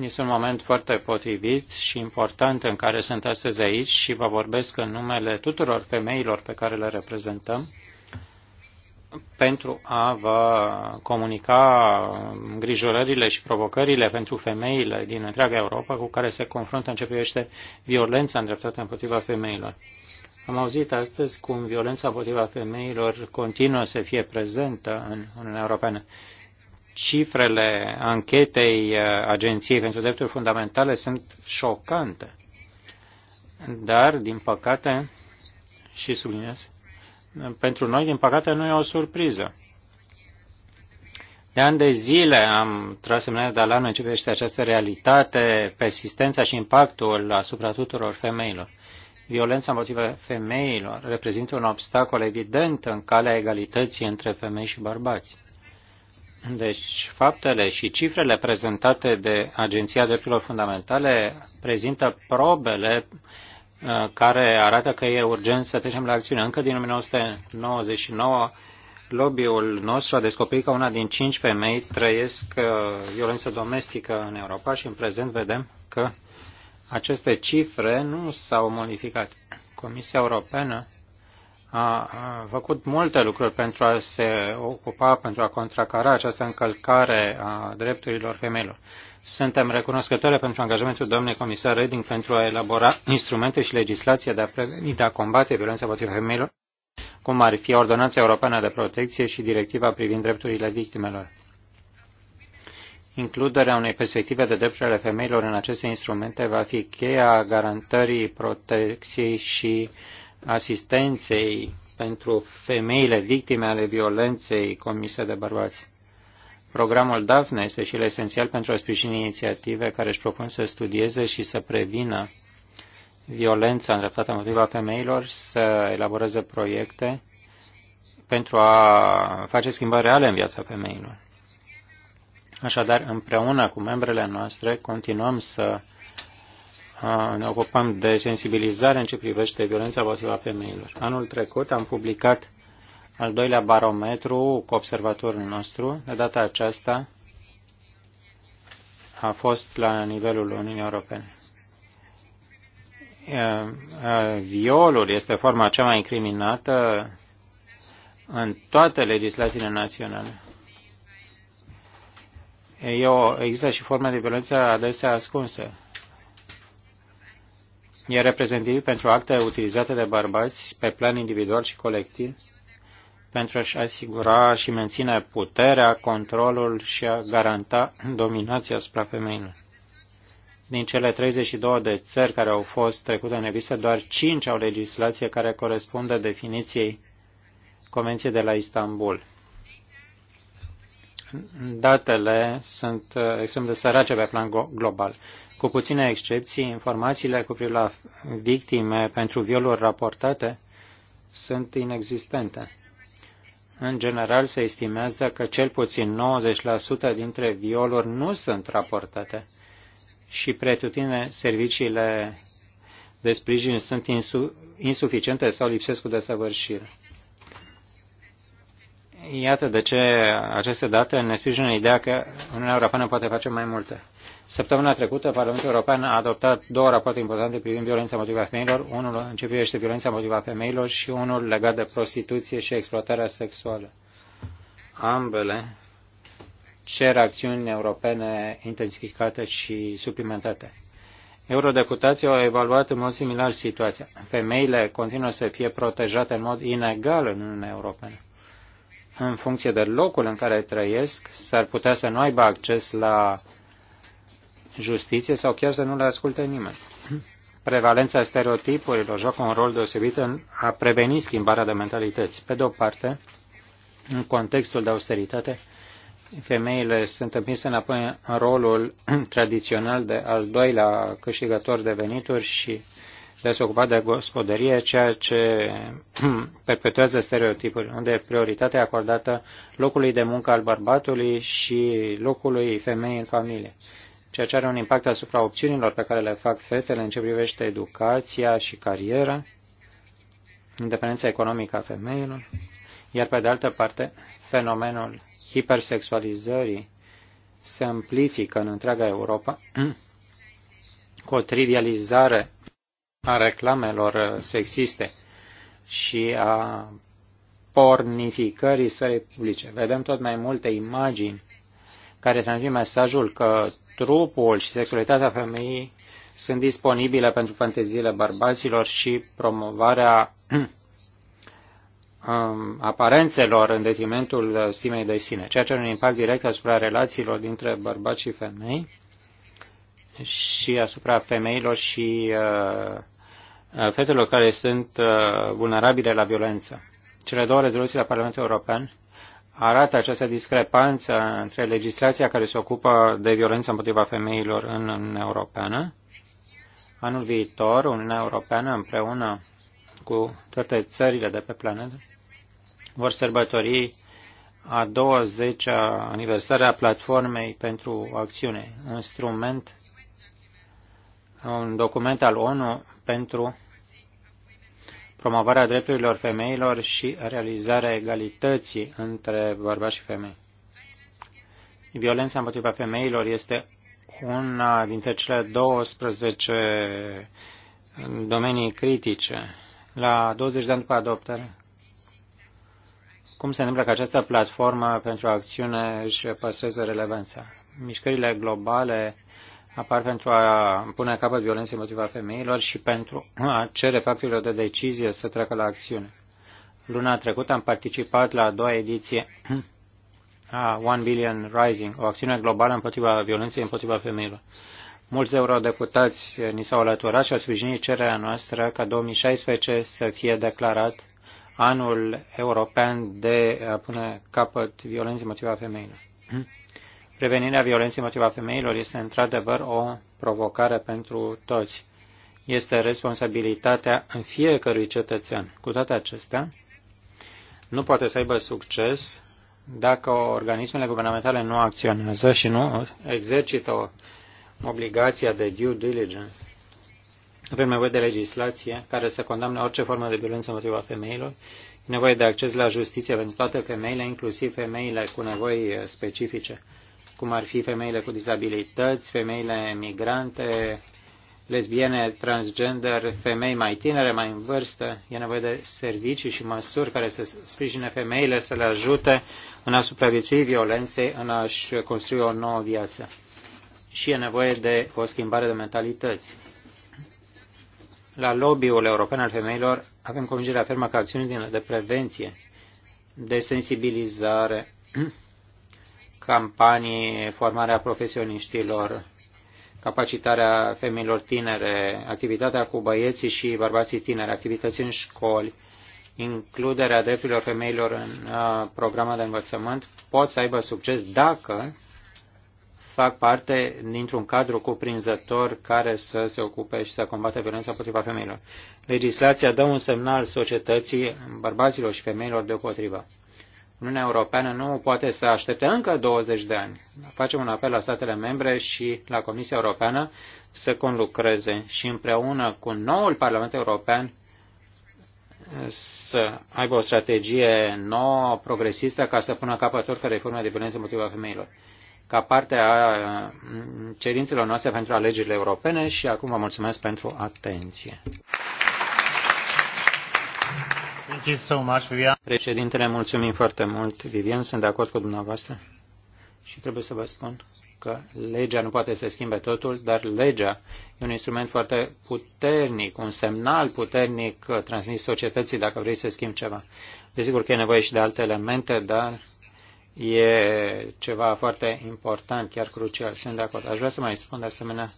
Este un moment foarte potrivit și important în care sunt astăzi aici și vă vorbesc în numele tuturor femeilor pe care le reprezentăm pentru a vă comunica îngrijorările și provocările pentru femeile din întreaga Europa cu care se confruntă în ce privește violența îndreptată împotriva femeilor. Am auzit astăzi cum violența împotriva femeilor continuă să fie prezentă în Uniunea Europeană. Cifrele anchetei uh, Agenției pentru Drepturi Fundamentale sunt șocante. Dar, din păcate, și subliniez, pentru noi, din păcate, nu e o surpriză. De ani de zile am tras semnale de alarmă în ce privește această realitate, persistența și impactul asupra tuturor femeilor. Violența împotriva femeilor reprezintă un obstacol evident în calea egalității între femei și bărbați. Deci, faptele și cifrele prezentate de Agenția Drepturilor Fundamentale prezintă probele Uh, care arată că e urgent să trecem la acțiune. Încă din 1999, lobby-ul nostru a descoperit că una din cinci femei trăiesc uh, violență domestică în Europa și în prezent vedem că aceste cifre nu s-au modificat. Comisia Europeană a făcut multe lucruri pentru a se ocupa, pentru a contracara această încălcare a drepturilor femeilor. Suntem recunoscători pentru angajamentul doamnei comisar Reding pentru a elabora instrumente și legislație de a preveni, de a combate violența împotriva femeilor, cum ar fi Ordonanța Europeană de Protecție și Directiva privind drepturile victimelor. Includerea unei perspective de drepturi ale femeilor în aceste instrumente va fi cheia garantării protecției și uh, asistenței pentru femeile victime ale violenței comise de bărbați. Programul DAFNE este și el esențial pentru a sprijini inițiative care își propun să studieze și să prevină violența îndreptată împotriva femeilor, să elaboreze proiecte pentru a face schimbări reale în viața femeilor. Așadar, împreună cu membrele noastre, continuăm să ne ocupăm de sensibilizare în ce privește violența împotriva femeilor. Anul trecut am publicat al doilea barometru cu observatorul nostru. De data aceasta a fost la nivelul Uniunii Europene. Violul este forma cea mai incriminată în toate legislațiile naționale. Eu, există și forme de violență adesea ascunse. E reprezentativ pentru acte utilizate de bărbați pe plan individual și colectiv pentru a-și asigura și menține puterea, controlul și a garanta dominația asupra femeilor. Din cele 32 de țări care au fost trecute în revistă, doar 5 au legislație care corespunde definiției Convenției de la Istanbul. Datele sunt extrem de sărace pe plan global. Cu puține excepții, informațiile cu privire la victime pentru violuri raportate sunt inexistente. În general, se estimează că cel puțin 90% dintre violuri nu sunt raportate și pretutine serviciile de sprijin sunt insu insuficiente sau lipsesc cu desăvârșire. Iată de ce aceste date ne sprijină ideea că Uniunea Europeană poate face mai multe. Săptămâna trecută, Parlamentul European a adoptat două rapoarte importante privind violența împotriva femeilor. Unul în ce privește violența împotriva femeilor și unul legat de prostituție și exploatarea sexuală. Ambele cer acțiuni europene intensificate și suplimentate. Eurodeputații au evaluat în mod similar situația. Femeile continuă să fie protejate în mod inegal în Uniunea Europeană. În funcție de locul în care trăiesc, s-ar putea să nu aibă acces la justiție sau chiar să nu le asculte nimeni. Prevalența stereotipurilor joacă un rol deosebit în a preveni schimbarea de mentalități. Pe de o parte, în contextul de austeritate, femeile sunt împinse înapoi în rolul tradițional de al doilea câștigător de venituri și de a se ocupa de gospodărie, ceea ce perpetuează stereotipuri, unde prioritatea e acordată locului de muncă al bărbatului și locului femeii în familie ceea ce are un impact asupra opțiunilor pe care le fac fetele în ce privește educația și cariera, independența economică a femeilor, iar pe de altă parte, fenomenul hipersexualizării se amplifică în întreaga Europa cu o trivializare a reclamelor sexiste și a pornificării sferei publice. Vedem tot mai multe imagini care transmit mesajul că trupul și sexualitatea femeii sunt disponibile pentru fanteziile bărbaților și promovarea um, aparențelor în detrimentul stimei de sine, ceea ce are un impact direct asupra relațiilor dintre bărbați și femei și asupra femeilor și uh, fetelor care sunt uh, vulnerabile la violență. Cele două rezoluții la Parlamentul European arată această discrepanță între legislația care se ocupă de violența împotriva femeilor în Uniunea Europeană. Anul viitor, Uniunea Europeană împreună cu toate țările de pe planetă vor sărbători a 20-a aniversare a platformei pentru acțiune, un instrument, un document al ONU pentru promovarea drepturilor femeilor și realizarea egalității între bărbați și femei. Violența împotriva femeilor este una dintre cele 12 domenii critice. La 20 de ani după adoptare, cum se întâmplă că această platformă pentru acțiune își păseze relevanța? Mișcările globale apar pentru a pune capăt violenței împotriva femeilor și pentru a cere factorilor de decizie să treacă la acțiune. Luna trecută am participat la a doua ediție a One Billion Rising, o acțiune globală împotriva violenței împotriva femeilor. Mulți eurodeputați ni s-au alăturat și au sprijinit cererea noastră ca 2016 să fie declarat anul european de a pune capăt violenței împotriva femeilor. Prevenirea violenței împotriva femeilor este într-adevăr o provocare pentru toți. Este responsabilitatea în fiecărui cetățean. Cu toate acestea, nu poate să aibă succes dacă organismele guvernamentale nu acționează și nu exercită obligația de due diligence. Avem nevoie de legislație care să condamne orice formă de violență împotriva femeilor, nevoie de acces la justiție pentru toate femeile, inclusiv femeile cu nevoi specifice cum ar fi femeile cu dizabilități, femeile migrante, lesbiene, transgender, femei mai tinere, mai în vârstă. E nevoie de servicii și măsuri care să sprijine femeile, să le ajute în a supraviețui violenței, în a-și construi o nouă viață. Și e nevoie de o schimbare de mentalități. La lobby-ul european al femeilor avem convingerea fermă că acțiunile de prevenție, de sensibilizare, campanii, formarea profesioniștilor, capacitarea femeilor tinere, activitatea cu băieții și bărbații tineri, activități în școli, includerea drepturilor femeilor în uh, programa de învățământ pot să aibă succes dacă fac parte dintr-un cadru cuprinzător care să se ocupe și să combate violența împotriva femeilor. Legislația dă un semnal societății bărbaților și femeilor deopotrivă. Uniunea Europeană nu poate să aștepte încă 20 de ani. Facem un apel la statele membre și la Comisia Europeană să conlucreze și împreună cu noul Parlament European să aibă o strategie nouă, progresistă, ca să pună capăt oricărei reforme de violență împotriva femeilor. Ca parte a mm, cerințelor noastre pentru alegerile europene și acum vă mulțumesc pentru atenție. Thank you so much, Vivian. Președintele, mulțumim foarte mult, Vivian. Sunt de acord cu dumneavoastră și trebuie să vă spun că legea nu poate să schimbe totul, dar legea e un instrument foarte puternic, un semnal puternic uh, transmis societății dacă vrei să schimbi ceva. Desigur că e nevoie și de alte elemente, dar e ceva foarte important, chiar crucial. Sunt de acord. Aș vrea să mai spun de asemenea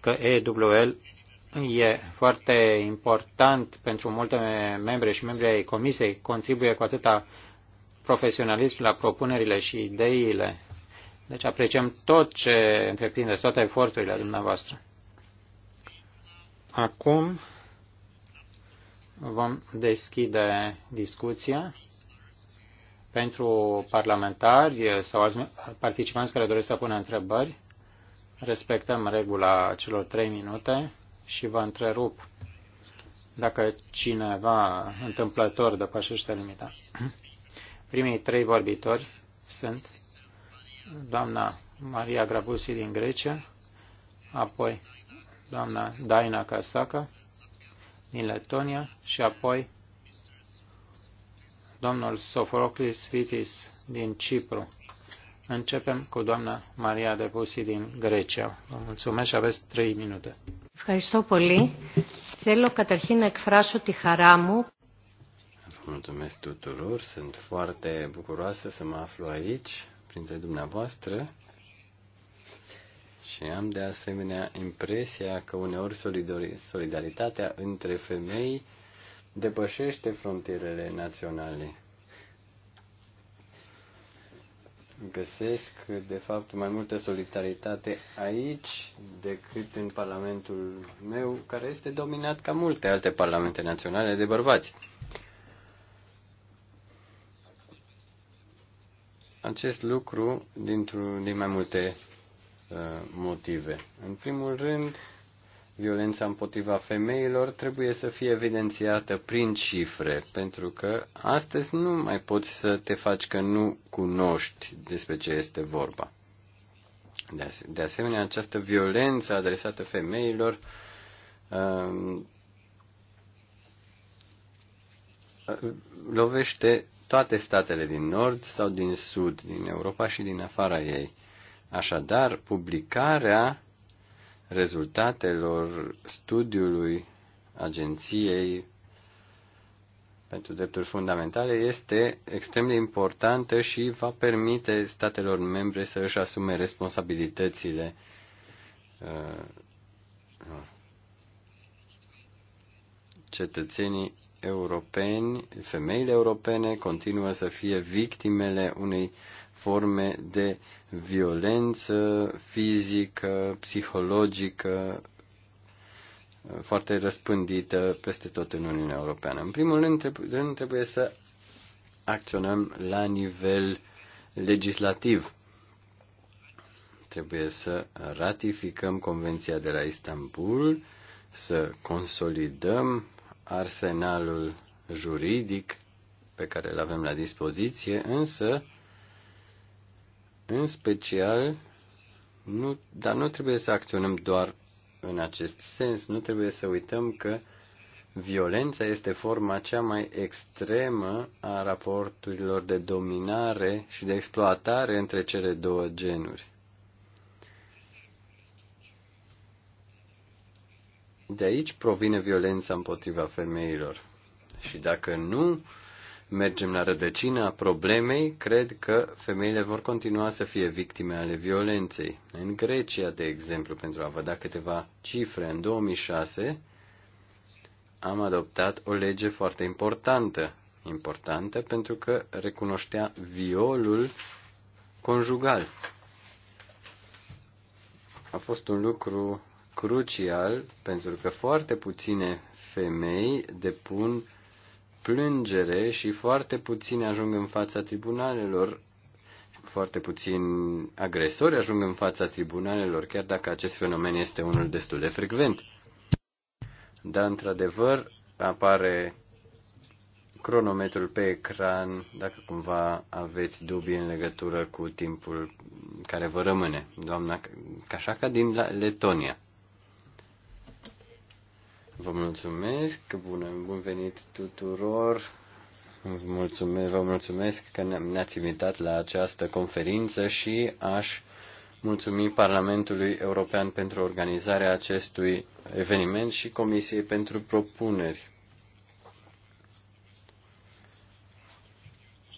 că EWL e foarte important pentru multe membre și membri ai comisiei, contribuie cu atâta profesionalism la propunerile și ideile. Deci apreciem tot ce întreprindeți, toate eforturile dumneavoastră. Acum vom deschide discuția pentru parlamentari sau alți participanți care doresc să pună întrebări. Respectăm regula celor trei minute și vă întrerup dacă cineva întâmplător depășește limita. Primii trei vorbitori sunt doamna Maria Grabusi din Grecia, apoi doamna Daina Casaca din Letonia și apoi domnul Sofroclis Vitis din Cipru. Începem cu doamna Maria Depusi din Grecia. Vă mulțumesc și aveți trei minute.
Ευχαριστώ πολύ. Θέλω καταρχήν να εκφράσω τη χαρά μου.
Mulțumesc tuturor, sunt foarte bucuroasă să mă aflu aici, printre dumneavoastră. Și am de asemenea impresia că uneori solidaritatea între femei depășește frontierele naționale. găsesc, de fapt, mai multă solidaritate aici decât în Parlamentul meu, care este dominat ca multe alte parlamente naționale de bărbați. Acest lucru dintr-un din mai multe uh, motive. În primul rând, violența împotriva femeilor trebuie să fie evidențiată prin cifre, pentru că astăzi nu mai poți să te faci că nu cunoști despre ce este vorba. De, asemenea, această violență adresată femeilor uh, lovește toate statele din nord sau din sud, din Europa și din afara ei. Așadar, publicarea rezultatelor studiului Agenției pentru Drepturi Fundamentale este extrem de importantă și va permite statelor membre să își asume responsabilitățile uh, uh, cetățenii europeni, femeile europene continuă să fie victimele unei uh, forme de violență fizică, psihologică, foarte răspândită peste tot în Uniunea Europeană. În primul rând, trebuie să acționăm la nivel legislativ. Trebuie să ratificăm Convenția de la Istanbul, să consolidăm arsenalul juridic pe care îl avem la dispoziție, însă în special, nu, dar nu trebuie să acționăm doar în acest sens, nu trebuie să uităm că violența este forma cea mai extremă a raporturilor de dominare și de exploatare între cele două genuri. De aici provine violența împotriva femeilor. Și dacă nu mergem la rădăcina problemei, cred că femeile vor continua să fie victime ale violenței. În Grecia, de exemplu, pentru a vă da câteva cifre, în 2006 am adoptat o lege foarte importantă. Importantă pentru că recunoștea violul conjugal. A fost un lucru crucial pentru că foarte puține femei depun plângere și foarte puțini ajung în fața tribunalelor, foarte puțini agresori ajung în fața tribunalelor, chiar dacă acest fenomen este unul destul de frecvent. Dar, într-adevăr, apare cronometrul pe ecran dacă cumva aveți dubii în legătură cu timpul care vă rămâne. Doamna Cașaca din Letonia. Vă mulțumesc, bună, bun venit tuturor. Vă mulțumesc, vă mulțumesc că ne-ați invitat la această conferință și aș mulțumi Parlamentului European pentru organizarea acestui eveniment și Comisiei pentru propuneri.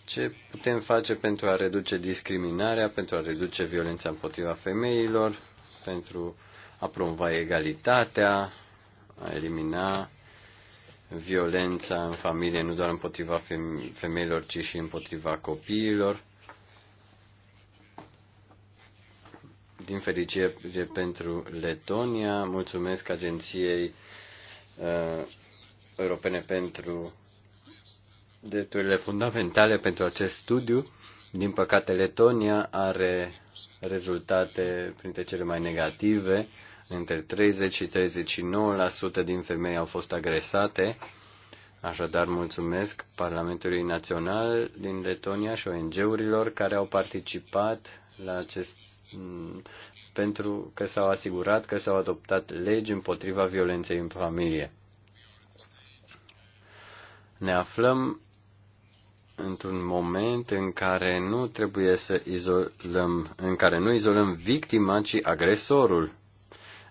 Ce putem face pentru a reduce discriminarea, pentru a reduce violența împotriva femeilor, pentru a promova egalitatea, a elimina violența în familie, nu doar împotriva femeilor, ci și împotriva copiilor. Din fericire pentru Letonia, mulțumesc Agenției uh, Europene pentru Drepturile Fundamentale pentru acest studiu. Din păcate, Letonia are rezultate printre cele mai negative. Uh, între 30 și 39% din femei au fost agresate. Așadar, mulțumesc Parlamentului Național din Letonia și ONG-urilor care au participat la acest pentru că s-au asigurat că s-au adoptat legi împotriva violenței în familie. Ne aflăm într-un moment în care nu trebuie să izolăm, în care nu izolăm victima, ci agresorul.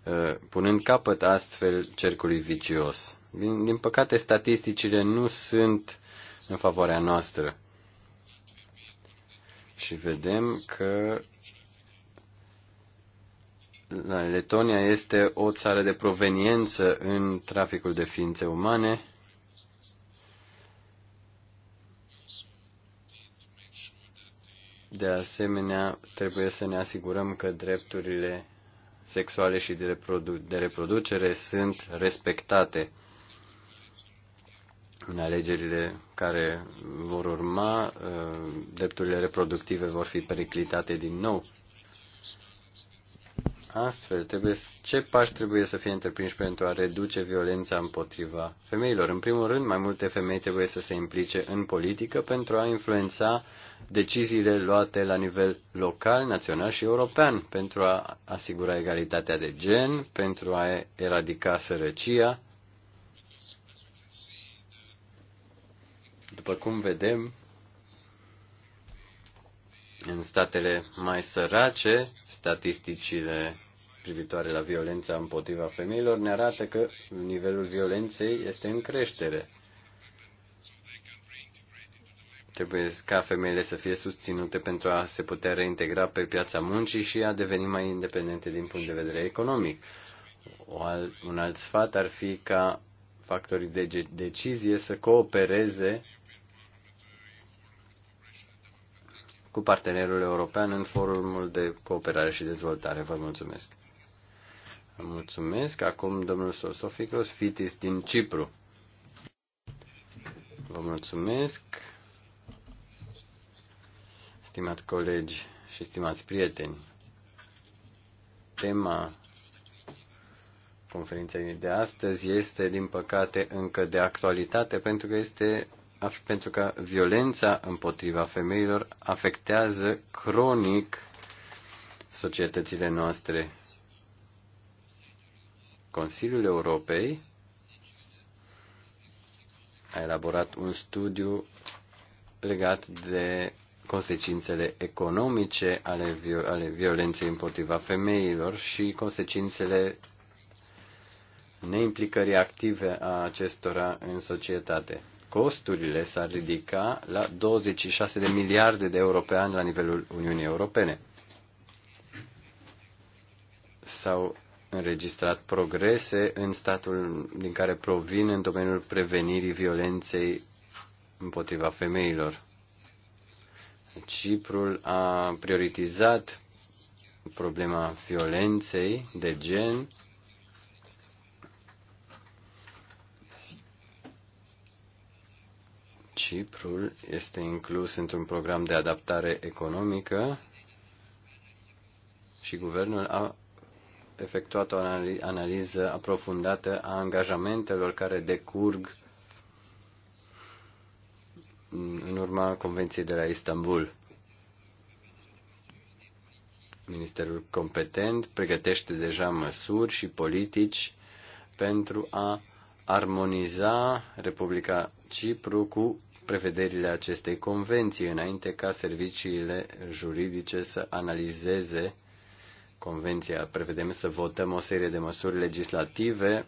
Uh, punând capăt astfel cercului vicios. Din, din păcate, statisticile nu sunt în favoarea noastră. Și vedem că Letonia este o țară de proveniență în traficul de ființe umane. De asemenea, trebuie să ne asigurăm că drepturile sexuale și de, reprodu- de reproducere sunt respectate. În alegerile care vor urma, uh, drepturile reproductive vor fi periclitate din nou. Astfel, trebuie, ce pași trebuie să fie întreprinși pentru a reduce violența împotriva femeilor? În primul rând, mai multe femei trebuie să se implice în politică pentru a influența deciziile luate la nivel local, național și european pentru a asigura egalitatea de gen, pentru a eradica sărăcia. După cum vedem, în statele mai sărace, statisticile privitoare la violența împotriva femeilor ne arată că nivelul violenței este în creștere. Trebuie ca femeile să fie susținute pentru a se putea reintegra pe piața muncii și a deveni mai independente din punct de vedere economic. O al, un alt sfat ar fi ca factorii de decizie să coopereze cu partenerul european în forumul de cooperare și dezvoltare. Vă mulțumesc. Vă mulțumesc. Acum domnul Sosoficos Fitis din Cipru. Vă mulțumesc stimați colegi și stimați prieteni, tema conferinței de astăzi este, din păcate, încă de actualitate pentru că este pentru că violența împotriva femeilor afectează cronic societățile noastre. Consiliul Europei a elaborat un studiu legat de consecințele economice ale, viol- ale violenței împotriva femeilor și consecințele neimplicării active a acestora în societate. Costurile s-ar ridica la 26 de miliarde de euro pe an la nivelul Uniunii Europene. S-au înregistrat progrese în statul din care provin în domeniul prevenirii violenței împotriva femeilor. Ciprul a prioritizat problema violenței de gen Ciprul este inclus într-un program de adaptare economică și guvernul a efectuat o analiză aprofundată a angajamentelor care decurg în urma Convenției de la Istanbul. Ministerul competent pregătește deja măsuri și politici pentru a armoniza Republica Cipru cu prevederile acestei convenții, înainte ca serviciile juridice să analizeze convenția. Prevedem să votăm o serie de măsuri legislative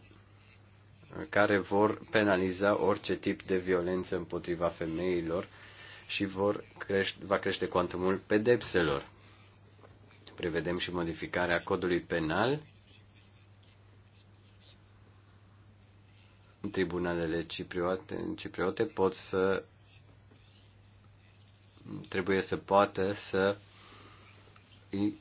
care vor penaliza orice tip de violență împotriva femeilor și vor crește, va crește cuantumul pedepselor. Prevedem și modificarea codului penal. Tribunalele cipriote, cipriote pot să trebuie să poată să îi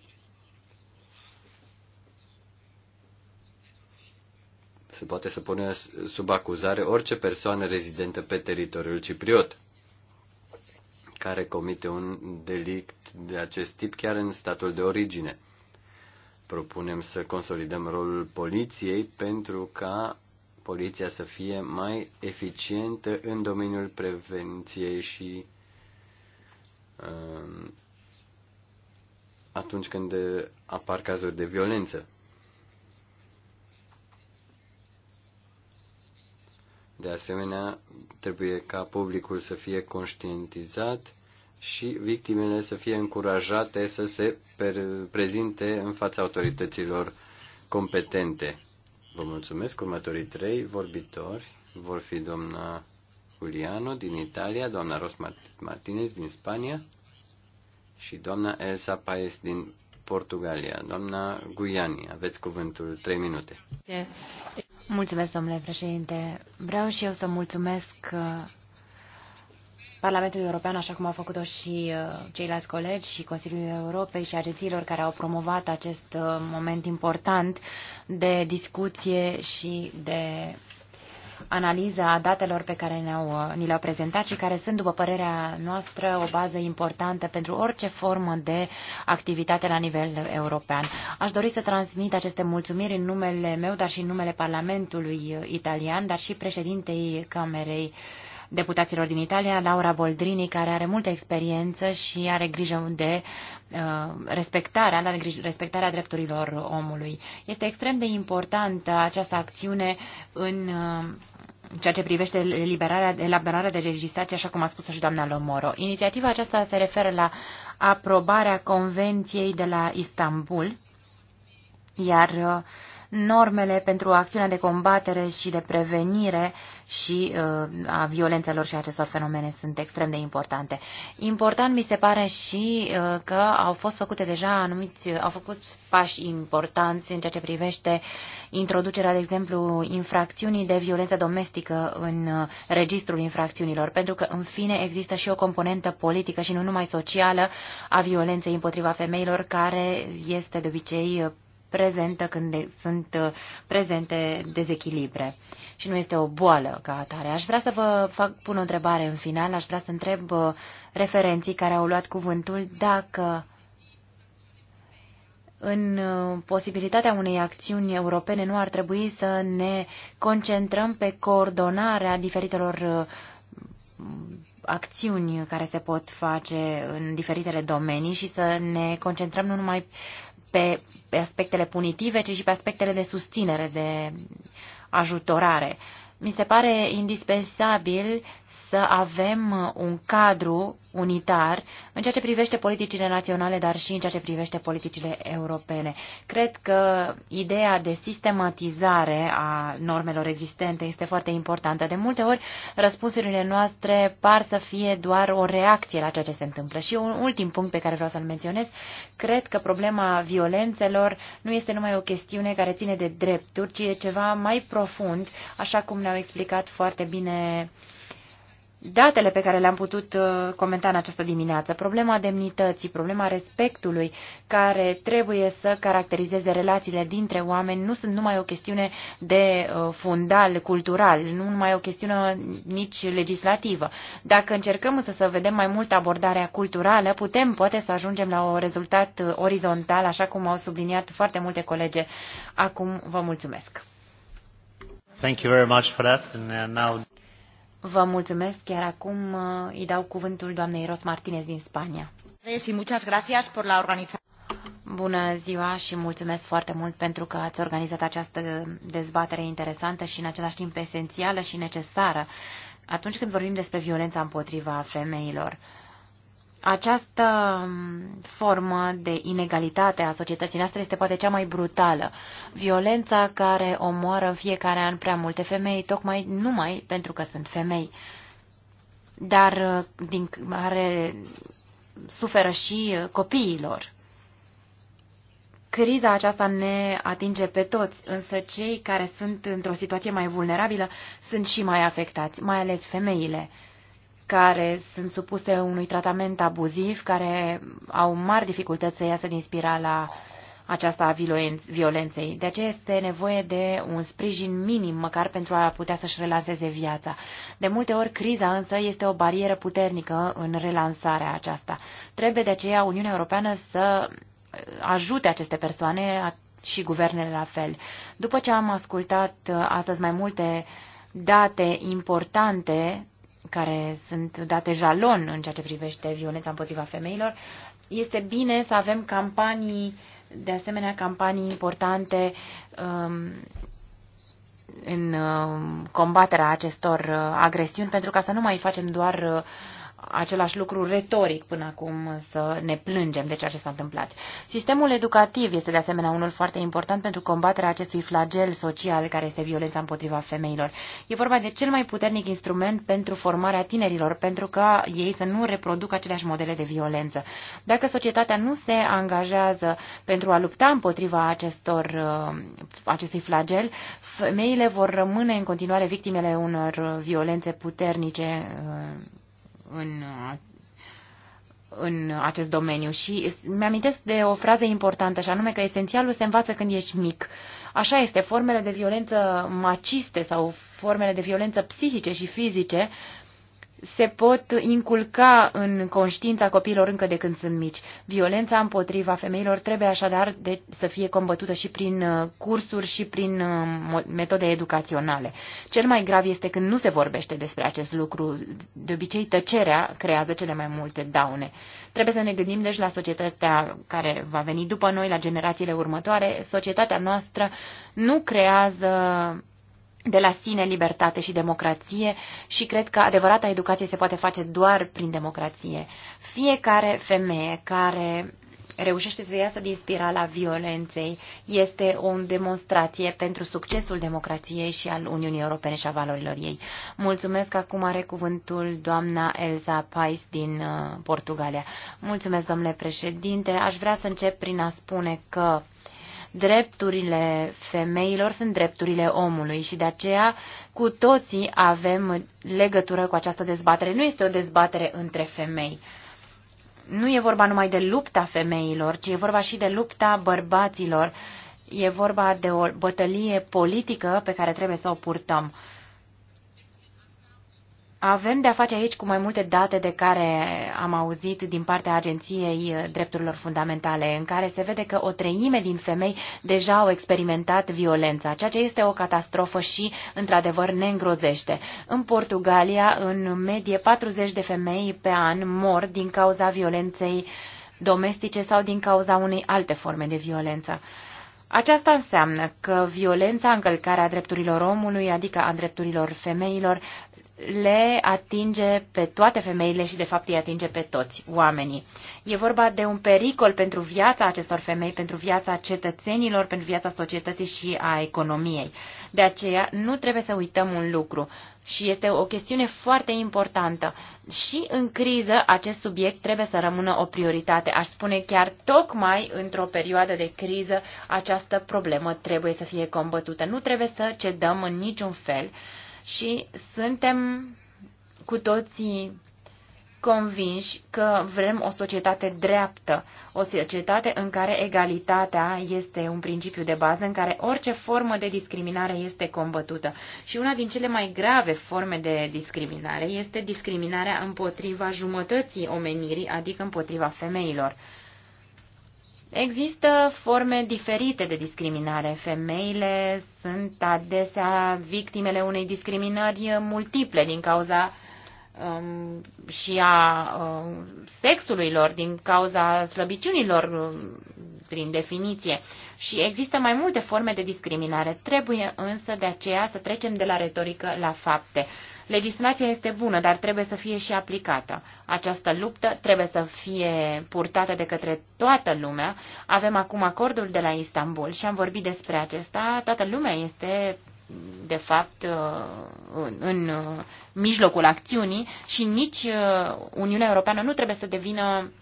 Se poate să pune sub acuzare orice persoană rezidentă pe teritoriul cipriot care comite un delict de acest tip chiar în statul de origine. Propunem să consolidăm rolul poliției pentru ca poliția să fie mai eficientă în domeniul prevenției și um, atunci când apar cazuri de violență. De asemenea, trebuie ca publicul să fie conștientizat și victimele să fie încurajate să se prezinte în fața autorităților competente. Vă mulțumesc. Următorii trei vorbitori vor fi doamna Juliano din Italia, doamna Ros Martinez din Spania și doamna Elsa Paes din Portugalia. Doamna Guiani, aveți cuvântul 3 minute.
Mulțumesc, domnule președinte. Vreau și eu să mulțumesc uh, Parlamentului European, așa cum au făcut-o și uh, ceilalți colegi și Consiliul Europei și agențiilor care au promovat acest uh, moment important de discuție și de analiza a datelor pe care ne-au, ni le-au prezentat și care sunt, după părerea noastră, o bază importantă pentru orice formă de activitate la nivel european. Aș dori să transmit aceste mulțumiri în numele meu, dar și în numele Parlamentului italian, dar și președintei Camerei deputaților din Italia, Laura Boldrini, care are multă experiență și are grijă de uh, respectarea, la respectarea drepturilor omului. Este extrem de importantă această acțiune în uh, ceea ce privește eliberarea, elaborarea de legislație, așa cum a spus și doamna Lomoro. Inițiativa aceasta se referă la aprobarea Convenției de la Istanbul, iar uh, normele pentru acțiunea de combatere și de prevenire și uh, a violențelor și acestor fenomene sunt extrem de importante. Important mi se pare și uh, că au fost făcute deja anumiți, au făcut pași importanți în ceea ce privește introducerea, de exemplu, infracțiunii de violență domestică în uh, registrul infracțiunilor, pentru că, în fine, există și o componentă politică și nu numai socială a violenței împotriva femeilor, care este de obicei uh, prezentă când de, sunt uh, prezente dezechilibre și nu este o boală ca atare. Aș vrea să vă fac, pun o întrebare în final, aș vrea să întreb uh, referenții care au luat cuvântul dacă în uh, posibilitatea unei acțiuni europene nu ar trebui să ne concentrăm pe coordonarea diferitelor acțiuni care se pot face în diferitele domenii și să ne concentrăm nu numai pe, pe aspectele punitive, ci și pe aspectele de susținere, de ajutorare. Mi se pare indispensabil să avem uh, un cadru unitar în ceea ce privește politicile naționale, dar și în ceea ce privește politicile europene. Cred că ideea de sistematizare a normelor existente este foarte importantă. De multe ori, răspunsurile noastre par să fie doar o reacție la ceea ce se întâmplă. Și un ultim punct pe care vreau să-l menționez, cred că problema violențelor nu este numai o chestiune care ține de drepturi, ci e ceva mai profund, așa cum ne-au explicat foarte bine datele pe care le-am putut uh, comenta în această dimineață, problema demnității, problema respectului care trebuie să caracterizeze relațiile dintre oameni, nu sunt numai o chestiune de uh, fundal cultural, nu numai o chestiune nici legislativă. Dacă încercăm însă să vedem mai mult abordarea culturală, putem poate să ajungem la un rezultat uh, orizontal, așa cum au subliniat foarte multe colege. Acum vă mulțumesc.
Thank you very much for that. And now...
Vă mulțumesc, chiar acum uh, îi dau cuvântul doamnei Ros Martinez din Spania. Și muchas gracias por la organizare. Bună ziua și mulțumesc foarte mult pentru că ați organizat această dezbatere interesantă și în același timp esențială și necesară atunci când vorbim despre violența împotriva femeilor. Această formă de inegalitate a societății noastre este poate cea mai brutală. Violența care omoară în fiecare an prea multe femei, tocmai numai pentru că sunt femei, dar uh, din care suferă și uh, copiilor. Criza aceasta ne atinge pe toți, însă cei care sunt într-o situație mai vulnerabilă sunt și mai afectați, mai ales femeile care sunt supuse unui tratament abuziv, care au mari dificultăți să iasă din spirala aceasta a violenței. De aceea este nevoie de un sprijin minim, măcar pentru a putea să-și relanseze viața. De multe ori, criza însă este o barieră puternică în relansarea aceasta. Trebuie de aceea Uniunea Europeană să ajute aceste persoane și guvernele la fel. După ce am ascultat uh, astăzi mai multe date importante care sunt date jalon în ceea ce privește violența împotriva femeilor, este bine să avem campanii, de asemenea campanii importante um, în um, combaterea acestor uh, agresiuni, pentru ca să nu mai facem doar uh, același lucru retoric până acum să ne plângem de ceea ce s-a întâmplat. Sistemul educativ este de asemenea unul foarte important pentru combaterea acestui flagel social care este violența împotriva femeilor. E vorba de cel mai puternic instrument pentru formarea tinerilor, pentru ca ei să nu reproducă aceleași modele de violență. Dacă societatea nu se angajează pentru a lupta împotriva acestor, uh, acestui flagel, femeile vor rămâne în continuare victimele unor violențe puternice uh, în în acest domeniu și mi-amintesc de o frază importantă și anume că esențialul se învață când ești mic. Așa este, formele de violență maciste sau formele de violență psihice și fizice uh, se pot inculca în conștiința copiilor încă de când sunt mici. Violența împotriva femeilor trebuie așadar de, să fie combătută și prin uh, cursuri și prin uh, metode educaționale. Cel mai grav este când nu se vorbește despre acest lucru. De obicei, tăcerea creează cele mai multe daune. Trebuie să ne gândim deci la societatea care va veni după noi, la generațiile următoare. Societatea noastră nu creează de la sine libertate și democrație și cred că adevărata educație se poate face doar prin democrație. Fiecare femeie care reușește să iasă din spirala violenței este o demonstrație pentru succesul democrației și al Uniunii Europene și a valorilor ei. Mulțumesc, acum are cuvântul doamna Elza Pais din uh, Portugalia. Mulțumesc, domnule președinte. Aș vrea să încep prin a spune că drepturile femeilor sunt drepturile omului și de aceea cu toții avem legătură cu această dezbatere. Nu este o dezbatere între femei. Nu e vorba numai de lupta femeilor, ci e vorba și de lupta bărbaților. E vorba de o bătălie politică pe care trebuie să o purtăm. Avem de-a face aici cu mai multe date de care am auzit din partea Agenției Drepturilor Fundamentale, în care se vede că o treime din femei deja au experimentat violența, ceea ce este o catastrofă și, într-adevăr, ne îngrozește. În Portugalia, în medie, 40 de femei pe an mor din cauza violenței domestice sau din cauza unei alte forme de violență. Aceasta înseamnă că violența, încălcarea drepturilor omului, adică a drepturilor femeilor, le atinge pe toate femeile și, de fapt, îi atinge pe toți oamenii. E vorba de un pericol pentru viața acestor femei, pentru viața cetățenilor, pentru viața societății și a economiei. De aceea, nu trebuie să uităm un lucru și este o chestiune foarte importantă. Și în criză, acest subiect trebuie să rămână o prioritate. Aș spune chiar tocmai într-o perioadă de criză, această problemă trebuie să fie combătută. Nu trebuie să cedăm în niciun fel și suntem cu toții convinși că vrem o societate dreaptă, o societate în care egalitatea este un principiu de bază, în care orice formă de discriminare este combătută. Și una din cele mai grave forme de discriminare este discriminarea împotriva jumătății omenirii, adică împotriva femeilor. Există forme diferite de discriminare. Femeile sunt adesea victimele unei discriminări multiple din cauza um, și a um, sexului lor, din cauza slăbiciunilor, um, prin definiție. Și există mai multe forme de discriminare. Trebuie însă de aceea să trecem de la retorică la fapte. Uh, Legislația este bună, dar trebuie să fie și aplicată. Această luptă trebuie să fie purtată de către toată lumea. Avem acum acordul de la Istanbul și am vorbit despre acesta. Toată lumea este de fapt uh, în uh, mijlocul acțiunii și nici uh, Uniunea Europeană nu trebuie să devină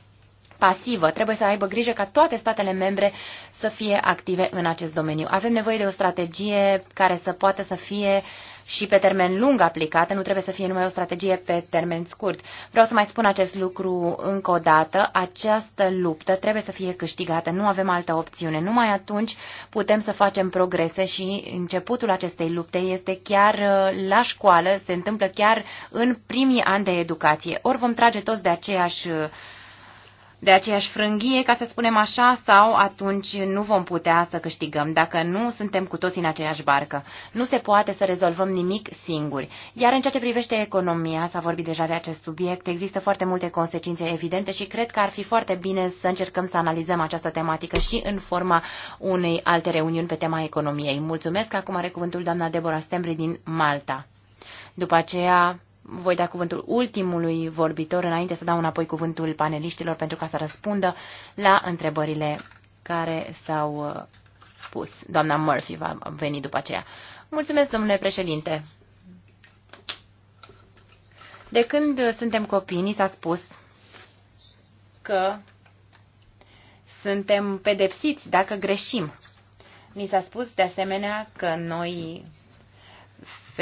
pasivă. Trebuie să aibă grijă ca toate statele membre să fie active în acest domeniu. Avem nevoie de o strategie care să poată să fie uh, și pe termen lung aplicată, nu trebuie să fie numai o strategie pe termen scurt. Vreau să mai spun acest lucru încă o dată, această luptă trebuie să fie câștigată, nu avem altă opțiune. Numai atunci putem să facem progrese și începutul acestei lupte este chiar uh, la școală, se întâmplă chiar în primii ani de educație. Ori vom trage toți de aceeași uh, de aceeași frânghie, ca să spunem așa, sau atunci nu vom putea să câștigăm dacă nu suntem cu toți în aceeași barcă. Nu se poate să rezolvăm nimic singuri. Iar în ceea ce privește economia, s-a vorbit deja de acest subiect, există foarte multe consecințe evidente și cred că ar fi foarte bine să încercăm să analizăm această tematică și în forma unei alte reuniuni pe tema economiei. Mulțumesc, acum are cuvântul doamna Deborah Stembri din Malta. După aceea voi da cuvântul ultimului vorbitor înainte să dau înapoi cuvântul paneliștilor pentru ca să răspundă la întrebările care s-au uh, pus. Doamna Murphy va veni după aceea. Mulțumesc, domnule președinte. De când suntem copii, ni s-a spus că suntem pedepsiți dacă greșim. Ni s-a spus de asemenea că noi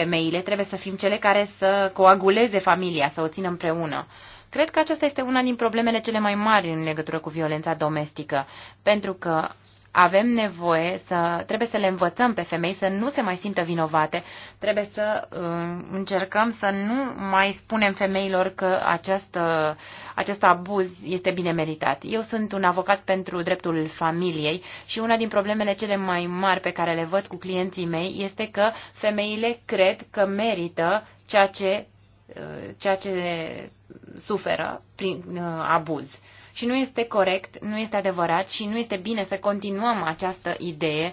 femeile, trebuie să fim cele care să coaguleze familia, să o țină împreună. Cred că aceasta este una din problemele cele mai mari în legătură cu violența domestică, pentru că avem nevoie să, trebuie să le învățăm pe femei să nu se mai simtă vinovate, trebuie să uh, încercăm să nu mai spunem femeilor că această, uh, acest abuz este bine meritat. Eu sunt un avocat pentru dreptul familiei și una din problemele cele mai mari pe care le văd cu clienții mei este că femeile cred că merită ceea ce, uh, ceea ce suferă prin uh, abuz și nu este corect, nu este adevărat și nu este bine să continuăm această idee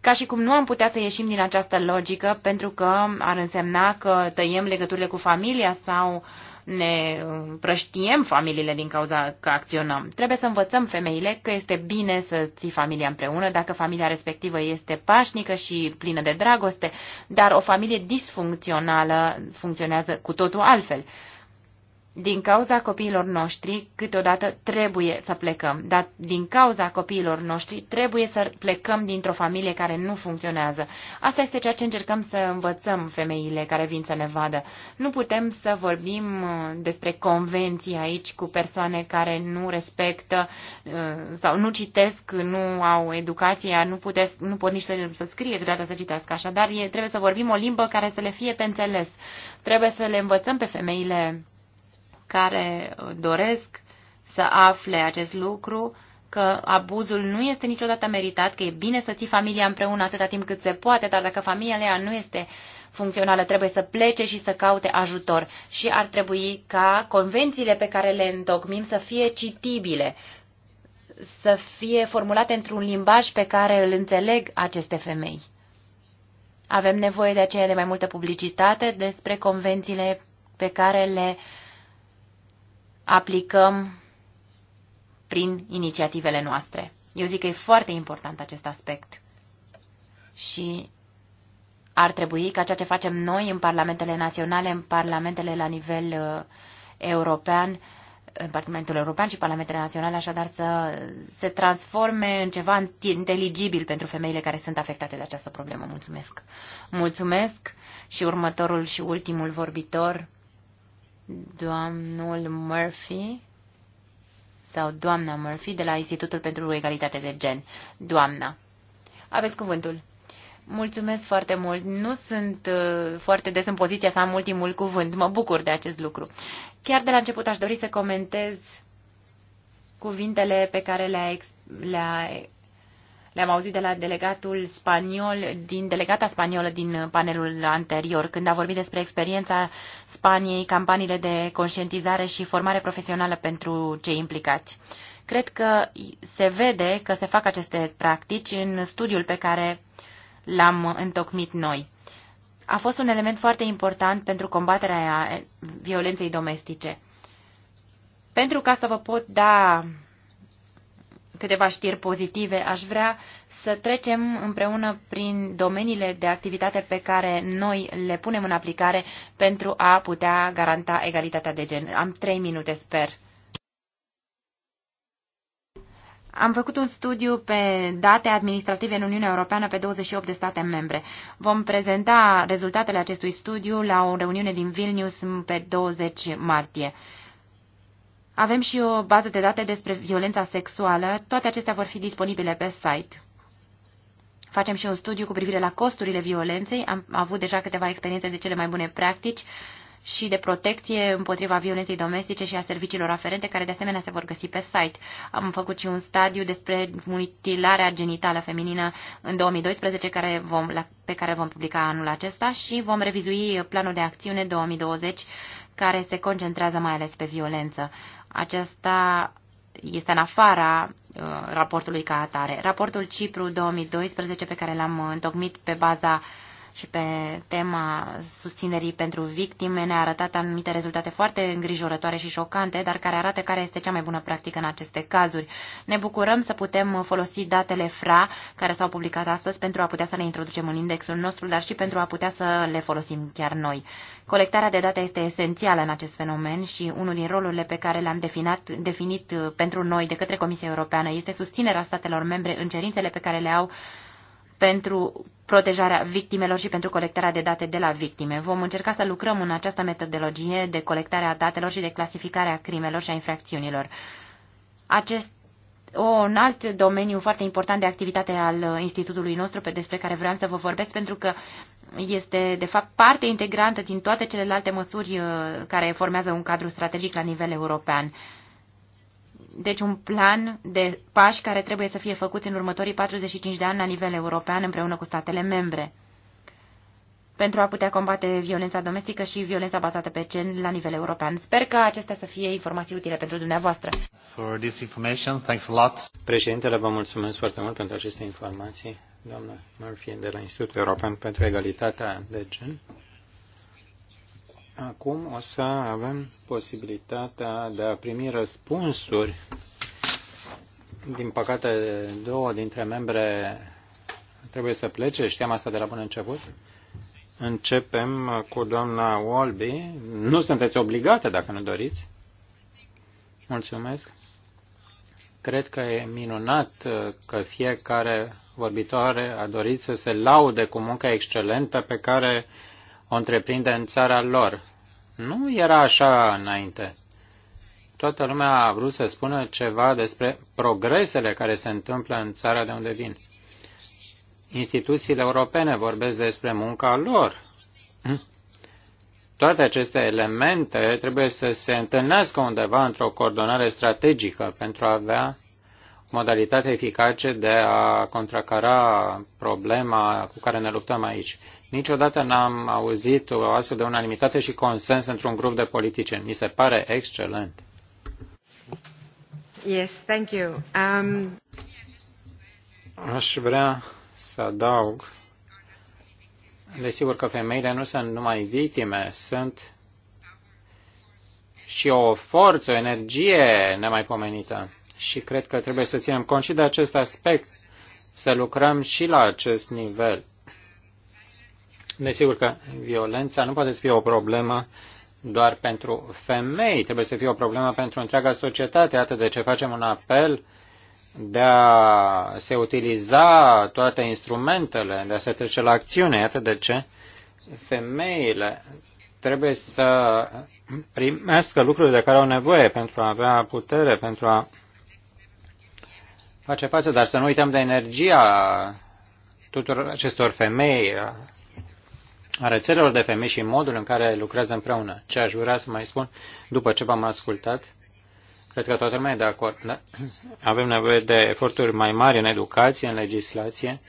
ca și cum nu am putea să ieșim din această logică pentru că ar însemna că tăiem legăturile cu familia sau ne uh, prăștiem familiile din cauza că acționăm. Trebuie să învățăm femeile că este bine să ții familia împreună dacă familia respectivă este pașnică și plină de dragoste, dar o familie disfuncțională funcționează cu totul altfel din cauza copiilor noștri, câteodată trebuie să plecăm, dar din cauza copiilor noștri trebuie să plecăm dintr-o familie care nu funcționează. Asta este ceea ce încercăm să învățăm femeile care vin să ne vadă. Nu putem să vorbim uh, despre convenții aici cu persoane care nu respectă uh, sau nu citesc, nu au educație, nu, putesc, nu pot nici să, să scrie câteodată să citească așa, dar e, trebuie să vorbim o limbă care să le fie pe înțeles. Trebuie să le învățăm pe femeile care uh, doresc să afle acest lucru, că abuzul nu este niciodată meritat, că e bine să ții familia împreună atâta timp cât se poate, dar dacă familia nu este funcțională, trebuie să plece și să caute ajutor. Și ar trebui ca convențiile pe care le întocmim să fie citibile, să fie formulate într-un limbaj pe care îl înțeleg aceste femei. Avem nevoie de aceea de mai multă publicitate despre convențiile pe care le uh, aplicăm prin inițiativele noastre. Eu zic că e foarte important acest aspect. Și ar trebui ca ceea ce facem noi în parlamentele naționale, în parlamentele la nivel uh, european, în Parlamentul European și Parlamentele Naționale, așadar să se transforme în ceva inteligibil pentru femeile care sunt afectate de această problemă. Mulțumesc! Mulțumesc și următorul și ultimul vorbitor domnul Murphy sau doamna Murphy de la Institutul pentru Egalitate de Gen. Doamna, aveți cuvântul. Mulțumesc foarte mult. Nu sunt uh, foarte des în poziția să am ultimul cuvânt. Mă bucur de acest lucru. Chiar de la început aș dori să comentez cuvintele pe care le-a, le, -a, le le-am auzit de la delegatul spaniol, din delegata spaniolă din panelul anterior, când a vorbit despre experiența Spaniei, campaniile de conștientizare și formare profesională pentru cei implicați. Cred că se vede că se fac aceste practici în studiul pe care l-am întocmit noi. A fost un element foarte important pentru combaterea violenței domestice. Pentru ca să vă pot da câteva știri pozitive, aș vrea să trecem împreună prin domeniile de activitate pe care noi le punem în aplicare pentru a putea garanta egalitatea de gen. Am trei minute, sper. Am făcut un studiu pe date administrative în Uniunea Europeană pe 28 de state membre. Vom prezenta rezultatele acestui studiu la o reuniune din Vilnius pe 20 martie. Avem și o bază de date despre violența sexuală. Toate acestea vor fi disponibile pe site. Facem și un studiu cu privire la costurile violenței. Am avut deja câteva experiențe de cele mai bune practici și de protecție împotriva violenței domestice și a serviciilor aferente, care de asemenea se vor găsi pe site. Am făcut și un stadiu despre mutilarea genitală feminină în 2012, care vom, la, pe care vom publica anul acesta și vom revizui planul de acțiune 2020, care se concentrează mai ales pe violență. Aceasta este în afara uh, raportului ca atare. Raportul Cipru 2012 pe care l-am uh, întocmit pe baza uh, și pe tema susținerii pentru victime ne-a arătat anumite rezultate foarte îngrijorătoare și șocante, dar care arată care este cea mai bună practică în aceste cazuri. Ne bucurăm să putem folosi datele FRA care s-au publicat astăzi pentru a putea să le introducem în indexul nostru, dar și pentru a putea să le folosim chiar noi. Colectarea de date este esențială în acest fenomen și unul din rolurile pe care le-am definat, definit pentru noi de către Comisia Europeană este susținerea statelor membre în cerințele pe care le au pentru protejarea victimelor și pentru colectarea de date de la victime. Vom încerca să lucrăm în această metodologie de colectare a datelor și de clasificare a crimelor și a infracțiunilor. Acest un alt domeniu foarte important de activitate al institutului nostru pe despre care vreau să vă vorbesc pentru că este de fapt parte integrantă din toate celelalte măsuri uh, care formează un cadru strategic la nivel european. Deci un plan de pași care trebuie să fie făcuți în următorii 45 de ani la nivel european împreună cu statele membre pentru a putea combate violența domestică și violența bazată pe gen la nivel european. Sper că acestea să fie informații utile pentru dumneavoastră.
For this information, thanks a lot. Președintele, vă mulțumesc foarte mult pentru aceste informații. Doamna Murphy de la Institutul European pentru Egalitatea de Gen. Acum o să avem posibilitatea de a primi răspunsuri. Din păcate, două dintre membre trebuie să plece, știam asta de la bun început. Începem cu doamna Walby. Nu sunteți obligate dacă nu doriți. Mulțumesc. Cred că e minunat că fiecare vorbitoare a dorit să se laude cu munca excelentă pe care o întreprinde în țara lor. Nu era așa înainte. Toată lumea a vrut să spună ceva despre progresele care se întâmplă în țara de unde vin. Instituțiile europene vorbesc despre munca lor. Hm? Toate aceste elemente trebuie să se întâlnească undeva într-o coordonare strategică pentru a avea modalitate eficace de a contracara problema cu care ne luptăm aici. Niciodată n-am auzit o astfel de unanimitate și consens într-un grup de politicieni. Mi se pare excelent.
Yes, thank you. Um...
Aș vrea să adaug, desigur că femeile nu sunt numai victime, sunt și o forță, o energie nemaipomenită și cred că trebuie să ținem cont și de acest aspect, să lucrăm și la acest nivel. Desigur că violența nu poate să fie o problemă doar pentru femei, trebuie să fie o problemă pentru întreaga societate, atât de ce facem un apel de a se utiliza toate instrumentele, de a se trece la acțiune, atât de ce femeile trebuie să primească lucruri de care au nevoie pentru a avea putere, pentru a face față, dar să nu uităm de energia tuturor acestor femei, a rețelelor de femei și modul în care lucrează împreună. Ce aș vrea să mai spun după ce v-am ascultat, cred că toată lumea e de acord. Da? Avem nevoie de eforturi mai mari în educație, în legislație,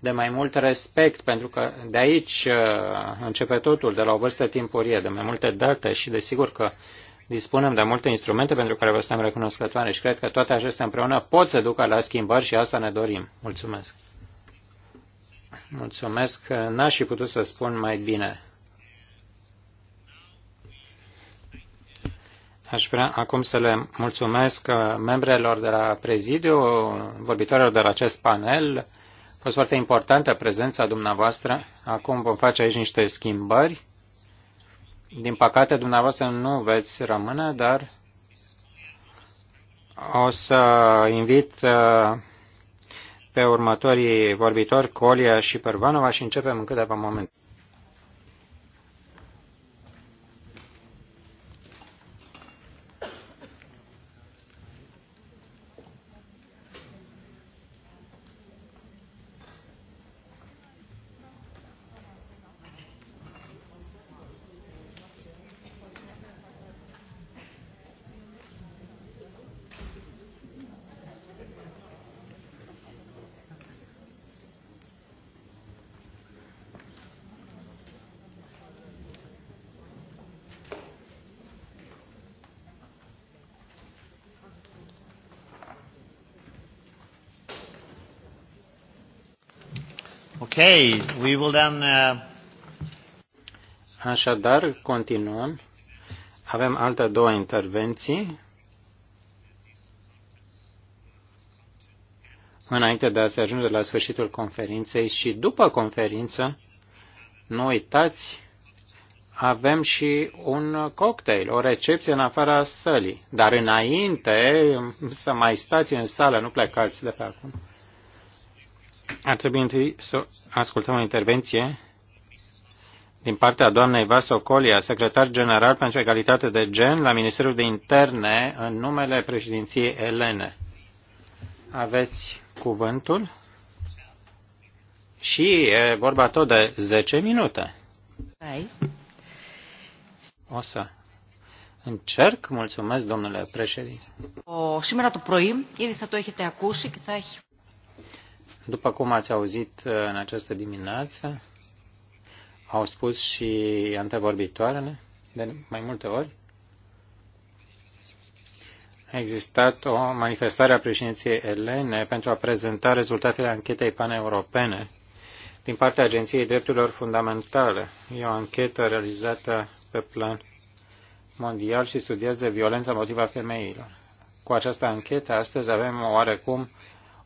de mai mult respect, pentru că de aici uh, începe totul, de la o vârstă timpurie, de mai multe date și desigur că Dispunem de multe instrumente pentru care vă suntem recunoscătoare și cred că toate acestea împreună pot să ducă la schimbări și asta ne dorim. Mulțumesc! Mulțumesc! N-aș fi putut să spun mai bine. Aș vrea acum să le mulțumesc membrelor de la prezidiu, vorbitorilor de la acest panel. A fost foarte importantă prezența dumneavoastră. Acum vom face aici niște schimbări. Din păcate, dumneavoastră nu veți rămâne, dar o să invit uh, pe următorii vorbitori, Colia și Pervanova, și începem în câteva momente. Okay, we will then, uh... Așadar, continuăm. Avem alte două intervenții. Înainte de a se ajunge la sfârșitul conferinței și după conferință, nu uitați, avem și un cocktail, o recepție în afara sălii. Dar înainte să mai stați în sală, nu plecați de pe acum. Ar trebui întâi să ascultăm o intervenție din partea doamnei Vasocolia, secretar general pentru egalitate de gen la Ministerul de Interne, în numele președinției Elene. Aveți cuvântul? Și e vorba tot de 10 minute. Hai. O să încerc. Mulțumesc, domnule președinte.
O, σήμερα το πρωί ήδη θα το έχετε ακούσει και θα έχει...
După cum ați auzit uh, în această dimineață, au spus și antevorbitoarele de mai multe ori, a existat o manifestare a președinției elene pentru a prezenta rezultatele anchetei paneuropene din partea Agenției Drepturilor Fundamentale. E o anchetă realizată pe plan mondial și studiază violența motiva femeilor. Cu această anchetă, astăzi avem oarecum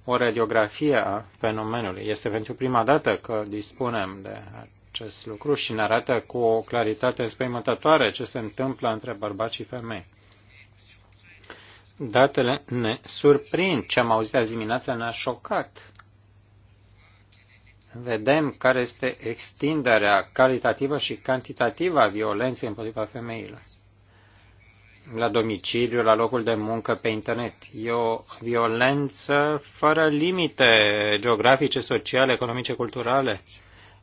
o radiografie a fenomenului. Este pentru prima dată că dispunem de acest lucru și ne arată cu o claritate înspăimântătoare ce se întâmplă între bărbați și femei. Datele ne surprind. Ce am auzit azi dimineața ne-a șocat. Vedem care este extinderea calitativă și cantitativă a violenței împotriva femeilor la domiciliu, la locul de muncă pe internet. E o violență fără limite geografice, sociale, economice, culturale,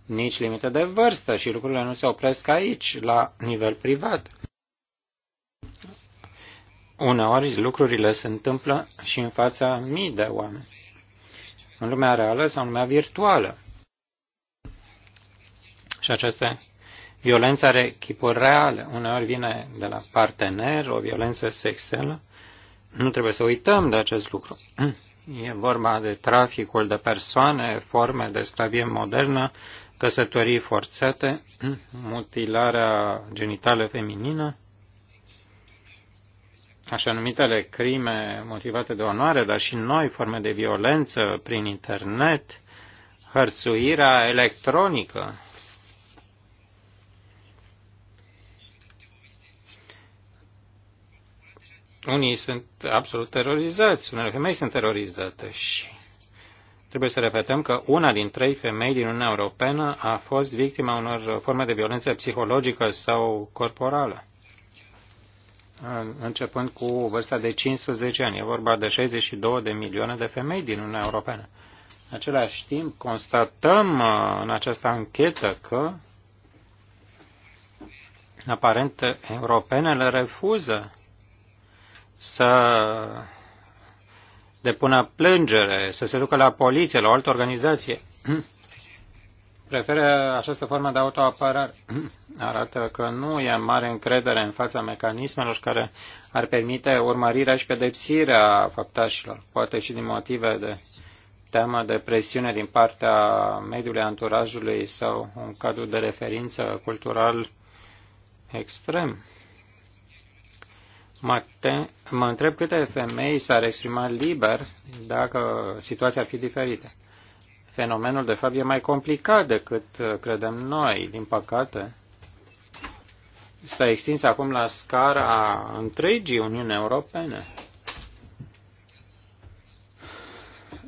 nici limite de vârstă și lucrurile nu se opresc aici, la nivel privat. Uneori lucrurile se întâmplă și în fața mii de oameni, în lumea reală sau în lumea virtuală. Și aceste Violența are chipuri reale, uneori vine de la partener, o violență sexuală. Nu trebuie să uităm de acest lucru. E vorba de traficul de persoane, forme de sclavie modernă, căsătorii forțate, mutilarea genitală feminină, așa numitele crime motivate de onoare, dar și noi forme de violență prin internet, hărțuirea electronică, unii sunt absolut terorizați, unele femei sunt terorizate și trebuie să repetăm că una din trei femei din Uniunea Europeană a fost victima unor forme de violență psihologică sau corporală începând cu vârsta de 15 ani. E vorba de 62 de milioane de femei din Uniunea Europeană. În același timp, constatăm uh, în această anchetă că aparent europenele refuză să depună plângere, să se ducă la poliție, la o altă organizație. Preferă această formă de autoapărare. Arată că nu e mare încredere în fața mecanismelor care ar permite urmărirea și pedepsirea făptașilor, poate și din motive de teamă de presiune din partea mediului anturajului sau un cadru de referință cultural extrem. Mă, te, mă întreb câte femei s-ar exprima liber dacă situația ar fi diferită. Fenomenul, de fapt, e mai complicat decât uh, credem noi, din păcate. S-a extins acum la scara întregii Uniuni Europene.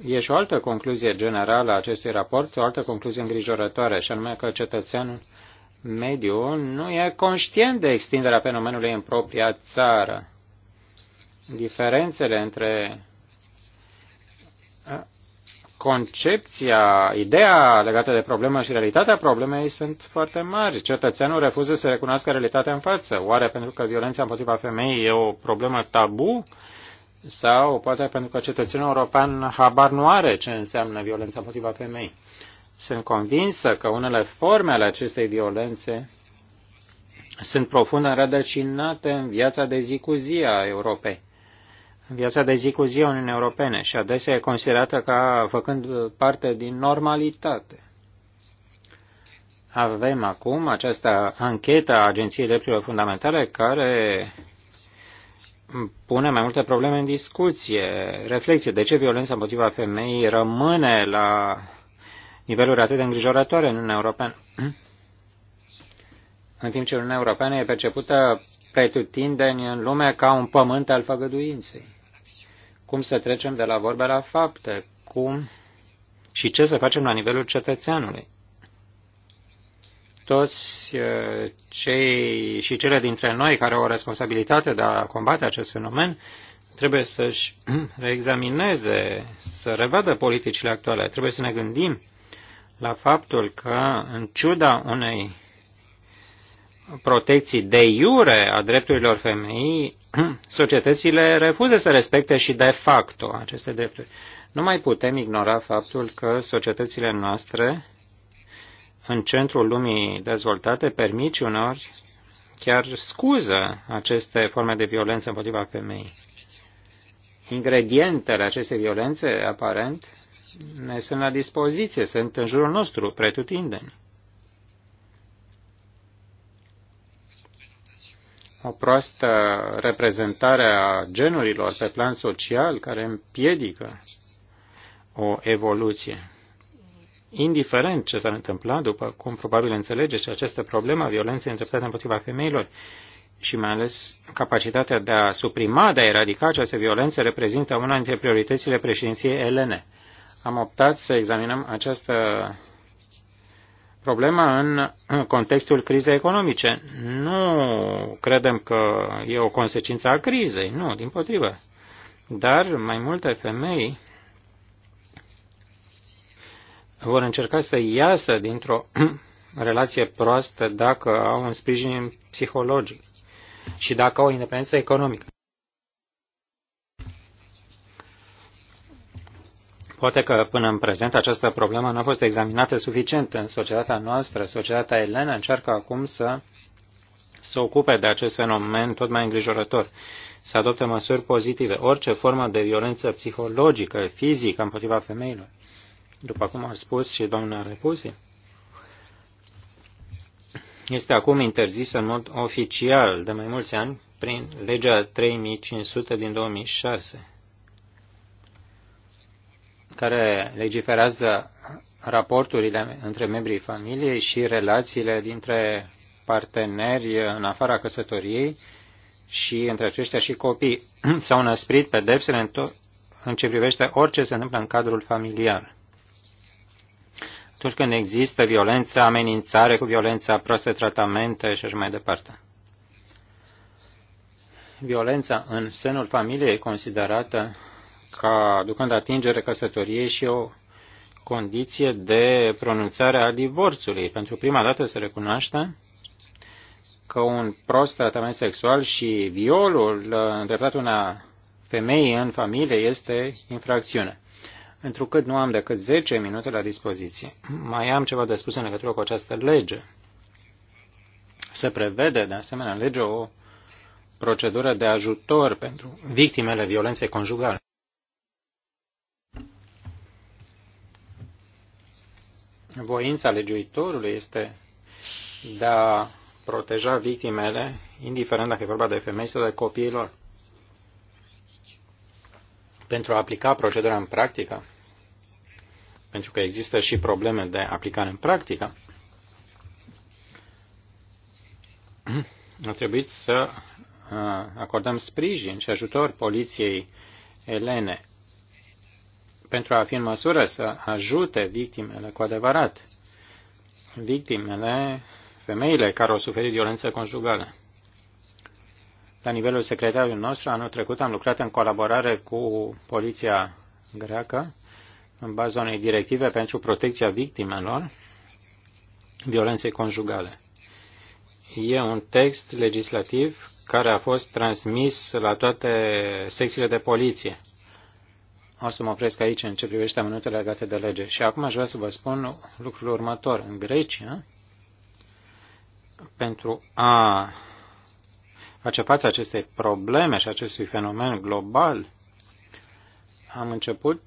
E și o altă concluzie generală a acestui raport, o altă concluzie îngrijorătoare, și anume că cetățeanul mediu nu e conștient de extinderea fenomenului în propria țară. Diferențele între concepția, ideea legată de problemă și realitatea problemei sunt foarte mari. Cetățeanul refuză să recunoască realitatea în față. Oare pentru că violența împotriva femeii e o problemă tabu? Sau poate pentru că cetățenul european habar nu are ce înseamnă violența împotriva femeii? Sunt convinsă că unele forme ale acestei violențe sunt profund înrădăcinate în viața de zi cu zi a Europei. În viața de zi cu zi a Uniunii Europene și adesea e considerată ca făcând parte din normalitate. Avem acum această anchetă a Agenției Drepturilor Fundamentale care pune mai multe probleme în discuție, reflexie. De ce violența împotriva femeii rămâne la niveluri atât de îngrijorătoare în Uniunea Europeană. În timp ce Uniunea Europeană e percepută pretutindeni în lume ca un pământ al făgăduinței. Cum să trecem de la vorbe la fapte? Cum și ce să facem la nivelul cetățeanului? Toți eh, cei și cele dintre noi care au o responsabilitate de a combate acest fenomen trebuie să-și reexamineze, să revadă politicile actuale. Trebuie să ne gândim la faptul că, în ciuda unei protecții de iure a drepturilor femeii, societățile refuză să respecte și de facto aceste drepturi. Nu mai putem ignora faptul că societățile noastre, în centrul lumii dezvoltate, permit și uneori chiar scuză aceste forme de violență împotriva femeii. Ingredientele acestei violențe, aparent, ne sunt la dispoziție, sunt în jurul nostru, pretutindeni. O proastă reprezentare a genurilor pe plan social care împiedică o evoluție. Indiferent ce s-ar întâmpla, după cum probabil înțelegeți, această problemă a violenței îndreptate împotriva femeilor și mai ales capacitatea de a suprima, de a eradica această violență reprezintă una dintre prioritățile președinției elene am optat să examinăm această problemă în contextul crizei economice. Nu credem că e o consecință a crizei, nu, din potrivă. Dar mai multe femei vor încerca să iasă dintr-o relație proastă dacă au un sprijin psihologic și dacă au o independență economică. Poate că până în prezent această problemă nu a fost examinată suficient în societatea noastră. Societatea elenă încearcă acum să se ocupe de acest fenomen tot mai îngrijorător, să adopte măsuri pozitive, orice formă de violență psihologică, fizică împotriva femeilor. După cum a spus și doamna Repuzi, este acum interzisă în mod oficial de mai mulți ani prin legea 3500 din 2006 care legiferează raporturile între membrii familiei și relațiile dintre parteneri în afara căsătoriei și între aceștia și copii. S-au năsprit pedepsele în, to- în ce privește orice se întâmplă în cadrul familial. Atunci când există violență, amenințare cu violența, proaste tratamente și așa mai departe. Violența în senul familiei e considerată ca ducând atingere căsătoriei și o condiție de pronunțare a divorțului. Pentru prima dată se recunoaște că un prost tratament sexual și violul uh, îndreptat una femei în familie este infracțiune. Întrucât nu am decât 10 minute la dispoziție, mai am ceva de spus în legătură cu această lege. Se prevede, de asemenea, în lege o procedură de ajutor pentru victimele violenței conjugale. voința legiuitorului este de a proteja victimele, indiferent dacă e vorba de femei sau de copiilor. Pentru a aplica procedura în practică, pentru că există și probleme de aplicare în practică, a trebuit să uh, acordăm sprijin și ajutor poliției elene pentru a fi în măsură să ajute victimele cu adevărat, victimele, femeile care au suferit violență conjugală. La nivelul secretarului nostru, anul trecut am lucrat în colaborare cu poliția greacă în baza unei directive pentru protecția victimelor violenței conjugale. E un text legislativ care a fost transmis la toate secțiile de poliție. O să mă opresc aici în ce privește amănuntele legate de lege. Și acum aș vrea să vă spun lucrul următor. În Grecia, pentru a face față acestei probleme și acestui fenomen global, am început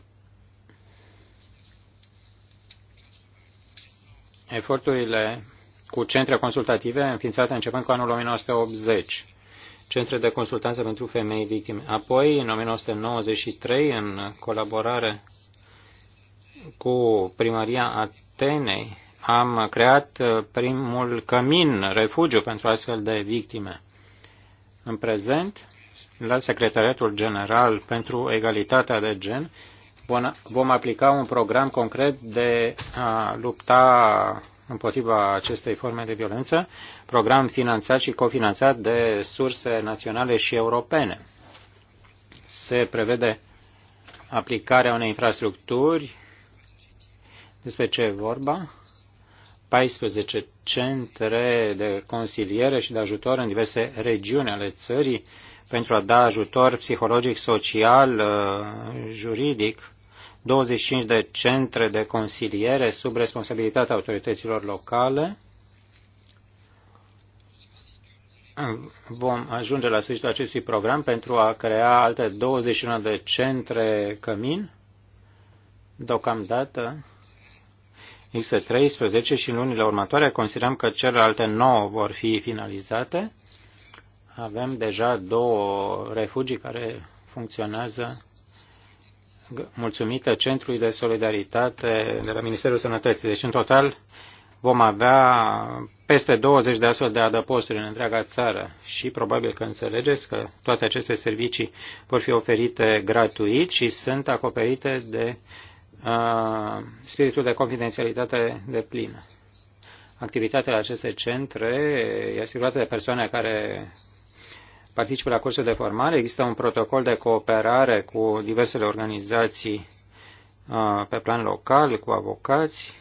eforturile cu centre consultative înființate începând cu anul 1980 centre de consultanță pentru femei victime. Apoi, în 1993, în colaborare cu primăria Atenei, am creat uh, primul cămin, refugiu pentru astfel de victime. În prezent, la Secretariatul General pentru Egalitatea de Gen, vom aplica un program concret de a lupta împotriva acestei forme de violență, program finanțat și cofinanțat de surse naționale și europene. Se prevede aplicarea unei infrastructuri, despre ce e vorba, 14 centre de consiliere și de ajutor în diverse regiuni ale țării pentru a da ajutor psihologic, social, uh, juridic 25 de centre de consiliere sub responsabilitatea autorităților locale. Vom ajunge la sfârșitul acestui program pentru a crea alte 21 de centre cămin. Deocamdată există 13 și în lunile următoare considerăm că celelalte 9 vor fi finalizate. Avem deja două refugii care funcționează mulțumită Centrului de Solidaritate de la Ministerul Sănătății. Deci, în total, vom avea peste 20 de astfel de adăposturi în întreaga țară și probabil că înțelegeți că toate aceste servicii vor fi oferite gratuit și sunt acoperite de uh, spiritul de confidențialitate de plină. Activitatea acestei centre e asigurată de persoane care participă la cursuri de formare, există un protocol de cooperare cu diversele organizații uh, pe plan local, cu avocați.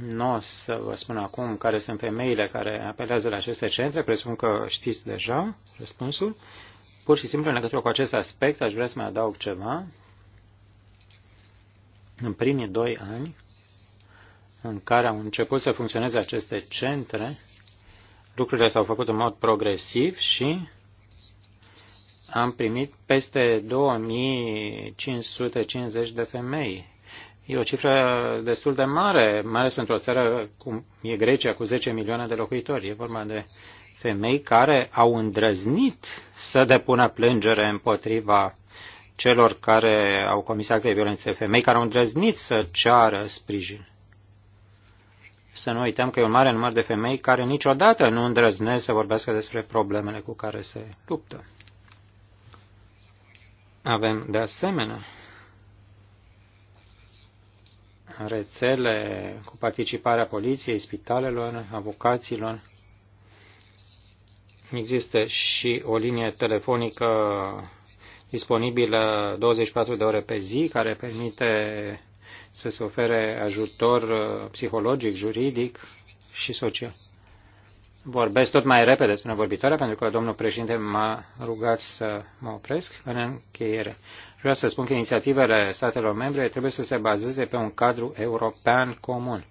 Nu o să vă spun acum care sunt femeile care apelează la aceste centre, presupun că știți deja răspunsul. Pur și simplu, în legătură cu acest aspect, aș vrea să mai adaug ceva. În primii doi ani în care au început să funcționeze aceste centre, Lucrurile s-au făcut în mod progresiv și am primit peste 2550 de femei. E o cifră destul de mare, mai ales într o țară cum e Grecia, cu 10 milioane de locuitori. E vorba de femei care au îndrăznit să depună plângere împotriva celor care au comis acte de violență, femei care au îndrăznit să ceară sprijin să nu uităm că e un mare număr de femei care niciodată nu îndrăznesc să vorbească despre problemele cu care se luptă. Avem de asemenea rețele cu participarea poliției, spitalelor, avocaților. Există și o linie telefonică disponibilă 24 de ore pe zi care permite să se ofere ajutor uh, psihologic, juridic și social. Vorbesc tot mai repede, spune vorbitoarea, pentru că domnul președinte m-a rugat să mă opresc în încheiere. Vreau să spun că inițiativele statelor membre trebuie să se bazeze pe un cadru european comun.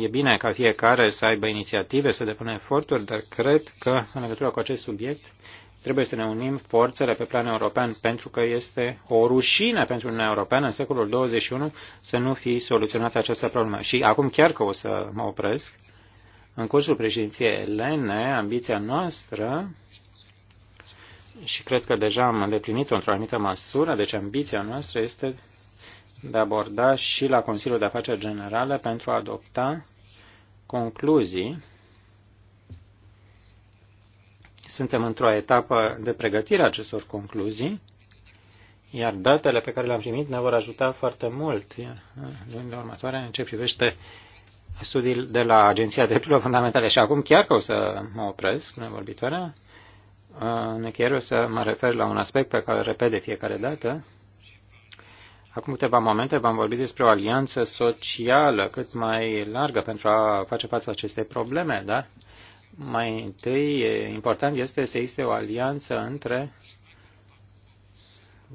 E bine ca fiecare să aibă inițiative, să depună eforturi, dar cred că, în legătură cu acest subiect, Trebuie să ne unim forțele pe plan european pentru că este o rușine pentru Uniunea Europeană în secolul 21 să nu fi soluționată această problemă. Și acum chiar că o să mă opresc, în cursul președinției elene, ambiția noastră, și cred că deja am îndeplinit-o într-o anumită măsură, deci ambiția noastră este de a aborda și la Consiliul de Afaceri Generale pentru a adopta concluzii suntem într-o etapă de pregătire a acestor concluzii, iar datele pe care le-am primit ne vor ajuta foarte mult lunile următoare în ce privește studiul de la Agenția Drepturilor Fundamentale. Și acum, chiar că o să mă opresc, vorbitoarea, ă, în chiar o să mă refer la un aspect pe care îl repet de fiecare dată. Acum câteva momente v-am vorbit despre o alianță socială cât mai largă pentru a face față acestei probleme, dar mai întâi, important este să existe o alianță între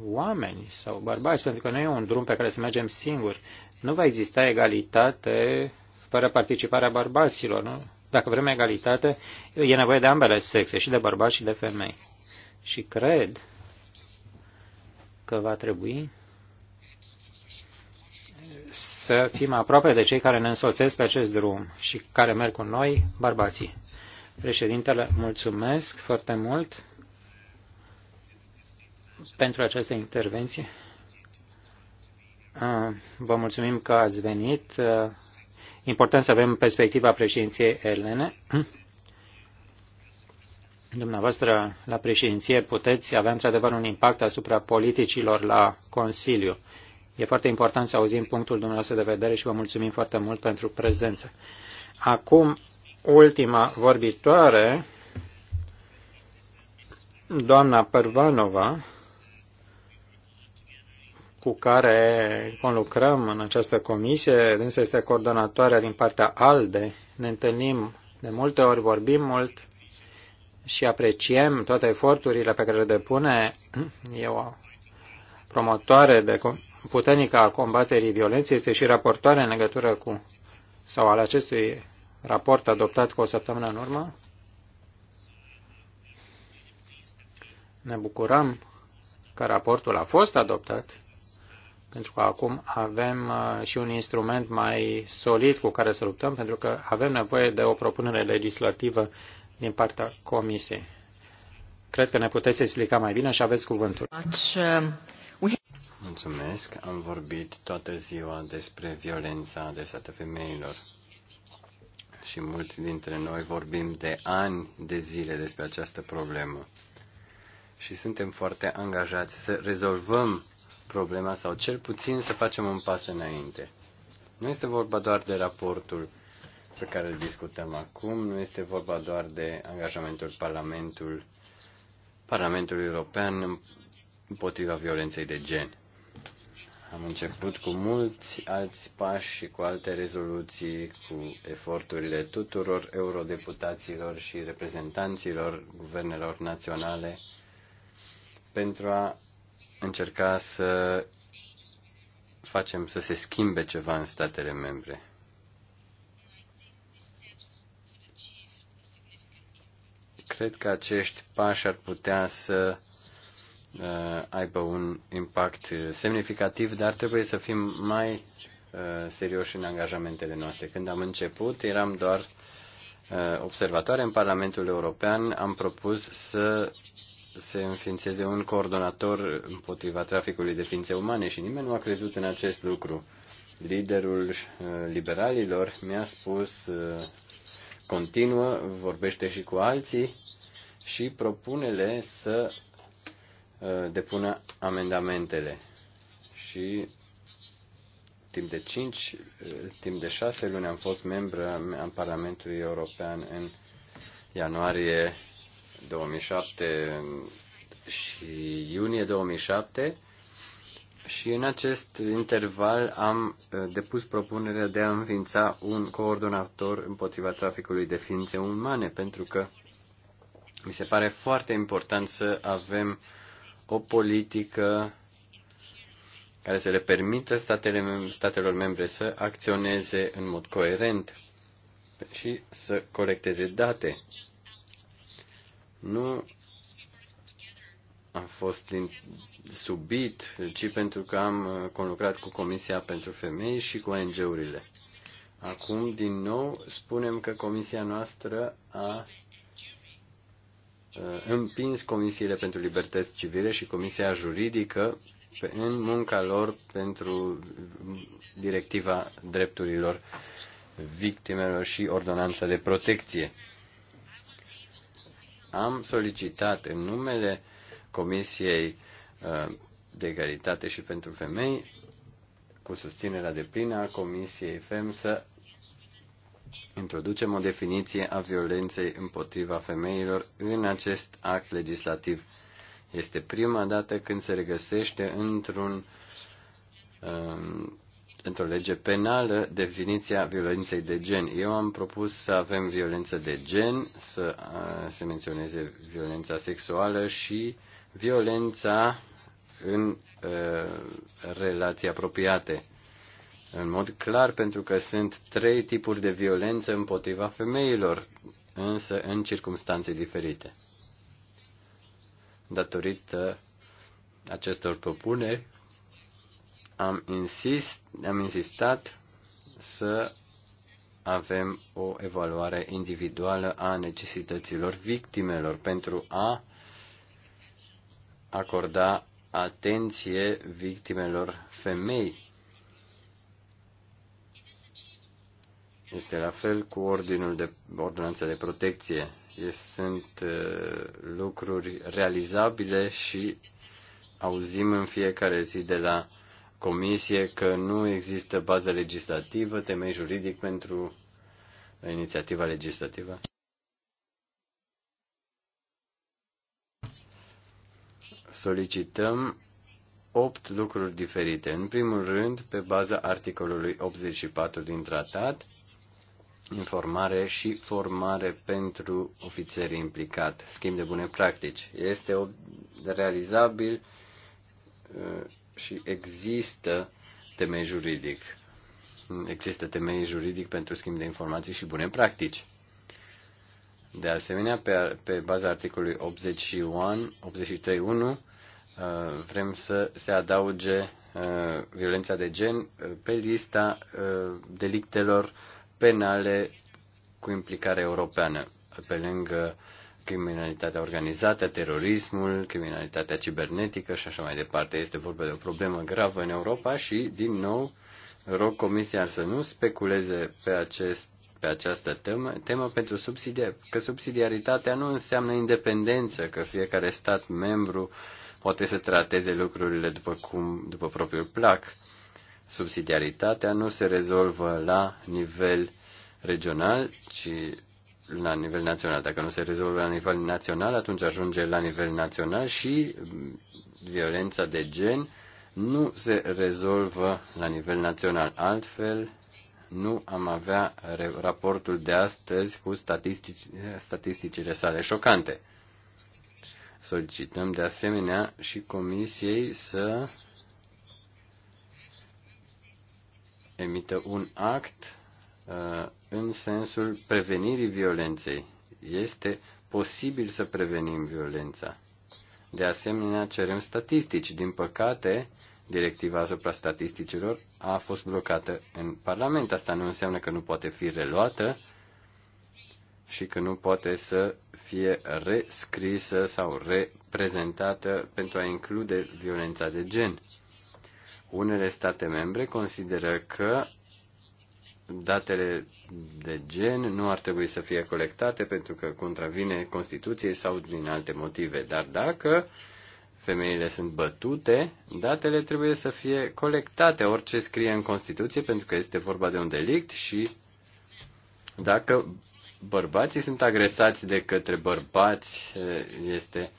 oameni sau bărbați, pentru că nu e un drum pe care să mergem singuri. Nu va exista egalitate fără participarea bărbaților. Nu? Dacă vrem egalitate, e nevoie de ambele sexe, și de bărbați și de femei. Și cred că va trebui să fim aproape de cei care ne însoțesc pe acest drum și care merg cu noi, bărbații. Președintele, mulțumesc foarte mult pentru această intervenție. Ah, vă mulțumim că ați venit. Ah, important să avem perspectiva președinției elene. Dumneavoastră, la președinție, puteți avea într-adevăr un impact asupra politicilor la Consiliu. E foarte important să auzim punctul dumneavoastră de vedere și vă mulțumim foarte mult pentru prezență. Acum ultima vorbitoare, doamna Părvanova, cu care conlucrăm în această comisie, însă este coordonatoarea din partea ALDE. Ne întâlnim de multe ori, vorbim mult și apreciem toate eforturile pe care le depune. Eu promotoare de puternică a combaterii violenței, este și raportoare în legătură cu sau al acestui raport adoptat cu o săptămână în urmă. Ne bucurăm că raportul a fost adoptat, pentru că acum avem uh, și un instrument mai solid cu care să luptăm, pentru că avem nevoie de o propunere legislativă din partea Comisiei. Cred că ne puteți explica mai bine și aveți cuvântul.
Mulțumesc. Am vorbit toată ziua despre violența adresată femeilor și mulți dintre noi vorbim de ani de zile despre această problemă. Și suntem foarte angajați să rezolvăm problema sau cel puțin să facem un pas înainte. Nu este vorba doar de raportul pe care îl discutăm acum, nu este vorba doar de angajamentul Parlamentul, Parlamentului European împotriva violenței de gen. Am început cu mulți alți pași și cu alte rezoluții, cu eforturile tuturor eurodeputaților și reprezentanților guvernelor naționale pentru a încerca să facem să se schimbe ceva în statele membre. Cred că acești pași ar putea să Uh, aibă un impact semnificativ, dar trebuie să fim mai uh, serioși în angajamentele noastre. Când am început, eram doar uh, observatoare în Parlamentul European, am propus să se înființeze un coordonator împotriva traficului de ființe umane și nimeni nu a crezut în acest lucru. Liderul liberalilor mi-a spus, continuă, vorbește și cu alții și propunele să Uh, depună amendamentele și timp de 5, uh, timp de 6 luni am fost membru în Parlamentului European în ianuarie 2007 și iunie 2007 și în acest interval am uh, depus propunerea de a înființa un coordonator împotriva traficului de ființe umane pentru că mi se pare foarte important să avem uh, o politică care să le permită statele, statelor membre să acționeze în mod coerent și să colecteze date. Nu a fost din, subit, ci pentru că am uh, conlucrat cu Comisia pentru Femei și cu ONG-urile. Acum, din nou, spunem că Comisia noastră a Uh, împins comisiile pentru libertăți civile și comisia juridică în munca lor pentru directiva drepturilor victimelor și ordonanța de protecție. Am solicitat în numele Comisiei uh, de Egalitate și pentru Femei, cu susținerea de plină a Comisiei FEM, să Introducem o definiție a violenței împotriva femeilor în acest act legislativ. Este prima dată când se regăsește într-un, um, într-o lege penală definiția violenței de gen. Eu am propus să avem violență de gen, să se menționeze violența sexuală și violența în uh, relații apropiate în mod clar pentru că sunt trei tipuri de violență împotriva femeilor, însă în circunstanțe diferite. Datorită acestor propuneri, am, insist, am insistat să avem o evaluare individuală a necesităților victimelor pentru a acorda atenție victimelor femei Este la fel cu ordinul de, ordonanța de protecție. Sunt lucruri realizabile și auzim în fiecare zi de la comisie că nu există bază legislativă, temei juridic pentru inițiativa legislativă. Solicităm opt lucruri diferite. În primul rând, pe baza articolului 84 din tratat, informare și formare pentru ofițerii implicat, schimb de bune practici. Este realizabil uh, și există temei juridic. Există temei juridic pentru schimb de informații și bune practici. De asemenea, pe, pe baza articolului 81, 83.1, uh, vrem să se adauge uh, violența de gen pe lista delictelor penale cu implicare europeană, pe lângă criminalitatea organizată, terorismul, criminalitatea cibernetică și așa mai departe. Este vorba de o problemă gravă în Europa și, din nou, rog Comisia să nu speculeze pe, acest, pe această temă, temă pentru subsidia, că subsidiaritatea nu înseamnă independență, că fiecare stat membru poate să trateze lucrurile după, cum, după propriul plac subsidiaritatea nu se rezolvă la nivel regional, ci la nivel național. Dacă nu se rezolvă la nivel național, atunci ajunge la nivel național și mm, violența de gen nu se rezolvă la nivel național. Altfel, nu am avea raportul de astăzi cu statistici, statisticile sale șocante. Solicităm de asemenea și Comisiei să emită un act uh, în sensul prevenirii violenței. Este posibil să prevenim violența. De asemenea, cerem statistici. Din păcate, directiva asupra statisticilor a fost blocată în Parlament. Asta nu înseamnă că nu poate fi reluată și că nu poate să fie rescrisă sau reprezentată pentru a include violența de gen. Unele state membre consideră că datele de gen nu ar trebui să fie colectate pentru că contravine Constituției sau din alte motive. Dar dacă femeile sunt bătute, datele trebuie să fie colectate, orice scrie în Constituție, pentru că este vorba de un delict și dacă bărbații sunt agresați de către bărbați, este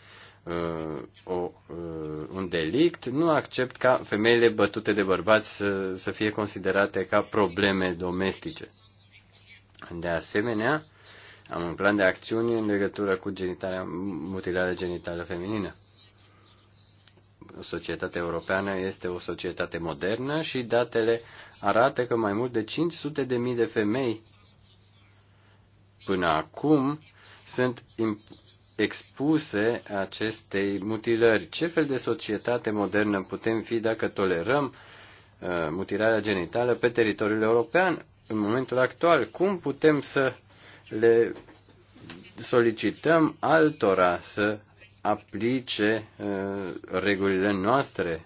Uh, o, uh, un delict, nu accept ca femeile bătute de bărbați să, să fie considerate ca probleme domestice. De asemenea, am un plan de acțiune în legătură cu genitalia, mutilarea genitală feminină. Societatea europeană este o societate modernă și datele arată că mai mult de 500 de mii de femei până acum sunt expuse acestei mutilări. Ce fel de societate modernă putem fi dacă tolerăm uh, mutilarea genitală pe teritoriul european în momentul actual? Cum putem să le solicităm altora să aplice uh, regulile noastre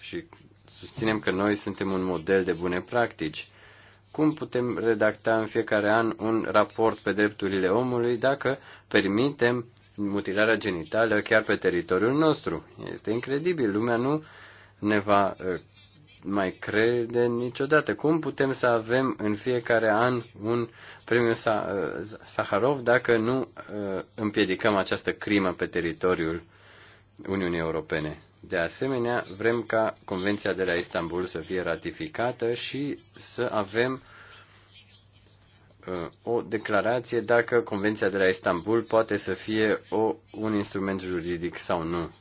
și susținem că noi suntem un model de bune practici cum putem redacta în fiecare an un raport pe drepturile omului dacă permitem mutilarea genitală chiar pe teritoriul nostru. Este incredibil, lumea nu ne va mai crede niciodată. Cum putem să avem în fiecare an un premiu Saharov dacă nu împiedicăm această crimă pe teritoriul Uniunii Europene? De asemenea, vrem ca Convenția de la Istanbul să fie ratificată și să avem uh, o declarație dacă Convenția de la Istanbul poate să fie o, un instrument juridic sau nu.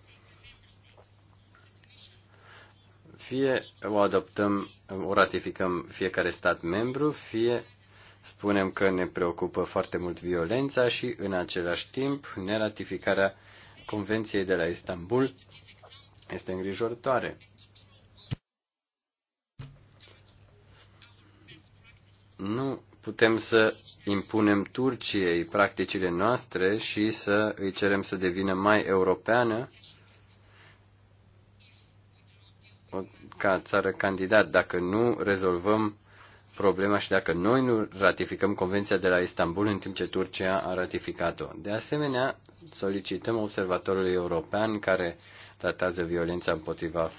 Fie o adoptăm, o ratificăm fiecare stat membru, fie spunem că ne preocupă foarte mult violența și în același timp neratificarea Convenției de la Istanbul este îngrijorătoare. Nu putem să impunem Turciei practicile noastre și să îi cerem să devină mai europeană ca țară candidat. Dacă nu rezolvăm problema și dacă noi nu ratificăm Convenția de la Istanbul în timp ce Turcia a ratificat-o. De asemenea, solicităm observatorului european care tratează violența împotriva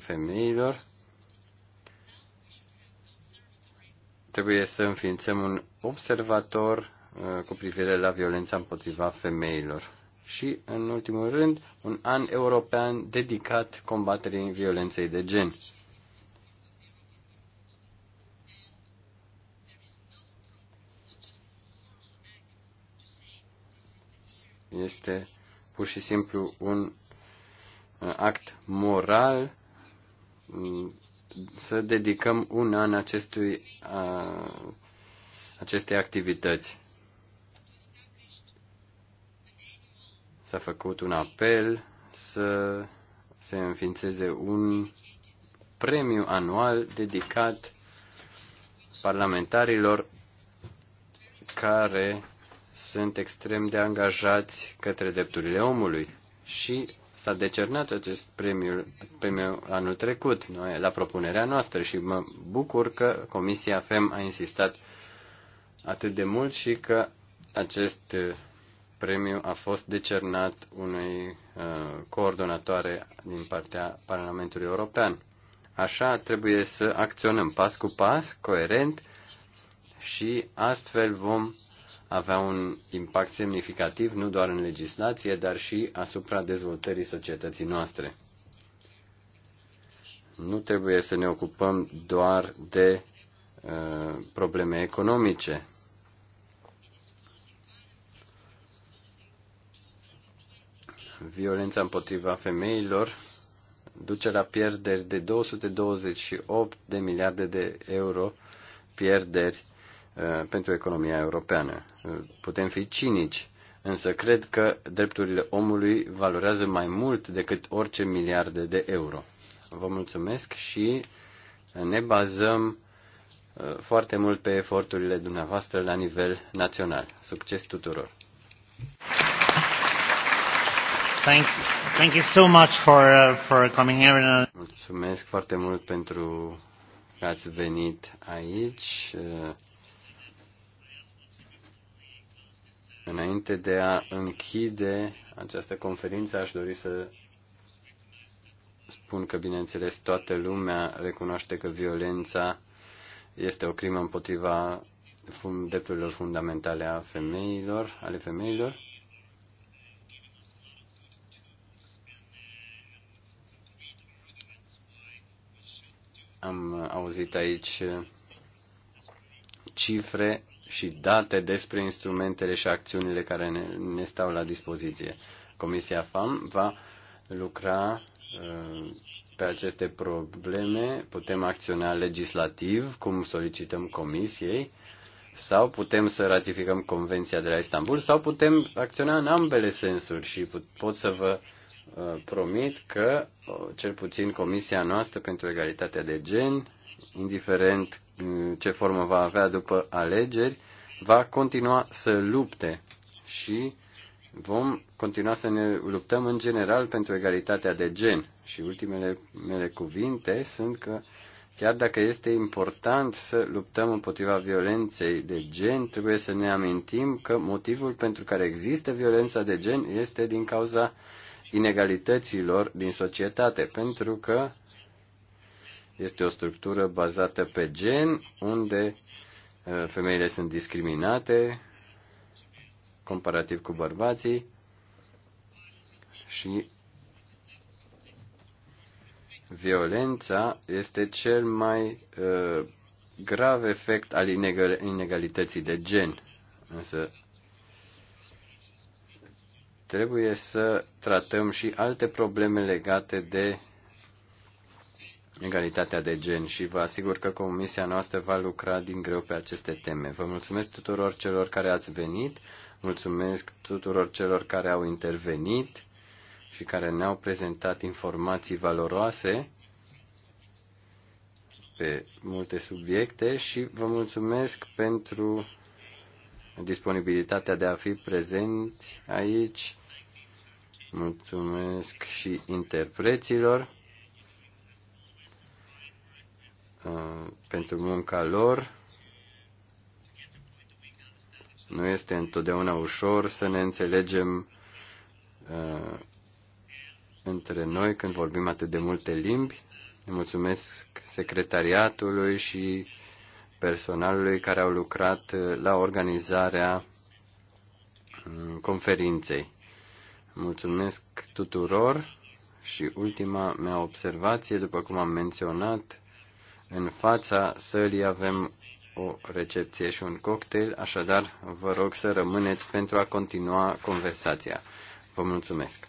femeilor. Trebuie să înființăm un observator uh, cu privire la violența împotriva femeilor. Și, în ultimul rând, un an european dedicat combaterii violenței de gen. Este pur și simplu un act moral mm, să dedicăm un an acestui, a, acestei activități. S-a făcut un apel să se înființeze un premiu anual dedicat parlamentarilor care sunt extrem de angajați către drepturile omului și s-a decernat acest premiu, premiu anul trecut, noi, la propunerea noastră și mă bucur că Comisia FEM a insistat atât de mult și că acest uh, premiu a fost decernat unei uh, coordonatoare din partea Parlamentului European. Așa trebuie să acționăm pas cu pas, coerent și astfel vom avea un impact semnificativ nu doar în legislație, dar și asupra dezvoltării societății noastre. Nu trebuie să ne ocupăm doar de uh, probleme economice. Violența împotriva femeilor duce la pierderi de 228 de miliarde de euro pierderi uh, Uh, pentru economia europeană. Uh, putem fi cinici, însă cred că drepturile omului valorează mai mult decât orice miliarde de euro. Vă mulțumesc și ne bazăm uh, foarte mult pe eforturile dumneavoastră la nivel național. Succes tuturor!
Thank you. Thank you so much for, uh, for coming here.
Mulțumesc foarte mult pentru că ați venit aici. Înainte de a închide această conferință, aș dori să spun că, bineînțeles, toată lumea recunoaște că violența este o crimă împotriva drepturilor fundamentale a femeilor, ale femeilor. Am auzit aici cifre și date despre instrumentele și acțiunile care ne, ne stau la dispoziție. Comisia FAM va lucra uh, pe aceste probleme, putem acționa legislativ, cum solicităm Comisiei, sau putem să ratificăm Convenția de la Istanbul, sau putem acționa în ambele sensuri și pot să vă uh, promit că, uh, cel puțin Comisia noastră pentru Egalitatea de Gen, indiferent uh, ce formă va avea după alegeri, va continua să lupte și vom continua să ne luptăm în general pentru egalitatea de gen. Și ultimele mele cuvinte sunt că chiar dacă este important să luptăm împotriva violenței de gen, trebuie să ne amintim că motivul pentru care există violența de gen este din cauza inegalităților din societate, pentru că este o structură bazată pe gen, unde uh, femeile sunt discriminate comparativ cu bărbații și violența este cel mai uh, grav efect al inegalității de gen. Însă trebuie să tratăm și alte probleme legate de egalitatea de gen și vă asigur că comisia noastră va lucra din greu pe aceste teme. Vă mulțumesc tuturor celor care ați venit, mulțumesc tuturor celor care au intervenit și care ne-au prezentat informații valoroase pe multe subiecte și vă mulțumesc pentru disponibilitatea de a fi prezenți aici. Mulțumesc și interpreților. Uh, pentru munca lor. Nu este întotdeauna ușor să ne înțelegem uh, între noi când vorbim atât de multe limbi. Îi mulțumesc secretariatului și personalului care au lucrat uh, la organizarea uh, conferinței. Mulțumesc tuturor și ultima mea observație, după cum am menționat, în fața sălii avem o recepție și un cocktail, așadar vă rog să rămâneți pentru a continua conversația. Vă mulțumesc!